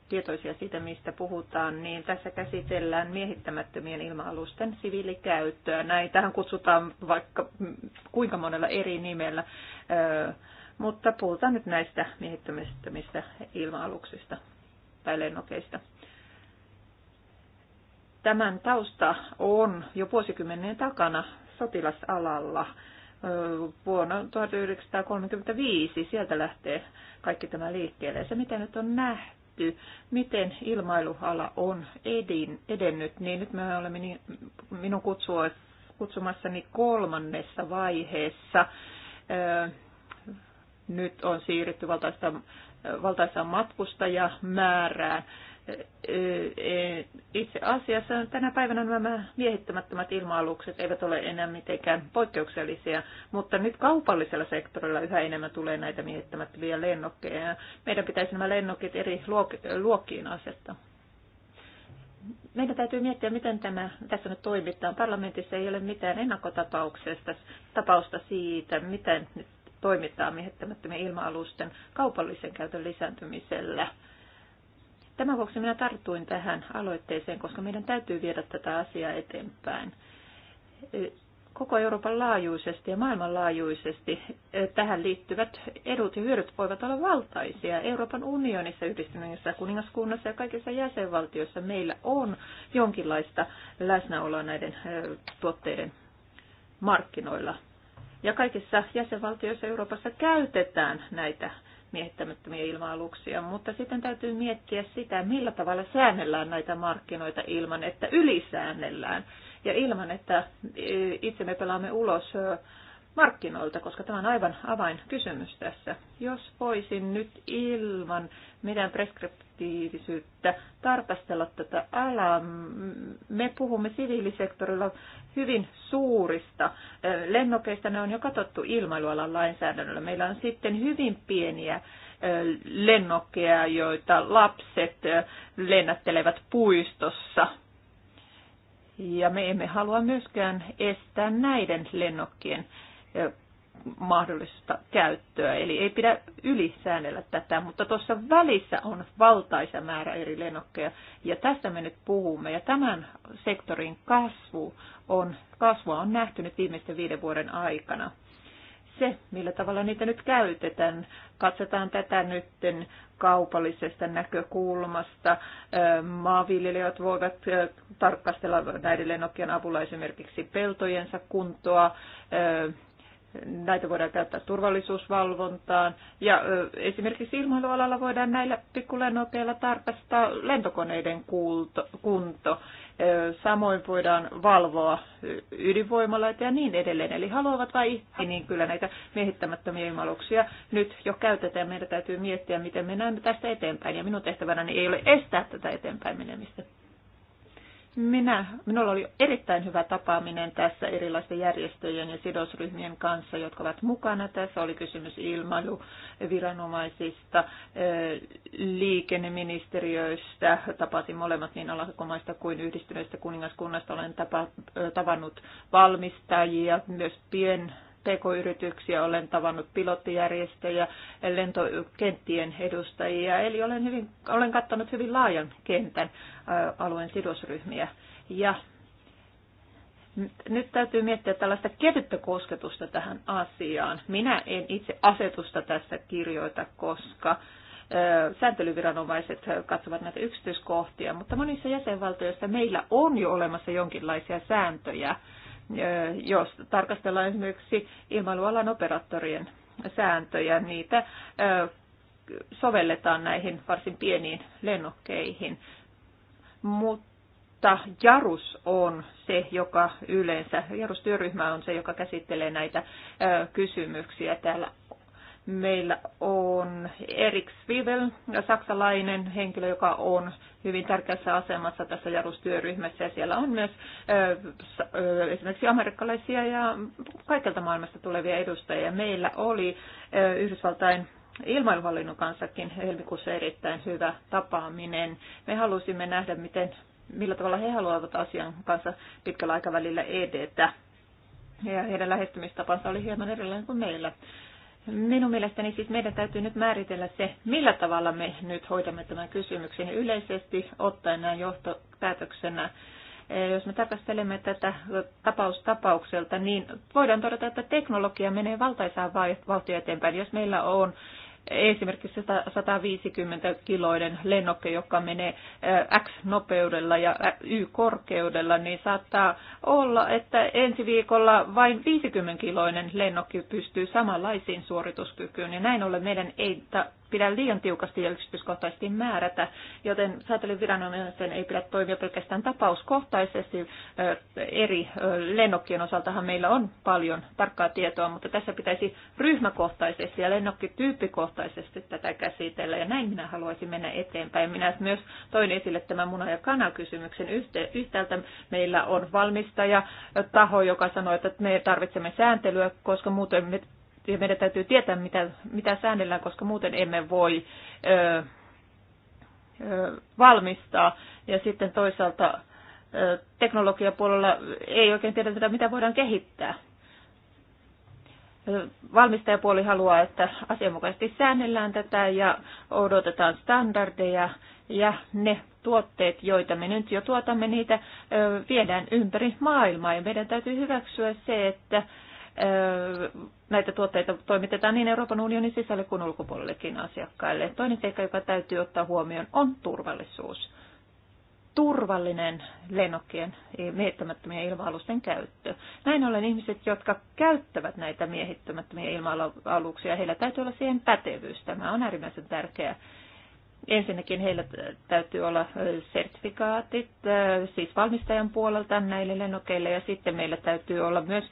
tietoisia siitä, mistä puhutaan, niin tässä käsitellään miehittämättömien ilma-alusten siviilikäyttöä. Näitähän kutsutaan vaikka kuinka monella eri nimellä, mutta puhutaan nyt näistä miehittämättömistä ilma-aluksista tai lennokeista. Tämän tausta on jo vuosikymmenen takana sotilasalalla vuonna 1935. Sieltä lähtee kaikki tämä liikkeelle. Ja se, mitä nyt on nähty, nähty, miten ilmailuala on edin, edennyt, niin nyt me olemme niin, minun kutsua, kutsumassani kolmannessa vaiheessa. Nyt on siirrytty valtaista valtaisaan matkustajamäärään itse asiassa tänä päivänä nämä miehittämättömät ilma-alukset eivät ole enää mitenkään poikkeuksellisia, mutta nyt kaupallisella sektorilla yhä enemmän tulee näitä miehittämättömiä lennokkeja. Meidän pitäisi nämä lennokit eri luokkiin asettaa. Meidän täytyy miettiä, miten tämä, tässä nyt toimitaan. Parlamentissa ei ole mitään ennakkotapauksesta tapausta siitä, miten nyt toimitaan miehittämättömien ilma-alusten kaupallisen käytön lisääntymisellä. Tämän vuoksi minä tartuin tähän aloitteeseen, koska meidän täytyy viedä tätä asiaa eteenpäin. Koko Euroopan laajuisesti ja maailmanlaajuisesti tähän liittyvät edut ja hyödyt voivat olla valtaisia. Euroopan unionissa, yhdistyneessä kuningaskunnassa ja kaikissa jäsenvaltioissa meillä on jonkinlaista läsnäoloa näiden tuotteiden markkinoilla. Ja kaikissa jäsenvaltioissa Euroopassa käytetään näitä miehittämättömiä ilma-aluksia, mutta sitten täytyy miettiä sitä, millä tavalla säännellään näitä markkinoita ilman, että ylisäännellään ja ilman, että e, itse me pelaamme ulos markkinoilta, koska tämä on aivan avainkysymys tässä. Jos voisin nyt ilman mitään preskriptiota aktiivisuutta, tarkastella tätä alaa. Me puhumme siviilisektorilla hyvin suurista lennokeista. Ne on jo katsottu ilmailualan lainsäädännöllä. Meillä on sitten hyvin pieniä lennokkeja, joita lapset lennättelevät puistossa. Ja me emme halua myöskään estää näiden lennokkien mahdollista käyttöä. Eli ei pidä ylisäännellä tätä, mutta tuossa välissä on valtaisa määrä eri lennokkeja. Ja tästä me nyt puhumme. Ja tämän sektorin kasvu on, kasvua on nähty nyt viimeisten viiden vuoden aikana. Se, millä tavalla niitä nyt käytetään, katsotaan tätä nyt kaupallisesta näkökulmasta. Maanviljelijät voivat tarkastella näiden lennokkien avulla esimerkiksi peltojensa kuntoa, Näitä voidaan käyttää turvallisuusvalvontaan ja esimerkiksi ilmailualalla voidaan näillä pikkulennokeilla tarkastaa lentokoneiden kunto. Samoin voidaan valvoa ydinvoimaloita ja niin edelleen. Eli haluavat vai niin kyllä näitä miehittämättömiä ilmaluksia nyt jo käytetään. Meidän täytyy miettiä, miten mennään tästä eteenpäin. Ja minun tehtävänäni ei ole estää tätä eteenpäin menemistä. Minä, minulla oli erittäin hyvä tapaaminen tässä erilaisten järjestöjen ja sidosryhmien kanssa, jotka ovat mukana tässä. Oli kysymys ilmailuviranomaisista, liikenneministeriöistä. Tapasin molemmat niin alakomaista kuin yhdistyneistä kuningaskunnasta. Olen tapa, tavannut valmistajia, myös pien pk-yrityksiä, olen tavannut pilottijärjestöjä, lentokenttien edustajia, eli olen, hyvin, olen kattanut hyvin laajan kentän alueen sidosryhmiä. Ja nyt täytyy miettiä tällaista kevyttä kosketusta tähän asiaan. Minä en itse asetusta tässä kirjoita, koska sääntelyviranomaiset katsovat näitä yksityiskohtia, mutta monissa jäsenvaltioissa meillä on jo olemassa jonkinlaisia sääntöjä jos tarkastellaan esimerkiksi ilmailualan operaattorien sääntöjä, niitä sovelletaan näihin varsin pieniin lennokkeihin. Mutta Jarus on se, joka yleensä, Jarus-työryhmä on se, joka käsittelee näitä kysymyksiä. Täällä meillä on Erik Swivel, saksalainen henkilö, joka on hyvin tärkeässä asemassa tässä jarustyöryhmässä ja siellä on myös esimerkiksi amerikkalaisia ja kaikilta maailmasta tulevia edustajia. Meillä oli Yhdysvaltain ilmailuhallinnon kanssakin helmikuussa erittäin hyvä tapaaminen. Me halusimme nähdä, miten, millä tavalla he haluavat asian kanssa pitkällä aikavälillä edetä. Ja heidän lähestymistapansa oli hieman erilainen kuin meillä. Minun mielestäni siis meidän täytyy nyt määritellä se, millä tavalla me nyt hoidamme tämän kysymyksen yleisesti ottaen näin johtopäätöksenä. Eh, jos me tarkastelemme tätä tapaus niin voidaan todeta, että teknologia menee valtaisaan vauhtia eteenpäin. Jos meillä on esimerkiksi 150 kiloinen lennokke, joka menee eh, X-nopeudella ja eh, Y-korkeudella, niin saattaa olla, että ensi viikolla vain 50 kiloinen lennokki pystyy samanlaisiin suorituskykyyn. Ja näin ollen meidän ei pidä liian tiukasti ja yksityiskohtaisesti määrätä, joten säätelyviranomaisen ei pidä toimia pelkästään tapauskohtaisesti. Eri lennokkien osaltahan meillä on paljon tarkkaa tietoa, mutta tässä pitäisi ryhmäkohtaisesti ja lennokkityyppikohtaisesti tätä käsitellä, ja näin minä haluaisin mennä eteenpäin. Minä myös toin esille tämän muna- ja kanakysymyksen Yhtäältä meillä on valmistaja taho, joka sanoo, että me tarvitsemme sääntelyä, koska muuten me ja meidän täytyy tietää, mitä, mitä säännellään, koska muuten emme voi ö, ö, valmistaa. Ja sitten toisaalta ö, teknologiapuolella ei oikein tiedä sitä, mitä voidaan kehittää. Valmistajapuoli haluaa, että asianmukaisesti säännellään tätä ja odotetaan standardeja ja ne tuotteet, joita me nyt jo tuotamme, niitä viedään ympäri maailmaa ja meidän täytyy hyväksyä se, että näitä tuotteita toimitetaan niin Euroopan unionin sisälle kuin ulkopuolellekin asiakkaille. Toinen seikka, joka täytyy ottaa huomioon, on turvallisuus. Turvallinen lennokkien miehittämättömien ilma-alusten käyttö. Näin ollen ihmiset, jotka käyttävät näitä miehittämättömiä ilma-aluksia, heillä täytyy olla siihen pätevyys. Tämä on äärimmäisen tärkeää ensinnäkin heillä täytyy olla sertifikaatit, siis valmistajan puolelta näille lennokeille, ja sitten meillä täytyy olla myös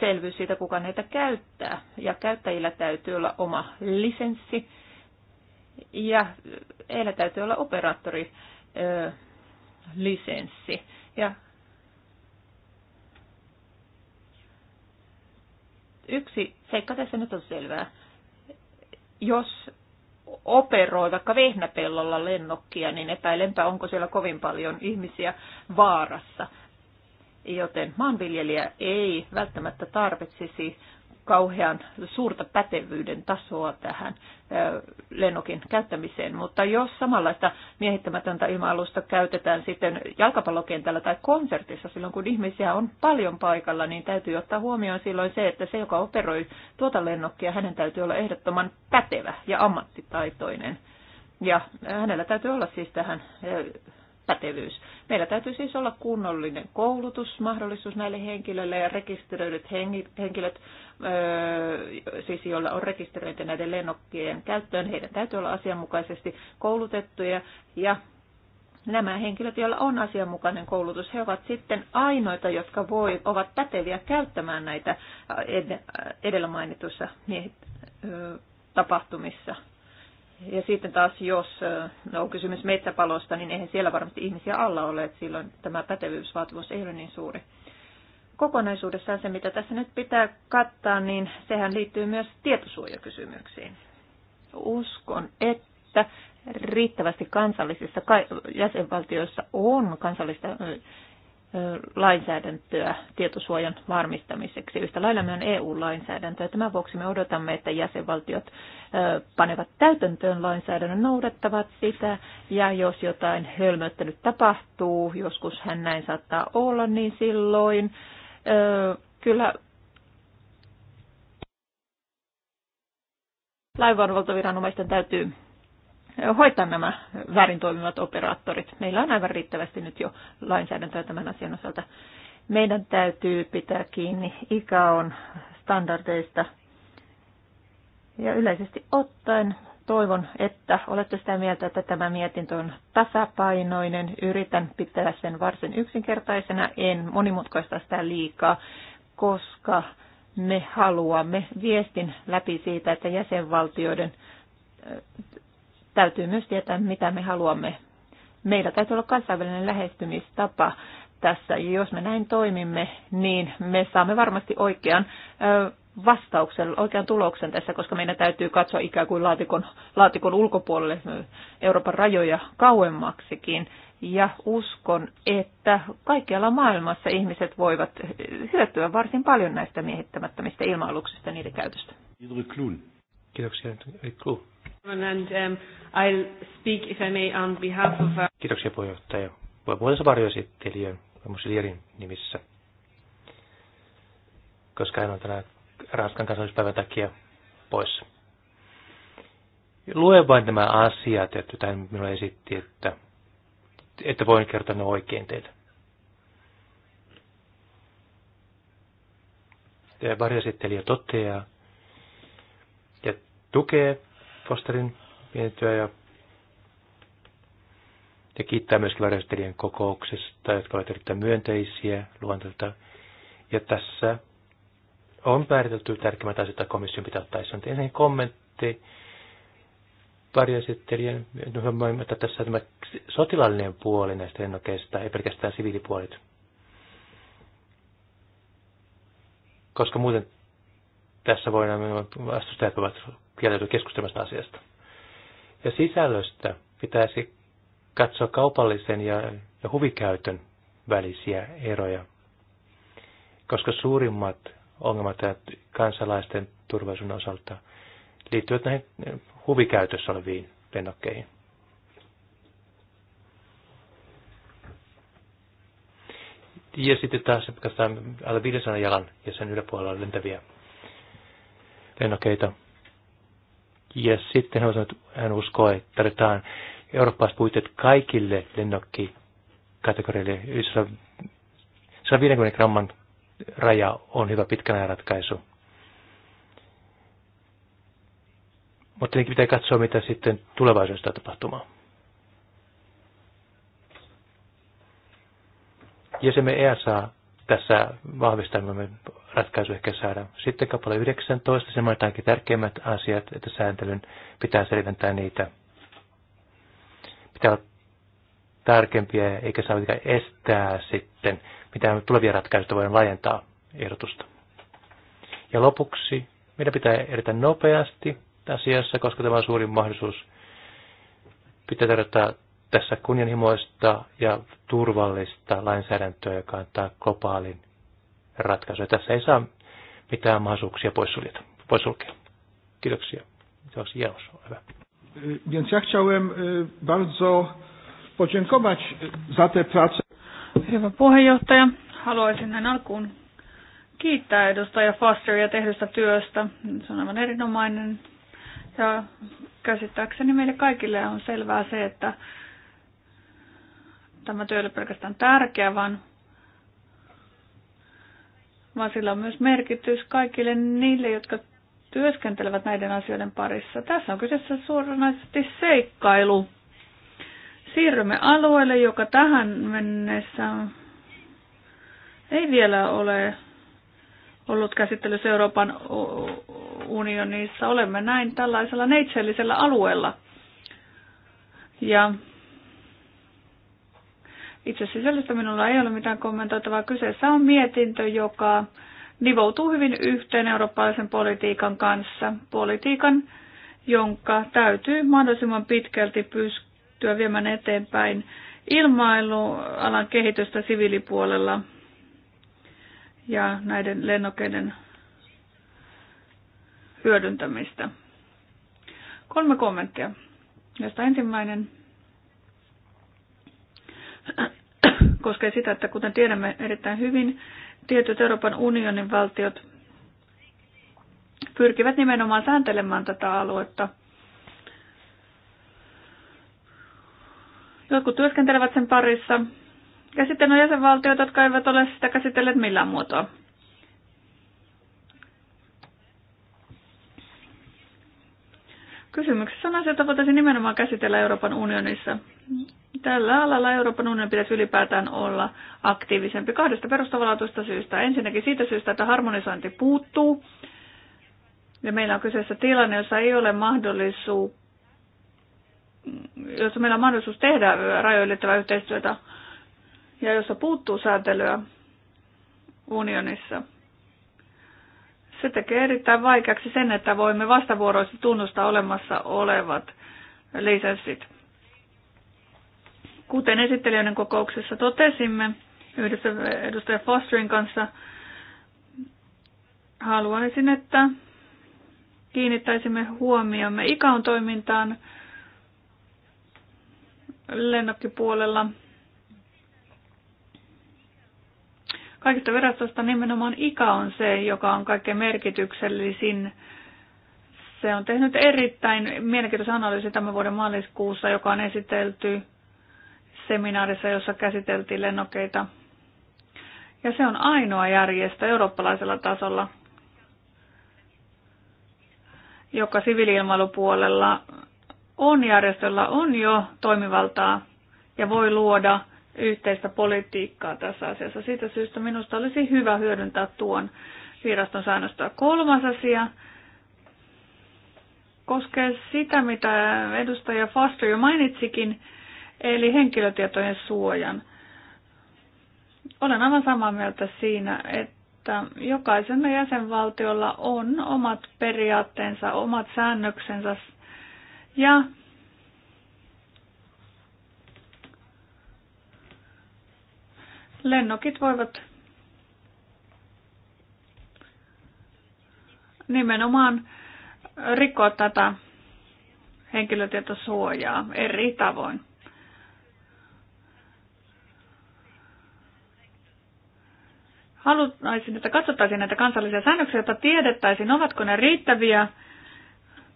selvyys siitä, kuka näitä käyttää. Ja käyttäjillä täytyy olla oma lisenssi ja heillä täytyy olla operaattori lisenssi. Ja yksi seikka tässä nyt on selvää. Jos operoi vaikka vehnäpellolla lennokkia, niin epäilenpä, onko siellä kovin paljon ihmisiä vaarassa joten maanviljelijä ei välttämättä tarvitsisi kauhean suurta pätevyyden tasoa tähän lennokin käyttämiseen, mutta jos samanlaista miehittämätöntä ilma-alusta käytetään sitten jalkapallokentällä tai konsertissa silloin, kun ihmisiä on paljon paikalla, niin täytyy ottaa huomioon silloin se, että se, joka operoi tuota lennokkia, hänen täytyy olla ehdottoman pätevä ja ammattitaitoinen. Ja hänellä täytyy olla siis tähän pätevyys. Meillä täytyy siis olla kunnollinen koulutusmahdollisuus näille henkilöille ja rekisteröidyt henkilöt, öö, siis joilla on rekisteröinti näiden lennokkien käyttöön, heidän täytyy olla asianmukaisesti koulutettuja ja Nämä henkilöt, joilla on asianmukainen koulutus, he ovat sitten ainoita, jotka voi, ovat päteviä käyttämään näitä edellä mainituissa öö, tapahtumissa ja sitten taas, jos on no, kysymys metsäpalosta, niin eihän siellä varmasti ihmisiä alla ole, että silloin tämä pätevyysvaatimus ei ole niin suuri. Kokonaisuudessaan se, mitä tässä nyt pitää kattaa, niin sehän liittyy myös tietosuojakysymyksiin. Uskon, että riittävästi kansallisissa jäsenvaltioissa on kansallista lainsäädäntöä tietosuojan varmistamiseksi. Yhtä lailla me on EU-lainsäädäntöä. Tämän vuoksi me odotamme, että jäsenvaltiot panevat täytäntöön lainsäädännön, noudattavat sitä, ja jos jotain hölmöttänyt tapahtuu, joskus hän näin saattaa olla, niin silloin kyllä lainvalvontaviranomaisten täytyy hoitaa nämä väärin toimivat operaattorit. Meillä on aivan riittävästi nyt jo lainsäädäntöä tämän asian osalta. Meidän täytyy pitää kiinni ICAON standardeista. Ja yleisesti ottaen toivon, että olette sitä mieltä, että tämä mietintö on tasapainoinen. Yritän pitää sen varsin yksinkertaisena, en monimutkaista sitä liikaa, koska me haluamme viestin läpi siitä, että jäsenvaltioiden täytyy myös tietää, mitä me haluamme. Meillä täytyy olla kansainvälinen lähestymistapa tässä. Jos me näin toimimme, niin me saamme varmasti oikean vastauksen, oikean tuloksen tässä, koska meidän täytyy katsoa ikään kuin laatikon, laatikon ulkopuolelle Euroopan rajoja kauemmaksikin. Ja uskon, että kaikkialla maailmassa ihmiset voivat hyötyä varsin paljon näistä miehittämättömistä ilmailuksista niiden käytöstä. Kiitoksia, Riklu. And, um, I'll speak, if I may, on behalf of... Our... Uh, Kiitoksia puheenjohtaja. Puhutaan varjoesittelijän Mussilierin nimissä, koska hän on tänään Ranskan kansallispäivän takia pois. Luen vain nämä asiat, että hän minulle esitti, että, että voin kertoa ne oikein teille. varjoesittelijä toteaa, tukee Fosterin mietintöä ja, ja kiittää myös varjostelien kokouksesta, jotka ovat erittäin myönteisiä luonteelta. Ja tässä on määritelty tärkeimmät asiat, joita komission pitää ottaa esiin. Ensin kommentti varjostelijan, että tässä on tämä sotilaallinen puoli näistä lennokeista, ei pelkästään siviilipuolet. Koska muuten tässä voidaan, vastustajat ovat kieltäytyä keskustelemasta asiasta. Ja sisällöstä pitäisi katsoa kaupallisen ja, ja huvikäytön välisiä eroja, koska suurimmat ongelmat kansalaisten turvallisuuden osalta liittyvät näihin huvikäytössä oleviin lennokkeihin. Ja sitten taas katsotaan alle 500 jalan ja sen yläpuolella lentäviä lennokkeita. Ja sitten hän, sanoi, että hän uskoi, että tarvitaan eurooppalaiset puitteet kaikille lennokkikategorioille. 150 gramman raja on hyvä pitkän ajan ratkaisu. Mutta tietenkin pitää katsoa, mitä sitten tulevaisuudessa tapahtumaan. Ja se me ESA tässä vahvistamme ratkaisu ehkä saada. Sitten kappale 19, se mainitaankin tärkeimmät asiat, että sääntelyn pitää selventää niitä. Pitää olla tarkempia, eikä saa mitenkään estää sitten, mitä tulevia ratkaisuja voidaan laajentaa ehdotusta. Ja lopuksi, meidän pitää edetä nopeasti asiassa, koska tämä on suurin mahdollisuus. Pitää tarjota tässä kunnianhimoista ja turvallista lainsäädäntöä, joka antaa globaalin ratkaisun. Tässä ei saa mitään mahdollisuuksia poissuljeta, poissulkea. Kiitoksia. Seuraavaksi Janos, hyvä. Więc ja chciałem bardzo podziękować za Hyvä puheenjohtaja. Haluaisin näin alkuun kiittää edustaja Fosteria tehdystä työstä. Se on aivan erinomainen. Ja käsittääkseni meille kaikille on selvää se, että Tämä työ ole pelkästään tärkeä, vaan, vaan sillä on myös merkitys kaikille niille, jotka työskentelevät näiden asioiden parissa. Tässä on kyseessä suoranaisesti seikkailu. Siirrymme alueelle, joka tähän mennessä ei vielä ole ollut käsittelyssä Euroopan unionissa. Olemme näin tällaisella neitsellisellä alueella. Ja itse sisällöstä minulla ei ole mitään kommentoitavaa. Kyseessä on mietintö, joka nivoutuu hyvin yhteen eurooppalaisen politiikan kanssa. Politiikan, jonka täytyy mahdollisimman pitkälti pystyä viemään eteenpäin ilmailualan kehitystä siviilipuolella ja näiden lennokeiden hyödyntämistä. Kolme kommenttia, josta ensimmäinen koskee sitä, että kuten tiedämme erittäin hyvin, tietyt Euroopan unionin valtiot pyrkivät nimenomaan sääntelemään tätä aluetta. Jotkut työskentelevät sen parissa, ja sitten on jäsenvaltiot, jotka eivät ole sitä käsitelleet millään muotoa. Kysymyksessä on jota voitaisiin nimenomaan käsitellä Euroopan unionissa. Tällä alalla Euroopan unionin pitäisi ylipäätään olla aktiivisempi kahdesta perustavanlaatuista syystä. Ensinnäkin siitä syystä, että harmonisointi puuttuu. Ja meillä on kyseessä tilanne, jossa ei ole mahdollisuus, jossa meillä on mahdollisuus tehdä rajoittavaa yhteistyötä ja jossa puuttuu säätelyä unionissa. Se tekee erittäin vaikeaksi sen, että voimme vastavuoroisesti tunnustaa olemassa olevat lisenssit. Kuten esittelijöiden kokouksessa totesimme yhdessä edustaja Fosterin kanssa, haluaisin, että kiinnittäisimme huomiomme ikaon toimintaan lennokkipuolella. Kaikista virastosta nimenomaan ikä on se, joka on kaikkein merkityksellisin. Se on tehnyt erittäin mielenkiintoisen analyysin tämän vuoden maaliskuussa, joka on esitelty seminaarissa, jossa käsiteltiin lennokeita. Ja se on ainoa järjestö eurooppalaisella tasolla, joka siviiliilmailupuolella on järjestöllä on jo toimivaltaa ja voi luoda yhteistä politiikkaa tässä asiassa. Siitä syystä minusta olisi hyvä hyödyntää tuon viraston säännöstöä. Kolmas asia koskee sitä, mitä edustaja Foster jo mainitsikin, eli henkilötietojen suojan. Olen aivan samaa mieltä siinä, että jokaisella jäsenvaltiolla on omat periaatteensa, omat säännöksensä ja lennokit voivat nimenomaan rikkoa tätä henkilötietosuojaa eri tavoin. Haluaisin, että katsottaisiin näitä kansallisia säännöksiä, jotta tiedettäisiin, ovatko ne riittäviä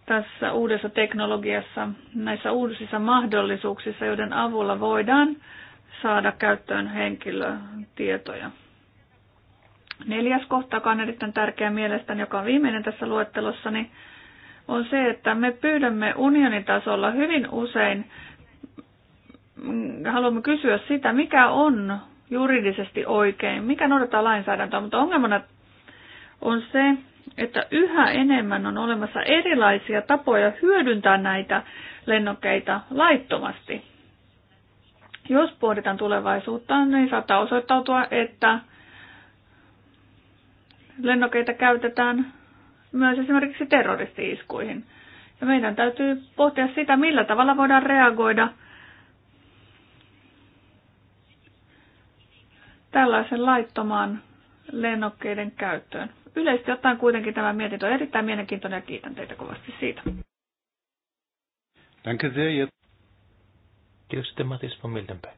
tässä uudessa teknologiassa, näissä uusissa mahdollisuuksissa, joiden avulla voidaan saada käyttöön henkilötietoja. Neljäs kohta, joka on erittäin tärkeä mielestäni, joka on viimeinen tässä luettelossa, niin on se, että me pyydämme unionin tasolla hyvin usein, haluamme kysyä sitä, mikä on juridisesti oikein, mikä noudattaa lainsäädäntöä, mutta ongelmana on se, että yhä enemmän on olemassa erilaisia tapoja hyödyntää näitä lennokkeita laittomasti. Jos pohditaan tulevaisuutta, niin saattaa osoittautua, että lennokeita käytetään myös esimerkiksi terroristi-iskuihin. Ja meidän täytyy pohtia sitä, millä tavalla voidaan reagoida – tällaisen laittomaan lennokkeiden käyttöön. Yleisesti ottaen kuitenkin tämä mietintö on erittäin mielenkiintoinen ja kiitän teitä kovasti siitä. Danke sehr. Jetzt. Kiitoksia, Matis von Miltenberg.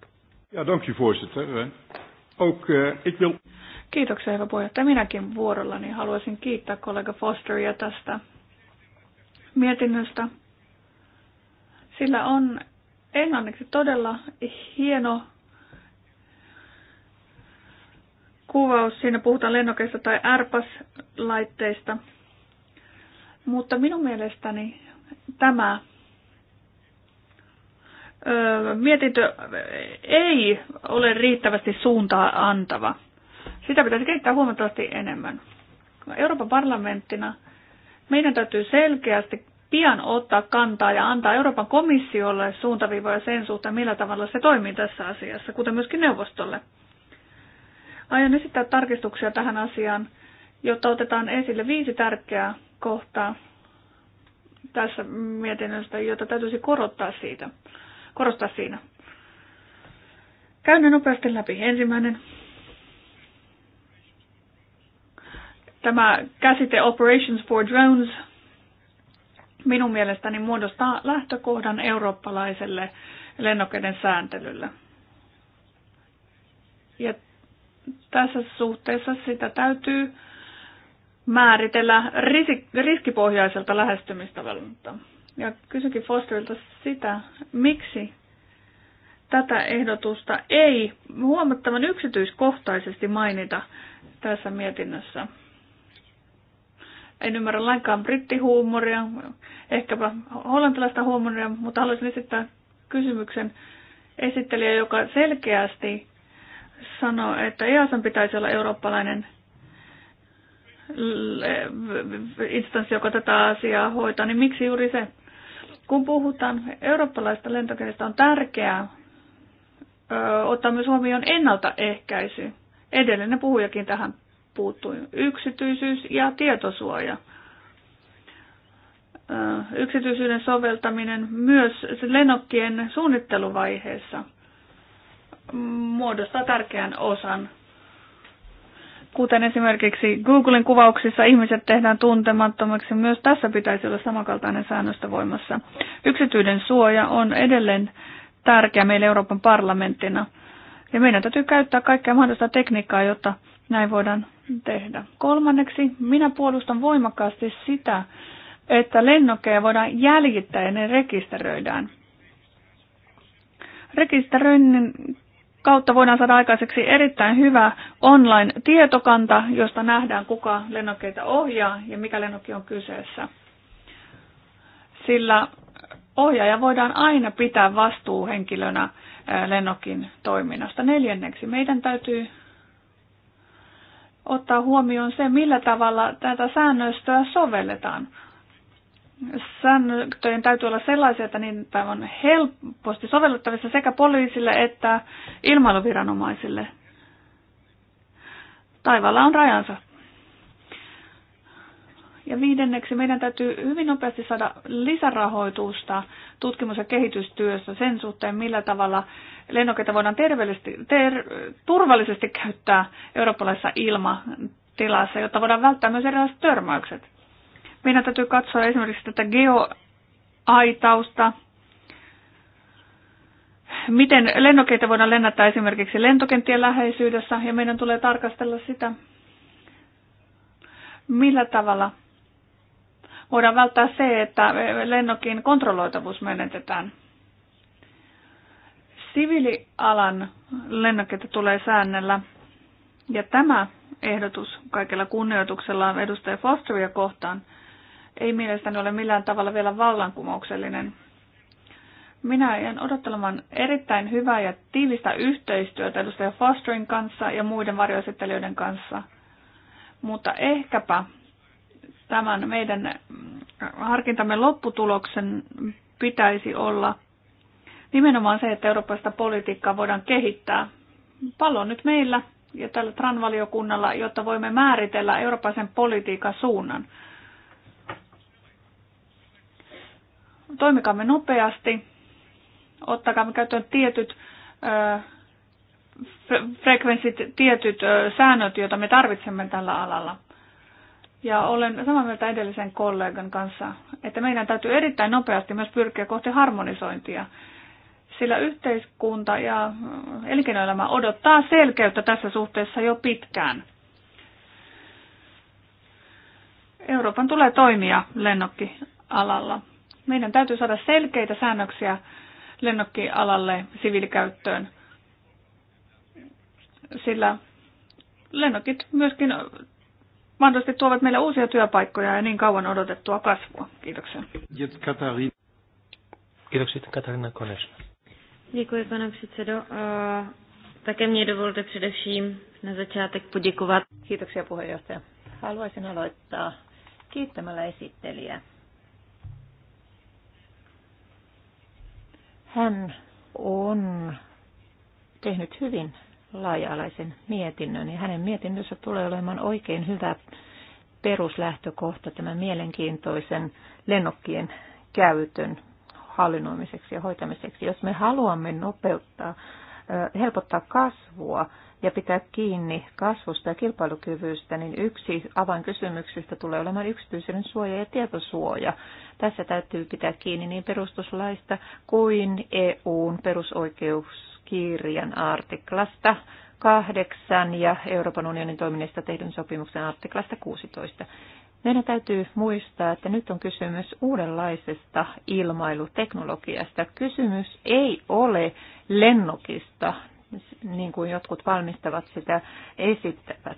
Ja, dank voorzitter. Eh, ook, eh, ik wil... Kiitoksia, hyvä puheenjohtaja. Minäkin vuorollani haluaisin kiittää kollega Fosteria tästä mietinnöstä. Sillä on englanniksi todella hieno kuvaus. Siinä puhutaan lennokeista tai AirPass-laitteista. Mutta minun mielestäni tämä öö, mietintö ei ole riittävästi suuntaa antava. Sitä pitäisi kehittää huomattavasti enemmän. Euroopan parlamenttina meidän täytyy selkeästi pian ottaa kantaa ja antaa Euroopan komissiolle suuntaviivoja sen suhteen, millä tavalla se toimii tässä asiassa, kuten myöskin neuvostolle. Aion esittää tarkistuksia tähän asiaan, jotta otetaan esille viisi tärkeää kohtaa tässä mietinnöstä, jota täytyisi korottaa siitä, korostaa siinä. Käyn ne nopeasti läpi. Ensimmäinen. Tämä käsite Operations for Drones minun mielestäni muodostaa lähtökohdan eurooppalaiselle lennokkeiden sääntelylle. Ja tässä suhteessa sitä täytyy määritellä riskipohjaiselta lähestymistavalta. Ja kysynkin Fosterilta sitä, miksi tätä ehdotusta ei huomattavan yksityiskohtaisesti mainita tässä mietinnössä. En ymmärrä lainkaan brittihuumoria, ehkäpä hollantilaista huumoria, mutta haluaisin esittää kysymyksen esittelijä, joka selkeästi sanoo, että EASan pitäisi olla eurooppalainen instanssi, joka tätä asiaa hoitaa, niin miksi juuri se? Kun puhutaan eurooppalaista lentokentästä, on tärkeää ö, ottaa myös huomioon ennaltaehkäisy. Edellinen puhujakin tähän puuttui. Yksityisyys ja tietosuoja. Ö, yksityisyyden soveltaminen myös lennokkien suunnitteluvaiheessa – muodostaa tärkeän osan. Kuten esimerkiksi Googlen kuvauksissa ihmiset tehdään tuntemattomaksi, myös tässä pitäisi olla samankaltainen säännöstä voimassa. Yksityinen suoja on edelleen tärkeä meille Euroopan parlamenttina. Ja meidän täytyy käyttää kaikkea mahdollista tekniikkaa, jotta näin voidaan tehdä. Kolmanneksi, minä puolustan voimakkaasti sitä, että lennokkeja voidaan jäljittää ja ne rekisteröidään. Rekisteröinnin kautta voidaan saada aikaiseksi erittäin hyvä online-tietokanta, josta nähdään, kuka lennokkeita ohjaa ja mikä lennokki on kyseessä. Sillä ohjaaja voidaan aina pitää vastuuhenkilönä eh, lennokin toiminnasta. Neljänneksi meidän täytyy ottaa huomioon se, millä tavalla tätä säännöstöä sovelletaan sääntöjen täytyy olla sellaisia, että niitä on helposti sovellettavissa sekä poliisille että ilmailuviranomaisille. Taivaalla on rajansa. Ja viidenneksi meidän täytyy hyvin nopeasti saada lisärahoitusta tutkimus- ja kehitystyössä sen suhteen, millä tavalla lennokkeita voidaan ter, turvallisesti käyttää eurooppalaisessa ilmatilassa, jotta voidaan välttää myös erilaiset törmäykset. Meidän täytyy katsoa esimerkiksi tätä geoaitausta, miten lennokeita voidaan lennättää esimerkiksi lentokenttien läheisyydessä, ja meidän tulee tarkastella sitä, millä tavalla voidaan välttää se, että lennokin kontrolloitavuus menetetään. Siviilialan lennokkeita tulee säännellä, ja tämä ehdotus kaikella kunnioituksella edustaja Fosteria kohtaan – ei mielestäni ole millään tavalla vielä vallankumouksellinen. Minä jään odottelemaan erittäin hyvää ja tiivistä yhteistyötä edustaja Fosterin kanssa ja muiden varjoesittelijöiden kanssa. Mutta ehkäpä tämän meidän mm, harkintamme lopputuloksen pitäisi olla nimenomaan se, että eurooppalaista politiikkaa voidaan kehittää. Pallo on nyt meillä ja tällä TRAN-valiokunnalla, jotta voimme määritellä eurooppalaisen politiikan suunnan. toimikaamme nopeasti, ottakaamme käyttöön tietyt ö, frekvenssit, tietyt ö, säännöt, joita me tarvitsemme tällä alalla. Ja olen samaa mieltä edellisen kollegan kanssa, että meidän täytyy erittäin nopeasti myös pyrkiä kohti harmonisointia, sillä yhteiskunta ja elinkeinoelämä odottaa selkeyttä tässä suhteessa jo pitkään. Euroopan tulee toimia lennokkialalla. Meidän täytyy saada selkeitä säännöksiä lennokkialalle siviilikäyttöön, sillä lennokit myöskin mahdollisesti tuovat meille uusia työpaikkoja ja niin kauan odotettua kasvua. Kiitoksia. Kiitoksia Katarina Kones. Děkuji, pane předsedo. Také mě dovolte především na začátek poděkovat. Kiitoksia puheenjohtaja. Haluaisin aloittaa kiittämällä esittelijää Hän on tehnyt hyvin laaja-alaisen mietinnön ja hänen mietinnössä tulee olemaan oikein hyvä peruslähtökohta tämän mielenkiintoisen lennokkien käytön hallinnoimiseksi ja hoitamiseksi. Jos me haluamme nopeuttaa, helpottaa kasvua ja pitää kiinni kasvusta ja kilpailukyvystä, niin yksi avainkysymyksistä tulee olemaan yksityisyyden suoja ja tietosuoja. Tässä täytyy pitää kiinni niin perustuslaista kuin EUn perusoikeuskirjan artiklasta 8 ja Euroopan unionin toiminnasta tehdyn sopimuksen artiklasta 16. Meidän täytyy muistaa, että nyt on kysymys uudenlaisesta ilmailuteknologiasta. Kysymys ei ole lennokista niin kuin jotkut valmistavat sitä esittävät,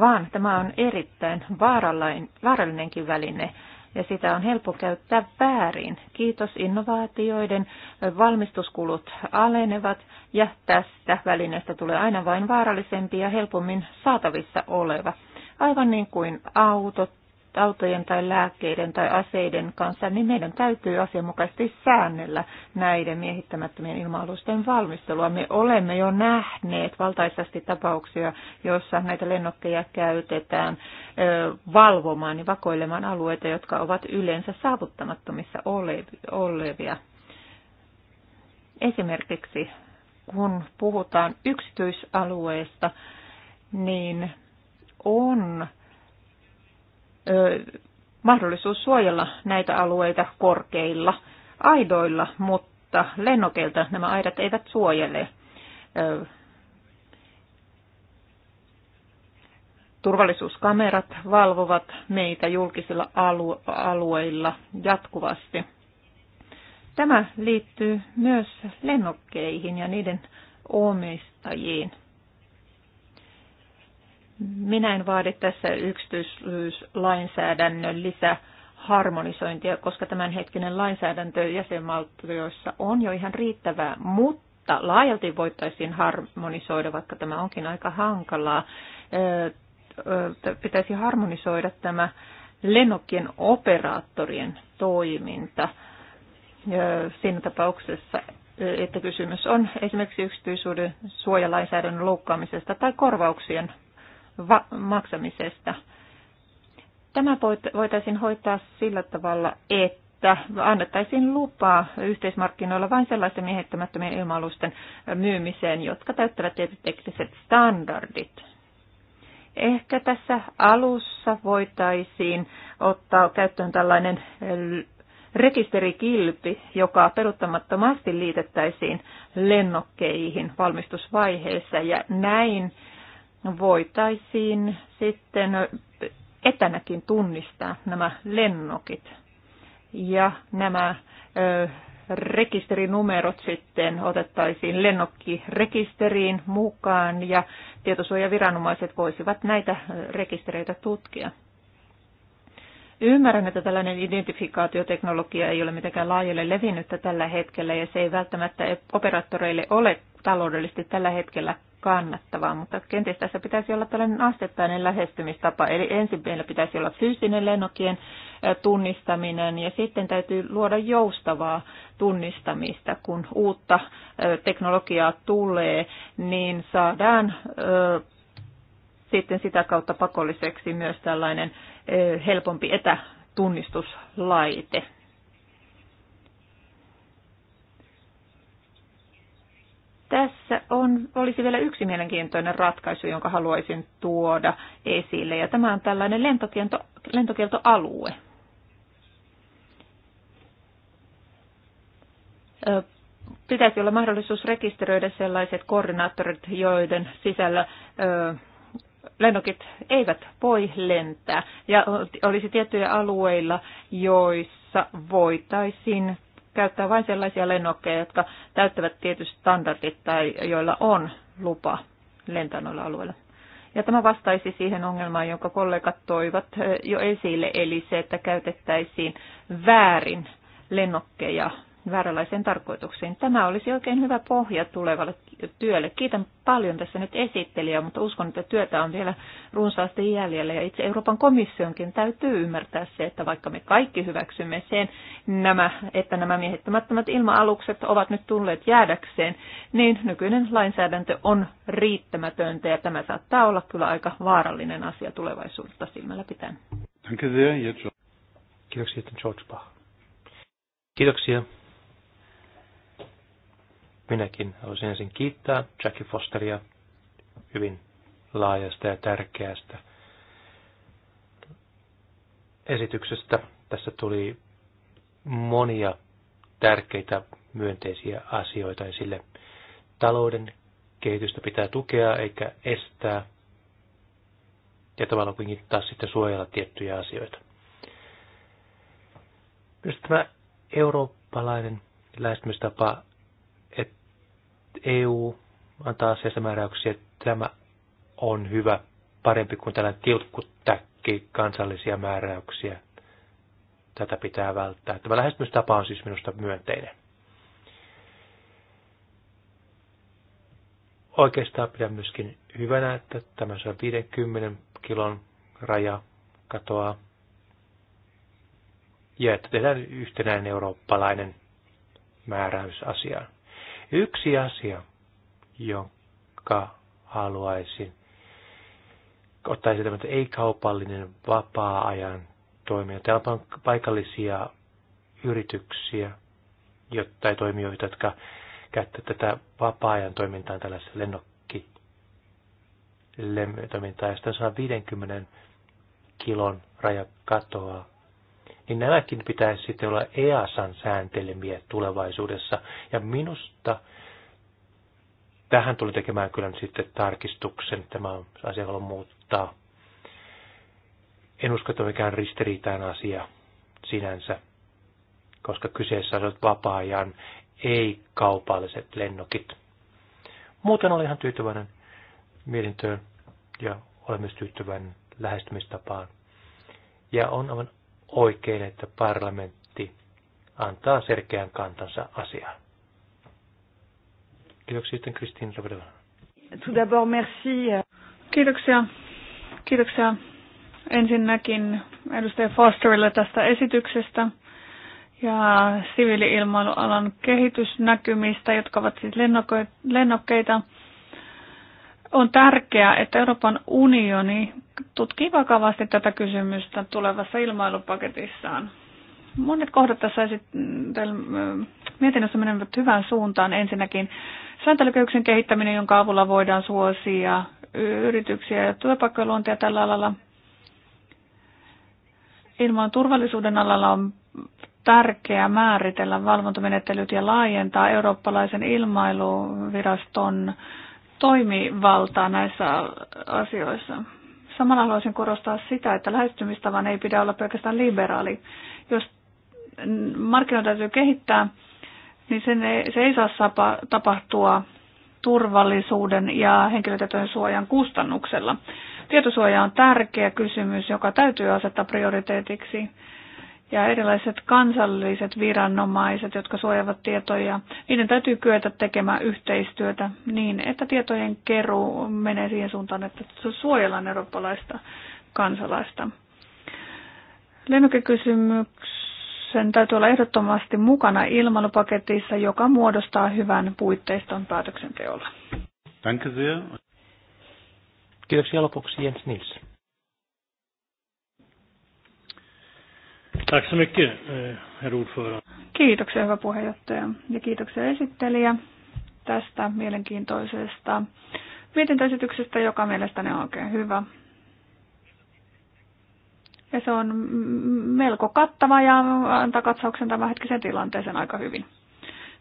vaan tämä on erittäin vaarallinenkin väline ja sitä on helppo käyttää väärin. Kiitos innovaatioiden valmistuskulut alenevat ja tästä välineestä tulee aina vain vaarallisempi ja helpommin saatavissa oleva. Aivan niin kuin autot autojen tai lääkkeiden tai aseiden kanssa, niin meidän täytyy asianmukaisesti säännellä näiden miehittämättömien ilma-alusten valmistelua. Me olemme jo nähneet valtaisesti tapauksia, joissa näitä lennokkeja käytetään valvomaan ja vakoilemaan alueita, jotka ovat yleensä saavuttamattomissa olevia. Esimerkiksi kun puhutaan yksityisalueesta, niin on mahdollisuus suojella näitä alueita korkeilla aidoilla, mutta lennokeilta nämä aidat eivät suojele. Turvallisuuskamerat valvovat meitä julkisilla alueilla jatkuvasti. Tämä liittyy myös lennokkeihin ja niiden omistajiin. Minä en vaadi tässä yksityislainsäädännön lisäharmonisointia, koska tämänhetkinen lainsäädäntö jäsenvaltioissa on jo ihan riittävää, mutta laajalti voitaisiin harmonisoida, vaikka tämä onkin aika hankalaa. Pitäisi harmonisoida tämä lennokkien operaattorien toiminta siinä tapauksessa, että kysymys on esimerkiksi yksityisyyden suojalainsäädännön loukkaamisesta tai korvauksien maksamisesta. Tämä voitaisiin hoitaa sillä tavalla, että annettaisiin lupaa yhteismarkkinoilla vain sellaisten miehittämättömien ilma-alusten myymiseen, jotka täyttävät tietyt tekniset standardit. Ehkä tässä alussa voitaisiin ottaa käyttöön tällainen rekisterikilpi, joka peruuttamattomasti liitettäisiin lennokkeihin valmistusvaiheessa ja näin voitaisiin sitten etänäkin tunnistaa nämä lennokit ja nämä ö, rekisterinumerot sitten otettaisiin lennokkirekisteriin mukaan ja tietosuojaviranomaiset voisivat näitä rekistereitä tutkia. Ymmärrän, että tällainen identifikaatioteknologia ei ole mitenkään laajalle levinnyttä tällä hetkellä ja se ei välttämättä operaattoreille ole taloudellisesti tällä hetkellä kannattavaa, mutta kenties tässä pitäisi olla tällainen astettainen lähestymistapa. Eli ensin meillä pitäisi olla fyysinen lennokien tunnistaminen ja sitten täytyy luoda joustavaa tunnistamista. Kun uutta teknologiaa tulee, niin saadaan sitten sitä kautta pakolliseksi myös tällainen helpompi etätunnistuslaite. Tässä on, olisi vielä yksi mielenkiintoinen ratkaisu, jonka haluaisin tuoda esille, ja tämä on tällainen lentokielto, lentokieltoalue. Pitäisi olla mahdollisuus rekisteröidä sellaiset koordinaattorit, joiden sisällä lennokit eivät voi lentää. Ja olisi tiettyjä alueilla, joissa voitaisiin käyttää vain sellaisia lennokkeja, jotka täyttävät tietyt standardit tai joilla on lupa lentää noilla alueilla. Ja tämä vastaisi siihen ongelmaan, jonka kollegat toivat eh, jo esille, eli se, että käytettäisiin väärin lennokkeja vääränlaiseen tarkoituksiin. Tämä olisi oikein hyvä pohja tulevalle työlle. Kiitän paljon tässä nyt esittelijää, mutta uskon, että työtä on vielä runsaasti jäljellä. Ja itse Euroopan komissionkin täytyy ymmärtää se, että vaikka me kaikki hyväksymme sen, nämä, että nämä miehittämättömät ilma-alukset ovat nyt tulleet jäädäkseen, niin nykyinen lainsäädäntö on riittämätöntä ja tämä saattaa olla kyllä aika vaarallinen asia tulevaisuutta silmällä pitäen. Kiitoksia, George Bach. Kiitoksia. Minäkin haluaisin ensin kiittää Jackie Fosteria hyvin laajasta ja tärkeästä esityksestä. Tässä tuli monia tärkeitä myönteisiä asioita esille. Talouden kehitystä pitää tukea eikä estää ja tavallaan kuitenkin taas sitten suojella tiettyjä asioita. Myös tämä eurooppalainen lähestymistapa EU antaa asiassa määräyksiä, että tämä on hyvä, parempi kuin tällainen tilkkutäkki kansallisia määräyksiä. Tätä pitää välttää. Tämä lähestymistapa on siis minusta myönteinen. Oikeastaan pidän myöskin hyvänä, että tämä 150 kilon raja katoaa. Ja että tehdään yhtenäinen eurooppalainen määräys asiaan. Yksi asia, jonka haluaisin ottaa esille, että ei-kaupallinen vapaa-ajan toiminta. Täällä on paikallisia yrityksiä tai toimijoita, jotka käyttävät tätä vapaa-ajan toimintaa tällaisessa lennokki toimintaa, ja sitten 50 kilon raja katoaa niin nämäkin pitäisi sitten olla EASan sääntelemiä tulevaisuudessa. Ja minusta tähän tuli tekemään kyllä nyt sitten tarkistuksen, tämä asia haluan muuttaa. En usko, että mikään ristiriitaan asia sinänsä, koska kyseessä on vapaa-ajan ei-kaupalliset lennokit. Muuten olen ihan tyytyväinen mietintöön ja olen myös tyytyväinen lähestymistapaan. Ja on aivan oikein, että parlamentti antaa selkeän kantansa asiaan. Kiitoksia sitten Kristiin Tout merci. Kiitoksia. Kiitoksia ensinnäkin edustaja Fosterille tästä esityksestä ja siviili-ilmailualan kehitysnäkymistä, jotka ovat siis lennokkeita on tärkeää, että Euroopan unioni tutkii vakavasti tätä kysymystä tulevassa ilmailupaketissaan. Monet kohdat tässä mietinnössä menevät hyvään suuntaan. Ensinnäkin sääntelykehyksen kehittäminen, jonka avulla voidaan suosia yrityksiä ja työpaikkojen tällä alalla. Ilman turvallisuuden alalla on tärkeää määritellä valvontamenettelyt ja laajentaa eurooppalaisen ilmailuviraston toimivaltaa näissä asioissa. Samalla haluaisin korostaa sitä, että lähestymistavan ei pidä olla pelkästään liberaali. Jos markkinoita täytyy kehittää, niin sen ei, se ei saa sapa, tapahtua turvallisuuden ja henkilötietojen suojan kustannuksella. Tietosuoja on tärkeä kysymys, joka täytyy asettaa prioriteetiksi ja erilaiset kansalliset viranomaiset, jotka suojavat tietoja, niiden täytyy kyetä tekemään yhteistyötä niin, että tietojen keruu menee siihen suuntaan, että suojellaan eurooppalaista kansalaista. Lennokekysymyksen täytyy olla ehdottomasti mukana ilmailupaketissa, joka muodostaa hyvän puitteiston päätöksenteolla. Danke sehr. Kiitoksia lopuksi Jens Nilsson. Tack så mycket, eh, herr ordförande. Kiitoksia, hyvä puheenjohtaja, ja kiitoksia esittelijä tästä mielenkiintoisesta mietintöesityksestä, joka mielestäni on oikein hyvä. Ja se on melko kattava ja antaa katsauksen tämänhetkisen tilanteeseen aika hyvin.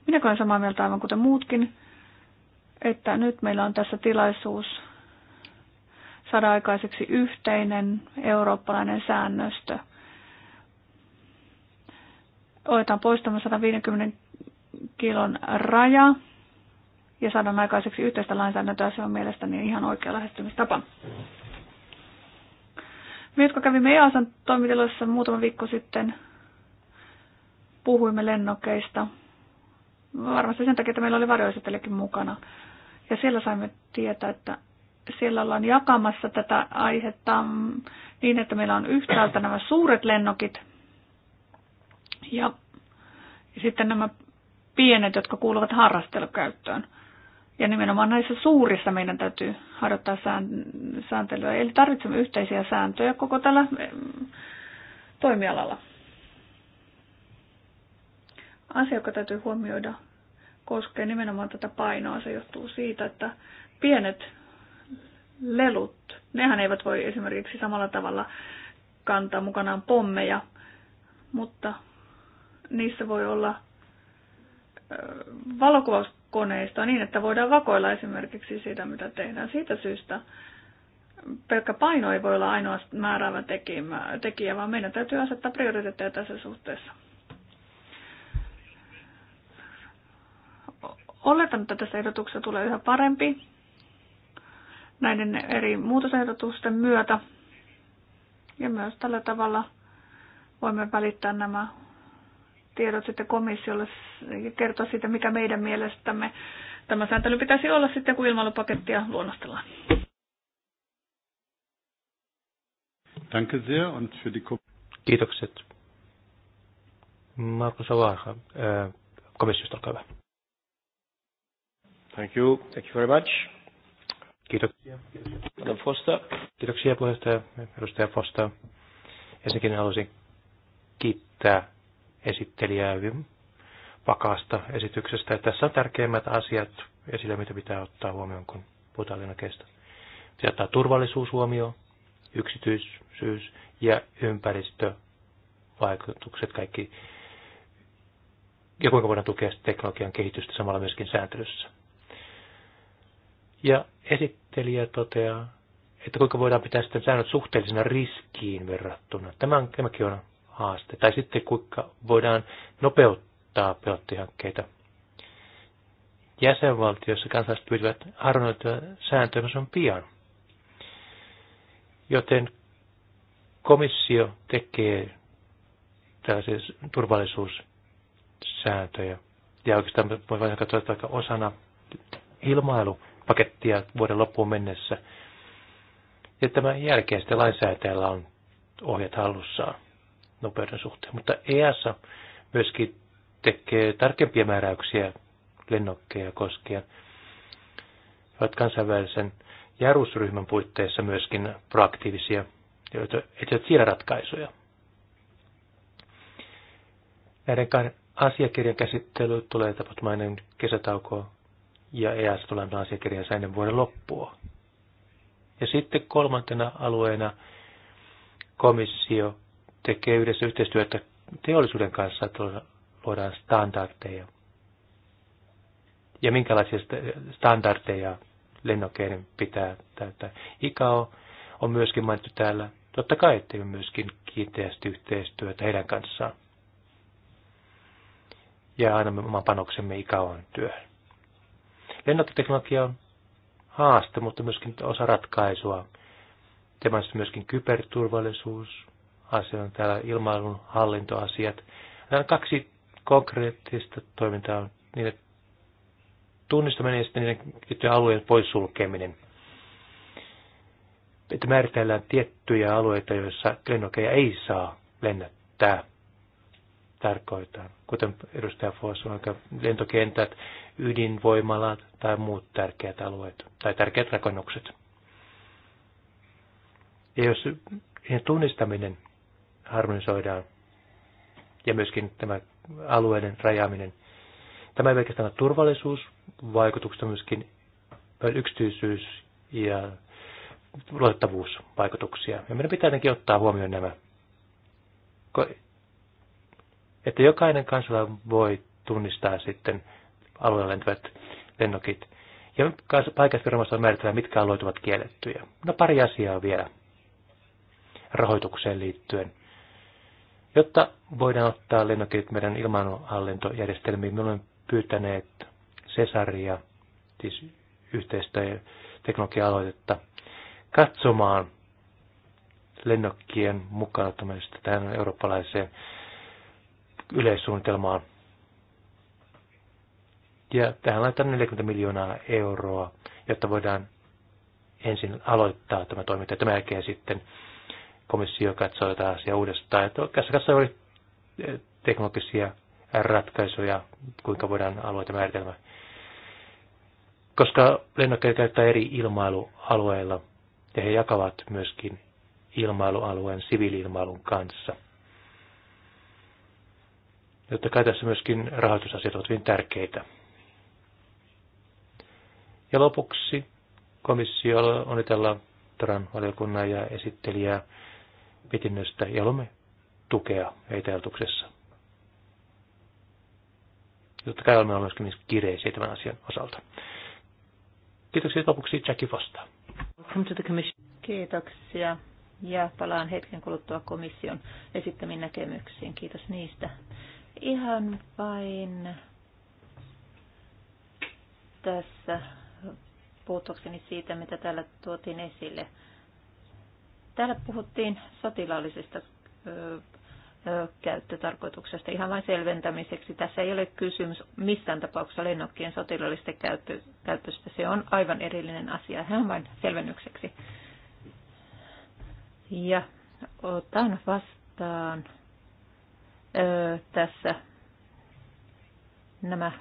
Minä olen samaa mieltä aivan kuten muutkin, että nyt meillä on tässä tilaisuus saada aikaiseksi yhteinen eurooppalainen säännöstö – oletaan poistamaan 150 kilon raja ja saadaan aikaiseksi yhteistä lainsäädäntöä, se on mielestäni ihan oikea lähestymistapa. Me, jotka kävimme EASan toimitiloissa muutama viikko sitten, puhuimme lennokeista. Varmasti sen takia, että meillä oli varjoesittelijäkin mukana. Ja siellä saimme tietää, että siellä ollaan jakamassa tätä aihetta mm, niin, että meillä on yhtäältä nämä suuret lennokit – ja sitten nämä pienet, jotka kuuluvat harrastelukäyttöön. Ja nimenomaan näissä suurissa meidän täytyy harjoittaa sääntelyä. Eli tarvitsemme yhteisiä sääntöjä koko tällä mm, toimialalla. Asia, joka täytyy huomioida, koskee nimenomaan tätä painoa. Se johtuu siitä, että pienet lelut, nehän eivät voi esimerkiksi samalla tavalla kantaa mukanaan pommeja, mutta niissä voi olla valokuvauskoneista niin, että voidaan vakoilla esimerkiksi sitä, mitä tehdään. Siitä syystä pelkkä paino ei voi olla ainoa määräävä tekijä, vaan meidän täytyy asettaa prioriteetteja tässä suhteessa. Oletan, että tässä ehdotuksessa tulee yhä parempi näiden eri muutosehdotusten myötä. Ja myös tällä tavalla voimme välittää nämä tiedot sitten komissiolle ja kertoa siitä, mikä meidän mielestämme tämä sääntely pitäisi olla sitten, kun ilmailupakettia luonnostellaan. Danke sehr und für die Kiitokset. Markus Savarha, äh, komissiosta, olkaa hyvä. Thank you. Thank you very much. Kiitoksia. Madam Foster. Kiitoksia puheenjohtaja, edustaja Foster. Ensinnäkin haluaisin kiittää esittelijää hyvin vakaasta esityksestä. Ja tässä on tärkeimmät asiat esille, mitä pitää ottaa huomioon, kun puhutaan lennokeista. Se ottaa turvallisuus huomioon, yksityisyys ja ympäristövaikutukset, kaikki ja kuinka voidaan tukea teknologian kehitystä samalla myöskin sääntelyssä. Ja esittelijä toteaa, että kuinka voidaan pitää sitten säännöt suhteellisena riskiin verrattuna. Tämä on, tämäkin on haaste. Tai sitten kuinka voidaan nopeuttaa pilottihankkeita. Jäsenvaltiossa kansalaiset pyytävät harjoittua sääntöjä on pian. Joten komissio tekee tällaisia turvallisuussääntöjä. Ja oikeastaan voi vaikka katsoa, että aika osana ilmailupakettia vuoden loppuun mennessä. Ja tämän jälkeen sitten lainsäätäjällä on ohjat hallussaan nopeuden suhteen. Mutta EASA myöskin tekee tarkempia määräyksiä lennokkeja koskien. He ovat kansainvälisen jarrusryhmän puitteissa myöskin proaktiivisia, joita etsivät siellä ratkaisuja. Näiden kahden asiakirjan käsittely tulee tapahtumaan ennen kesätaukoa ja EAS tulee asiakirjansa ennen vuoden loppua. Ja sitten kolmantena alueena komissio tekee yhdessä yhteistyötä teollisuuden kanssa, että luodaan standardeja. Ja minkälaisia standardeja lennokeiden pitää täyttää. ICAO on myöskin mainittu täällä. Totta kai on myöskin kiinteästi yhteistyötä heidän kanssaan. Ja annamme oman panoksemme ICAOn työhön. Lennokkiteknologia on haaste, mutta myöskin osa ratkaisua. Teemassa myöskin kyberturvallisuus, asioita, täällä ilmailun hallintoasiat. Nämä kaksi konkreettista toimintaa on niiden tunnistaminen ja sitten niiden alueen poissulkeminen. Että määritellään tiettyjä alueita, joissa lennokeja ei saa lennättää tarkoittaa, kuten edustaja Foss on lentokentät, ydinvoimalat tai muut tärkeät alueet tai tärkeät rakennukset. Ja jos tunnistaminen harmonisoidaan ja myöskin tämä alueiden rajaaminen. Tämä ei pelkästään turvallisuus, vaikutuksesta myöskin yksityisyys ja luotettavuusvaikutuksia. Ja meidän pitää jotenkin ottaa huomioon nämä. Että jokainen kansalainen voi tunnistaa sitten alueella lentävät lennokit. Ja paikallisviranomaiset on määritellä, mitkä alueet ovat kiellettyjä. No pari asiaa vielä rahoitukseen liittyen. Jotta voidaan ottaa lennokit meidän ilmanhallintojärjestelmiin, me olemme pyytäneet Cesaria, siis yhteistä teknologia-aloitetta, katsomaan lennokkien mukana tähän eurooppalaiseen yleissuunnitelmaan. Ja tähän laitetaan 40 miljoonaa euroa, jotta voidaan ensin aloittaa tämä toiminta ja tämän jälkeen sitten komissio katsoo tätä asiaa uudestaan. Että tässä katsoo eh, teknologisia ratkaisuja, kuinka voidaan alueita määritelmä. Koska lennokkeita käyttää eri ilmailualueilla ja he jakavat myöskin ilmailualueen siviiliilmailun kanssa. Jotta kai tässä myöskin rahoitusasiat ovat hyvin tärkeitä. Ja lopuksi komissio onnitella Toran valiokunnan ja esittelijää mietinnöstä ja olemme tukea heitä ajatuksessa. Totta kai olemme myöskin myös kireisiä tämän asian osalta. Kiitoksia lopuksi Jackie Fosta. Kiitoksia ja palaan hetken kuluttua komission esittämiin näkemyksiin. Kiitos niistä. Ihan vain tässä puuttuakseni siitä, mitä täällä tuotiin esille. Täällä puhuttiin sotilaallisesta käyttötarkoituksesta ihan vain selventämiseksi. Tässä ei ole kysymys missään tapauksessa lennokkien sotilaallisesta käyttö, käytöstä. Se on aivan erillinen asia. Hän vain selvennykseksi. Ja otan vastaan ö, tässä nämä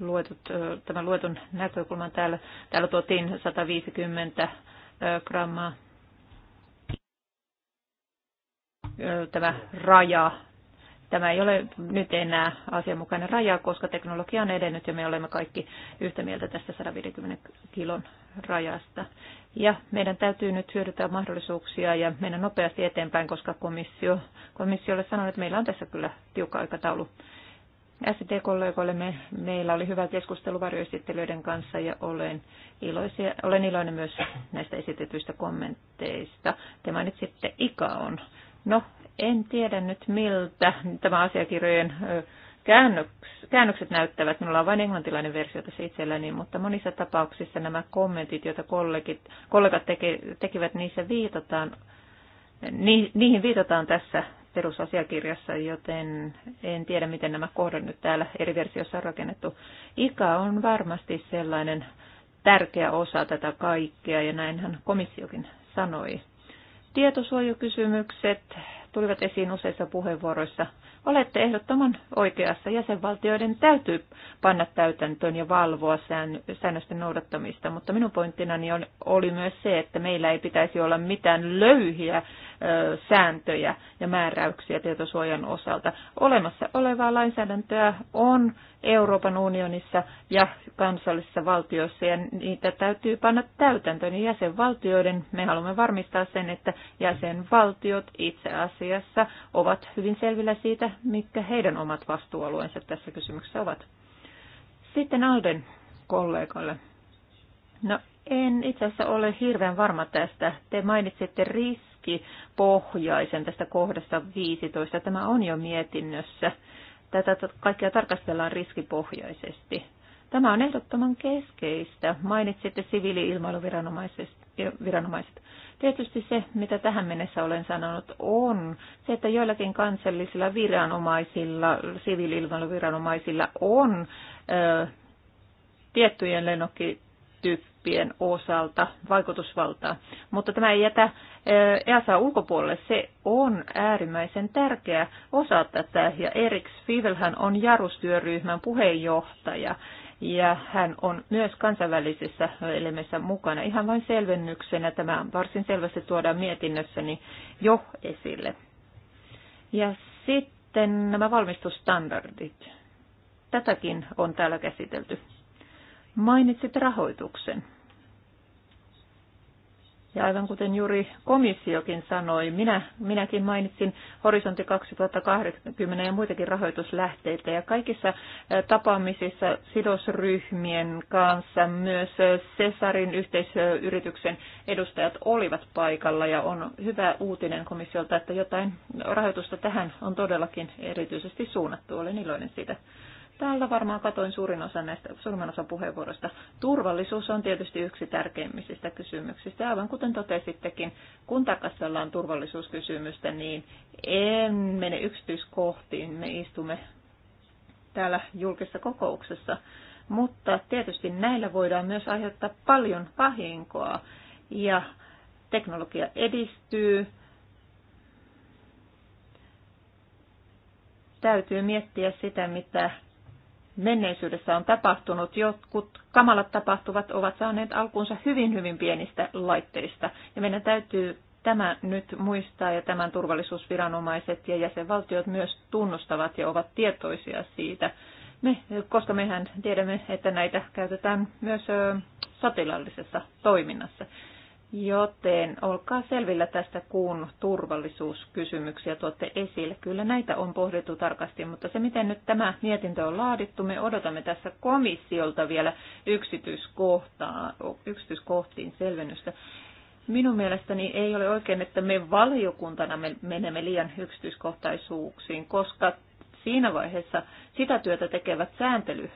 luetut, ö, tämän luetun näkökulman. Täällä, täällä tuotiin 150 grammaa tämä raja. Tämä ei ole nyt enää asianmukainen raja, koska teknologia on edennyt ja me olemme kaikki yhtä mieltä tästä 150 kilon rajasta. Ja meidän täytyy nyt hyödyntää mahdollisuuksia ja mennä nopeasti eteenpäin, koska komissio, komissiolle sanoi, että meillä on tässä kyllä tiukka aikataulu. ST-kollegoille me, meillä oli hyvä keskustelu varjoesittelyiden kanssa ja olen, iloisia, olen iloinen myös näistä esitetyistä kommentteista. Te mainitsitte ICAON. No, en tiedä nyt miltä tämä asiakirjojen käännökset näyttävät. Minulla on vain englantilainen versio tässä itselläni, mutta monissa tapauksissa nämä kommentit, joita kollegit, kollegat teke, tekivät, niissä viitataan, ni, niihin viitataan tässä perusasiakirjassa, joten en tiedä, miten nämä kohdat nyt täällä eri versiossa on rakennettu. Ika on varmasti sellainen tärkeä osa tätä kaikkea, ja näinhän komissiokin sanoi Tietosuojakysymykset tulivat esiin useissa puheenvuoroissa. Olette ehdottoman oikeassa. Jäsenvaltioiden täytyy panna täytäntöön ja valvoa säännösten noudattamista, mutta minun pointtinani oli myös se, että meillä ei pitäisi olla mitään löyhiä sääntöjä ja määräyksiä tietosuojan osalta. Olemassa olevaa lainsäädäntöä on Euroopan unionissa ja kansallisissa valtioissa ja niitä täytyy panna täytäntöön jäsenvaltioiden. Me haluamme varmistaa sen, että jäsenvaltiot itse asiassa ovat hyvin selvillä siitä, mitkä heidän omat vastuualueensa tässä kysymyksessä ovat. Sitten Alden kollegoille. No, en itse asiassa ole hirveän varma tästä. Te mainitsitte riskipohjaisen tästä kohdasta 15. Tämä on jo mietinnössä. Tätä kaikkea tarkastellaan riskipohjaisesti. Tämä on ehdottoman keskeistä. Mainitsitte siviili-ilmailuviranomaisesta viranomaiset. Tietysti se, mitä tähän mennessä olen sanonut, on se, että joillakin kansallisilla viranomaisilla, siviililmailuviranomaisilla on ö, tiettyjen lennokkityyppien osalta vaikutusvaltaa. Mutta tämä ei jätä EASA ulkopuolelle. Se on äärimmäisen tärkeä osa tätä. Ja Erik Fivelhän on jarustyöryhmän puheenjohtaja ja hän on myös kansainvälisissä elimissä mukana. Ihan vain selvennyksenä tämä varsin selvästi tuodaan mietinnössäni jo esille. Ja sitten nämä valmistustandardit. Tätäkin on täällä käsitelty. Mainitsit rahoituksen. Ja aivan kuten juuri komissiokin sanoi, minä, minäkin mainitsin Horisontti 2080 ja muitakin rahoituslähteitä. Ja kaikissa tapaamisissa sidosryhmien kanssa myös Cesarin yhteisyrityksen edustajat olivat paikalla. Ja on hyvä uutinen komissiolta, että jotain rahoitusta tähän on todellakin erityisesti suunnattu. Olen iloinen siitä. Täällä varmaan katoin suurin osa näistä, suurimman osan puheenvuorosta. Turvallisuus on tietysti yksi tärkeimmistä kysymyksistä. Aivan kuten totesittekin, kun tarkastellaan turvallisuuskysymystä, niin en mene yksityiskohtiin. Me istumme täällä julkisessa kokouksessa. Mutta tietysti näillä voidaan myös aiheuttaa paljon vahinkoa. Ja teknologia edistyy, täytyy miettiä sitä, mitä menneisyydessä on tapahtunut. Jotkut kamalat tapahtuvat ovat saaneet alkunsa hyvin, hyvin pienistä laitteista. Ja meidän täytyy tämä nyt muistaa ja tämän turvallisuusviranomaiset ja jäsenvaltiot myös tunnustavat ja ovat tietoisia siitä, me, koska mehän tiedämme, että näitä käytetään myös sotilaallisessa toiminnassa. Joten olkaa selvillä tästä, kun turvallisuuskysymyksiä tuotte esille. Kyllä näitä on pohdittu tarkasti, mutta se miten nyt tämä mietintö on laadittu, me odotamme tässä komissiolta vielä yksityiskohtaa, yksityiskohtiin selvennystä. Minun mielestäni ei ole oikein, että me valiokuntana me menemme liian yksityiskohtaisuuksiin, koska siinä vaiheessa sitä työtä tekevät sääntely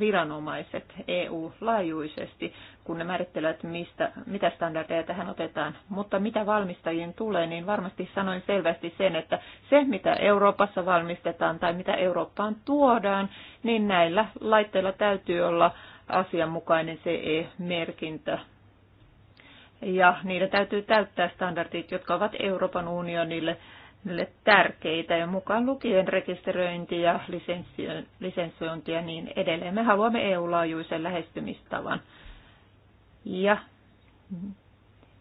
viranomaiset EU-laajuisesti, kun ne määrittelevät, mistä, mitä standardeja tähän otetaan. Mutta mitä valmistajien tulee, niin varmasti sanoin selvästi sen, että se, mitä Euroopassa valmistetaan tai mitä Eurooppaan tuodaan, niin näillä laitteilla täytyy olla asianmukainen CE-merkintä. Ja niitä täytyy täyttää standardit, jotka ovat Euroopan unionille niille tärkeitä ja mukaan lukien rekisteröinti ja lisenssiointi ja niin edelleen. Me haluamme EU-laajuisen lähestymistavan. Ja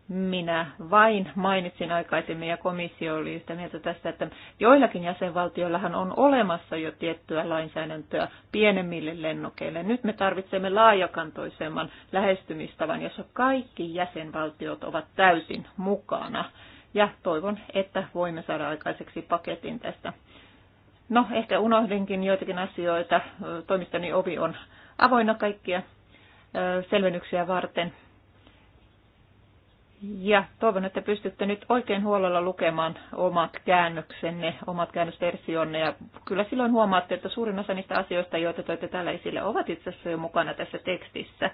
minä vain mainitsin aikaisemmin ja komissio oli yhtä mieltä tästä, että joillakin jäsenvaltioillahan on olemassa jo tiettyä lainsäädäntöä pienemmille lennokeille. Nyt me tarvitsemme laajakantoisemman lähestymistavan, jossa kaikki jäsenvaltiot ovat täysin mukana ja toivon, että voimme saada aikaiseksi paketin tästä. No, ehkä unohdinkin joitakin asioita. Toimistoni ovi on avoinna kaikkia selvennyksiä varten. Ja toivon, että pystytte nyt oikein huolella lukemaan omat käännöksenne, omat käännösversionne. Ja kyllä silloin huomaatte, että suurin osa niistä asioista, joita toitte täällä esille, ovat itse asiassa jo mukana tässä tekstissä.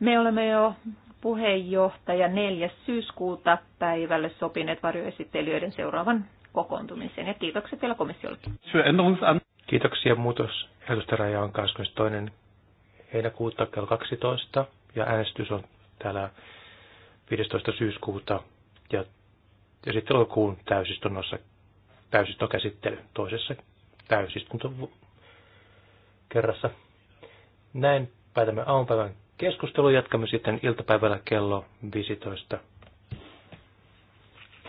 Me olemme jo puheenjohtaja 4. syyskuuta päivälle sopineet varjoesittelijöiden seuraavan kokoontumisen. Ja kiitokset vielä komissiolle. Kiitoksia. Muutos ehdotusraja on 22. heinäkuuta kello 12 ja äänestys on täällä 15. syyskuuta ja, ja sitten lokuun täysistunnossa täysistokäsittely toisessa täysistunto kerrassa. Näin päätämme aamupäivän keskustelu jatkamme sitten iltapäivällä kello 15.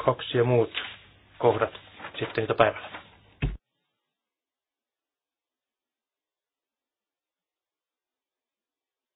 Kaksi ja muut kohdat sitten iltapäivällä.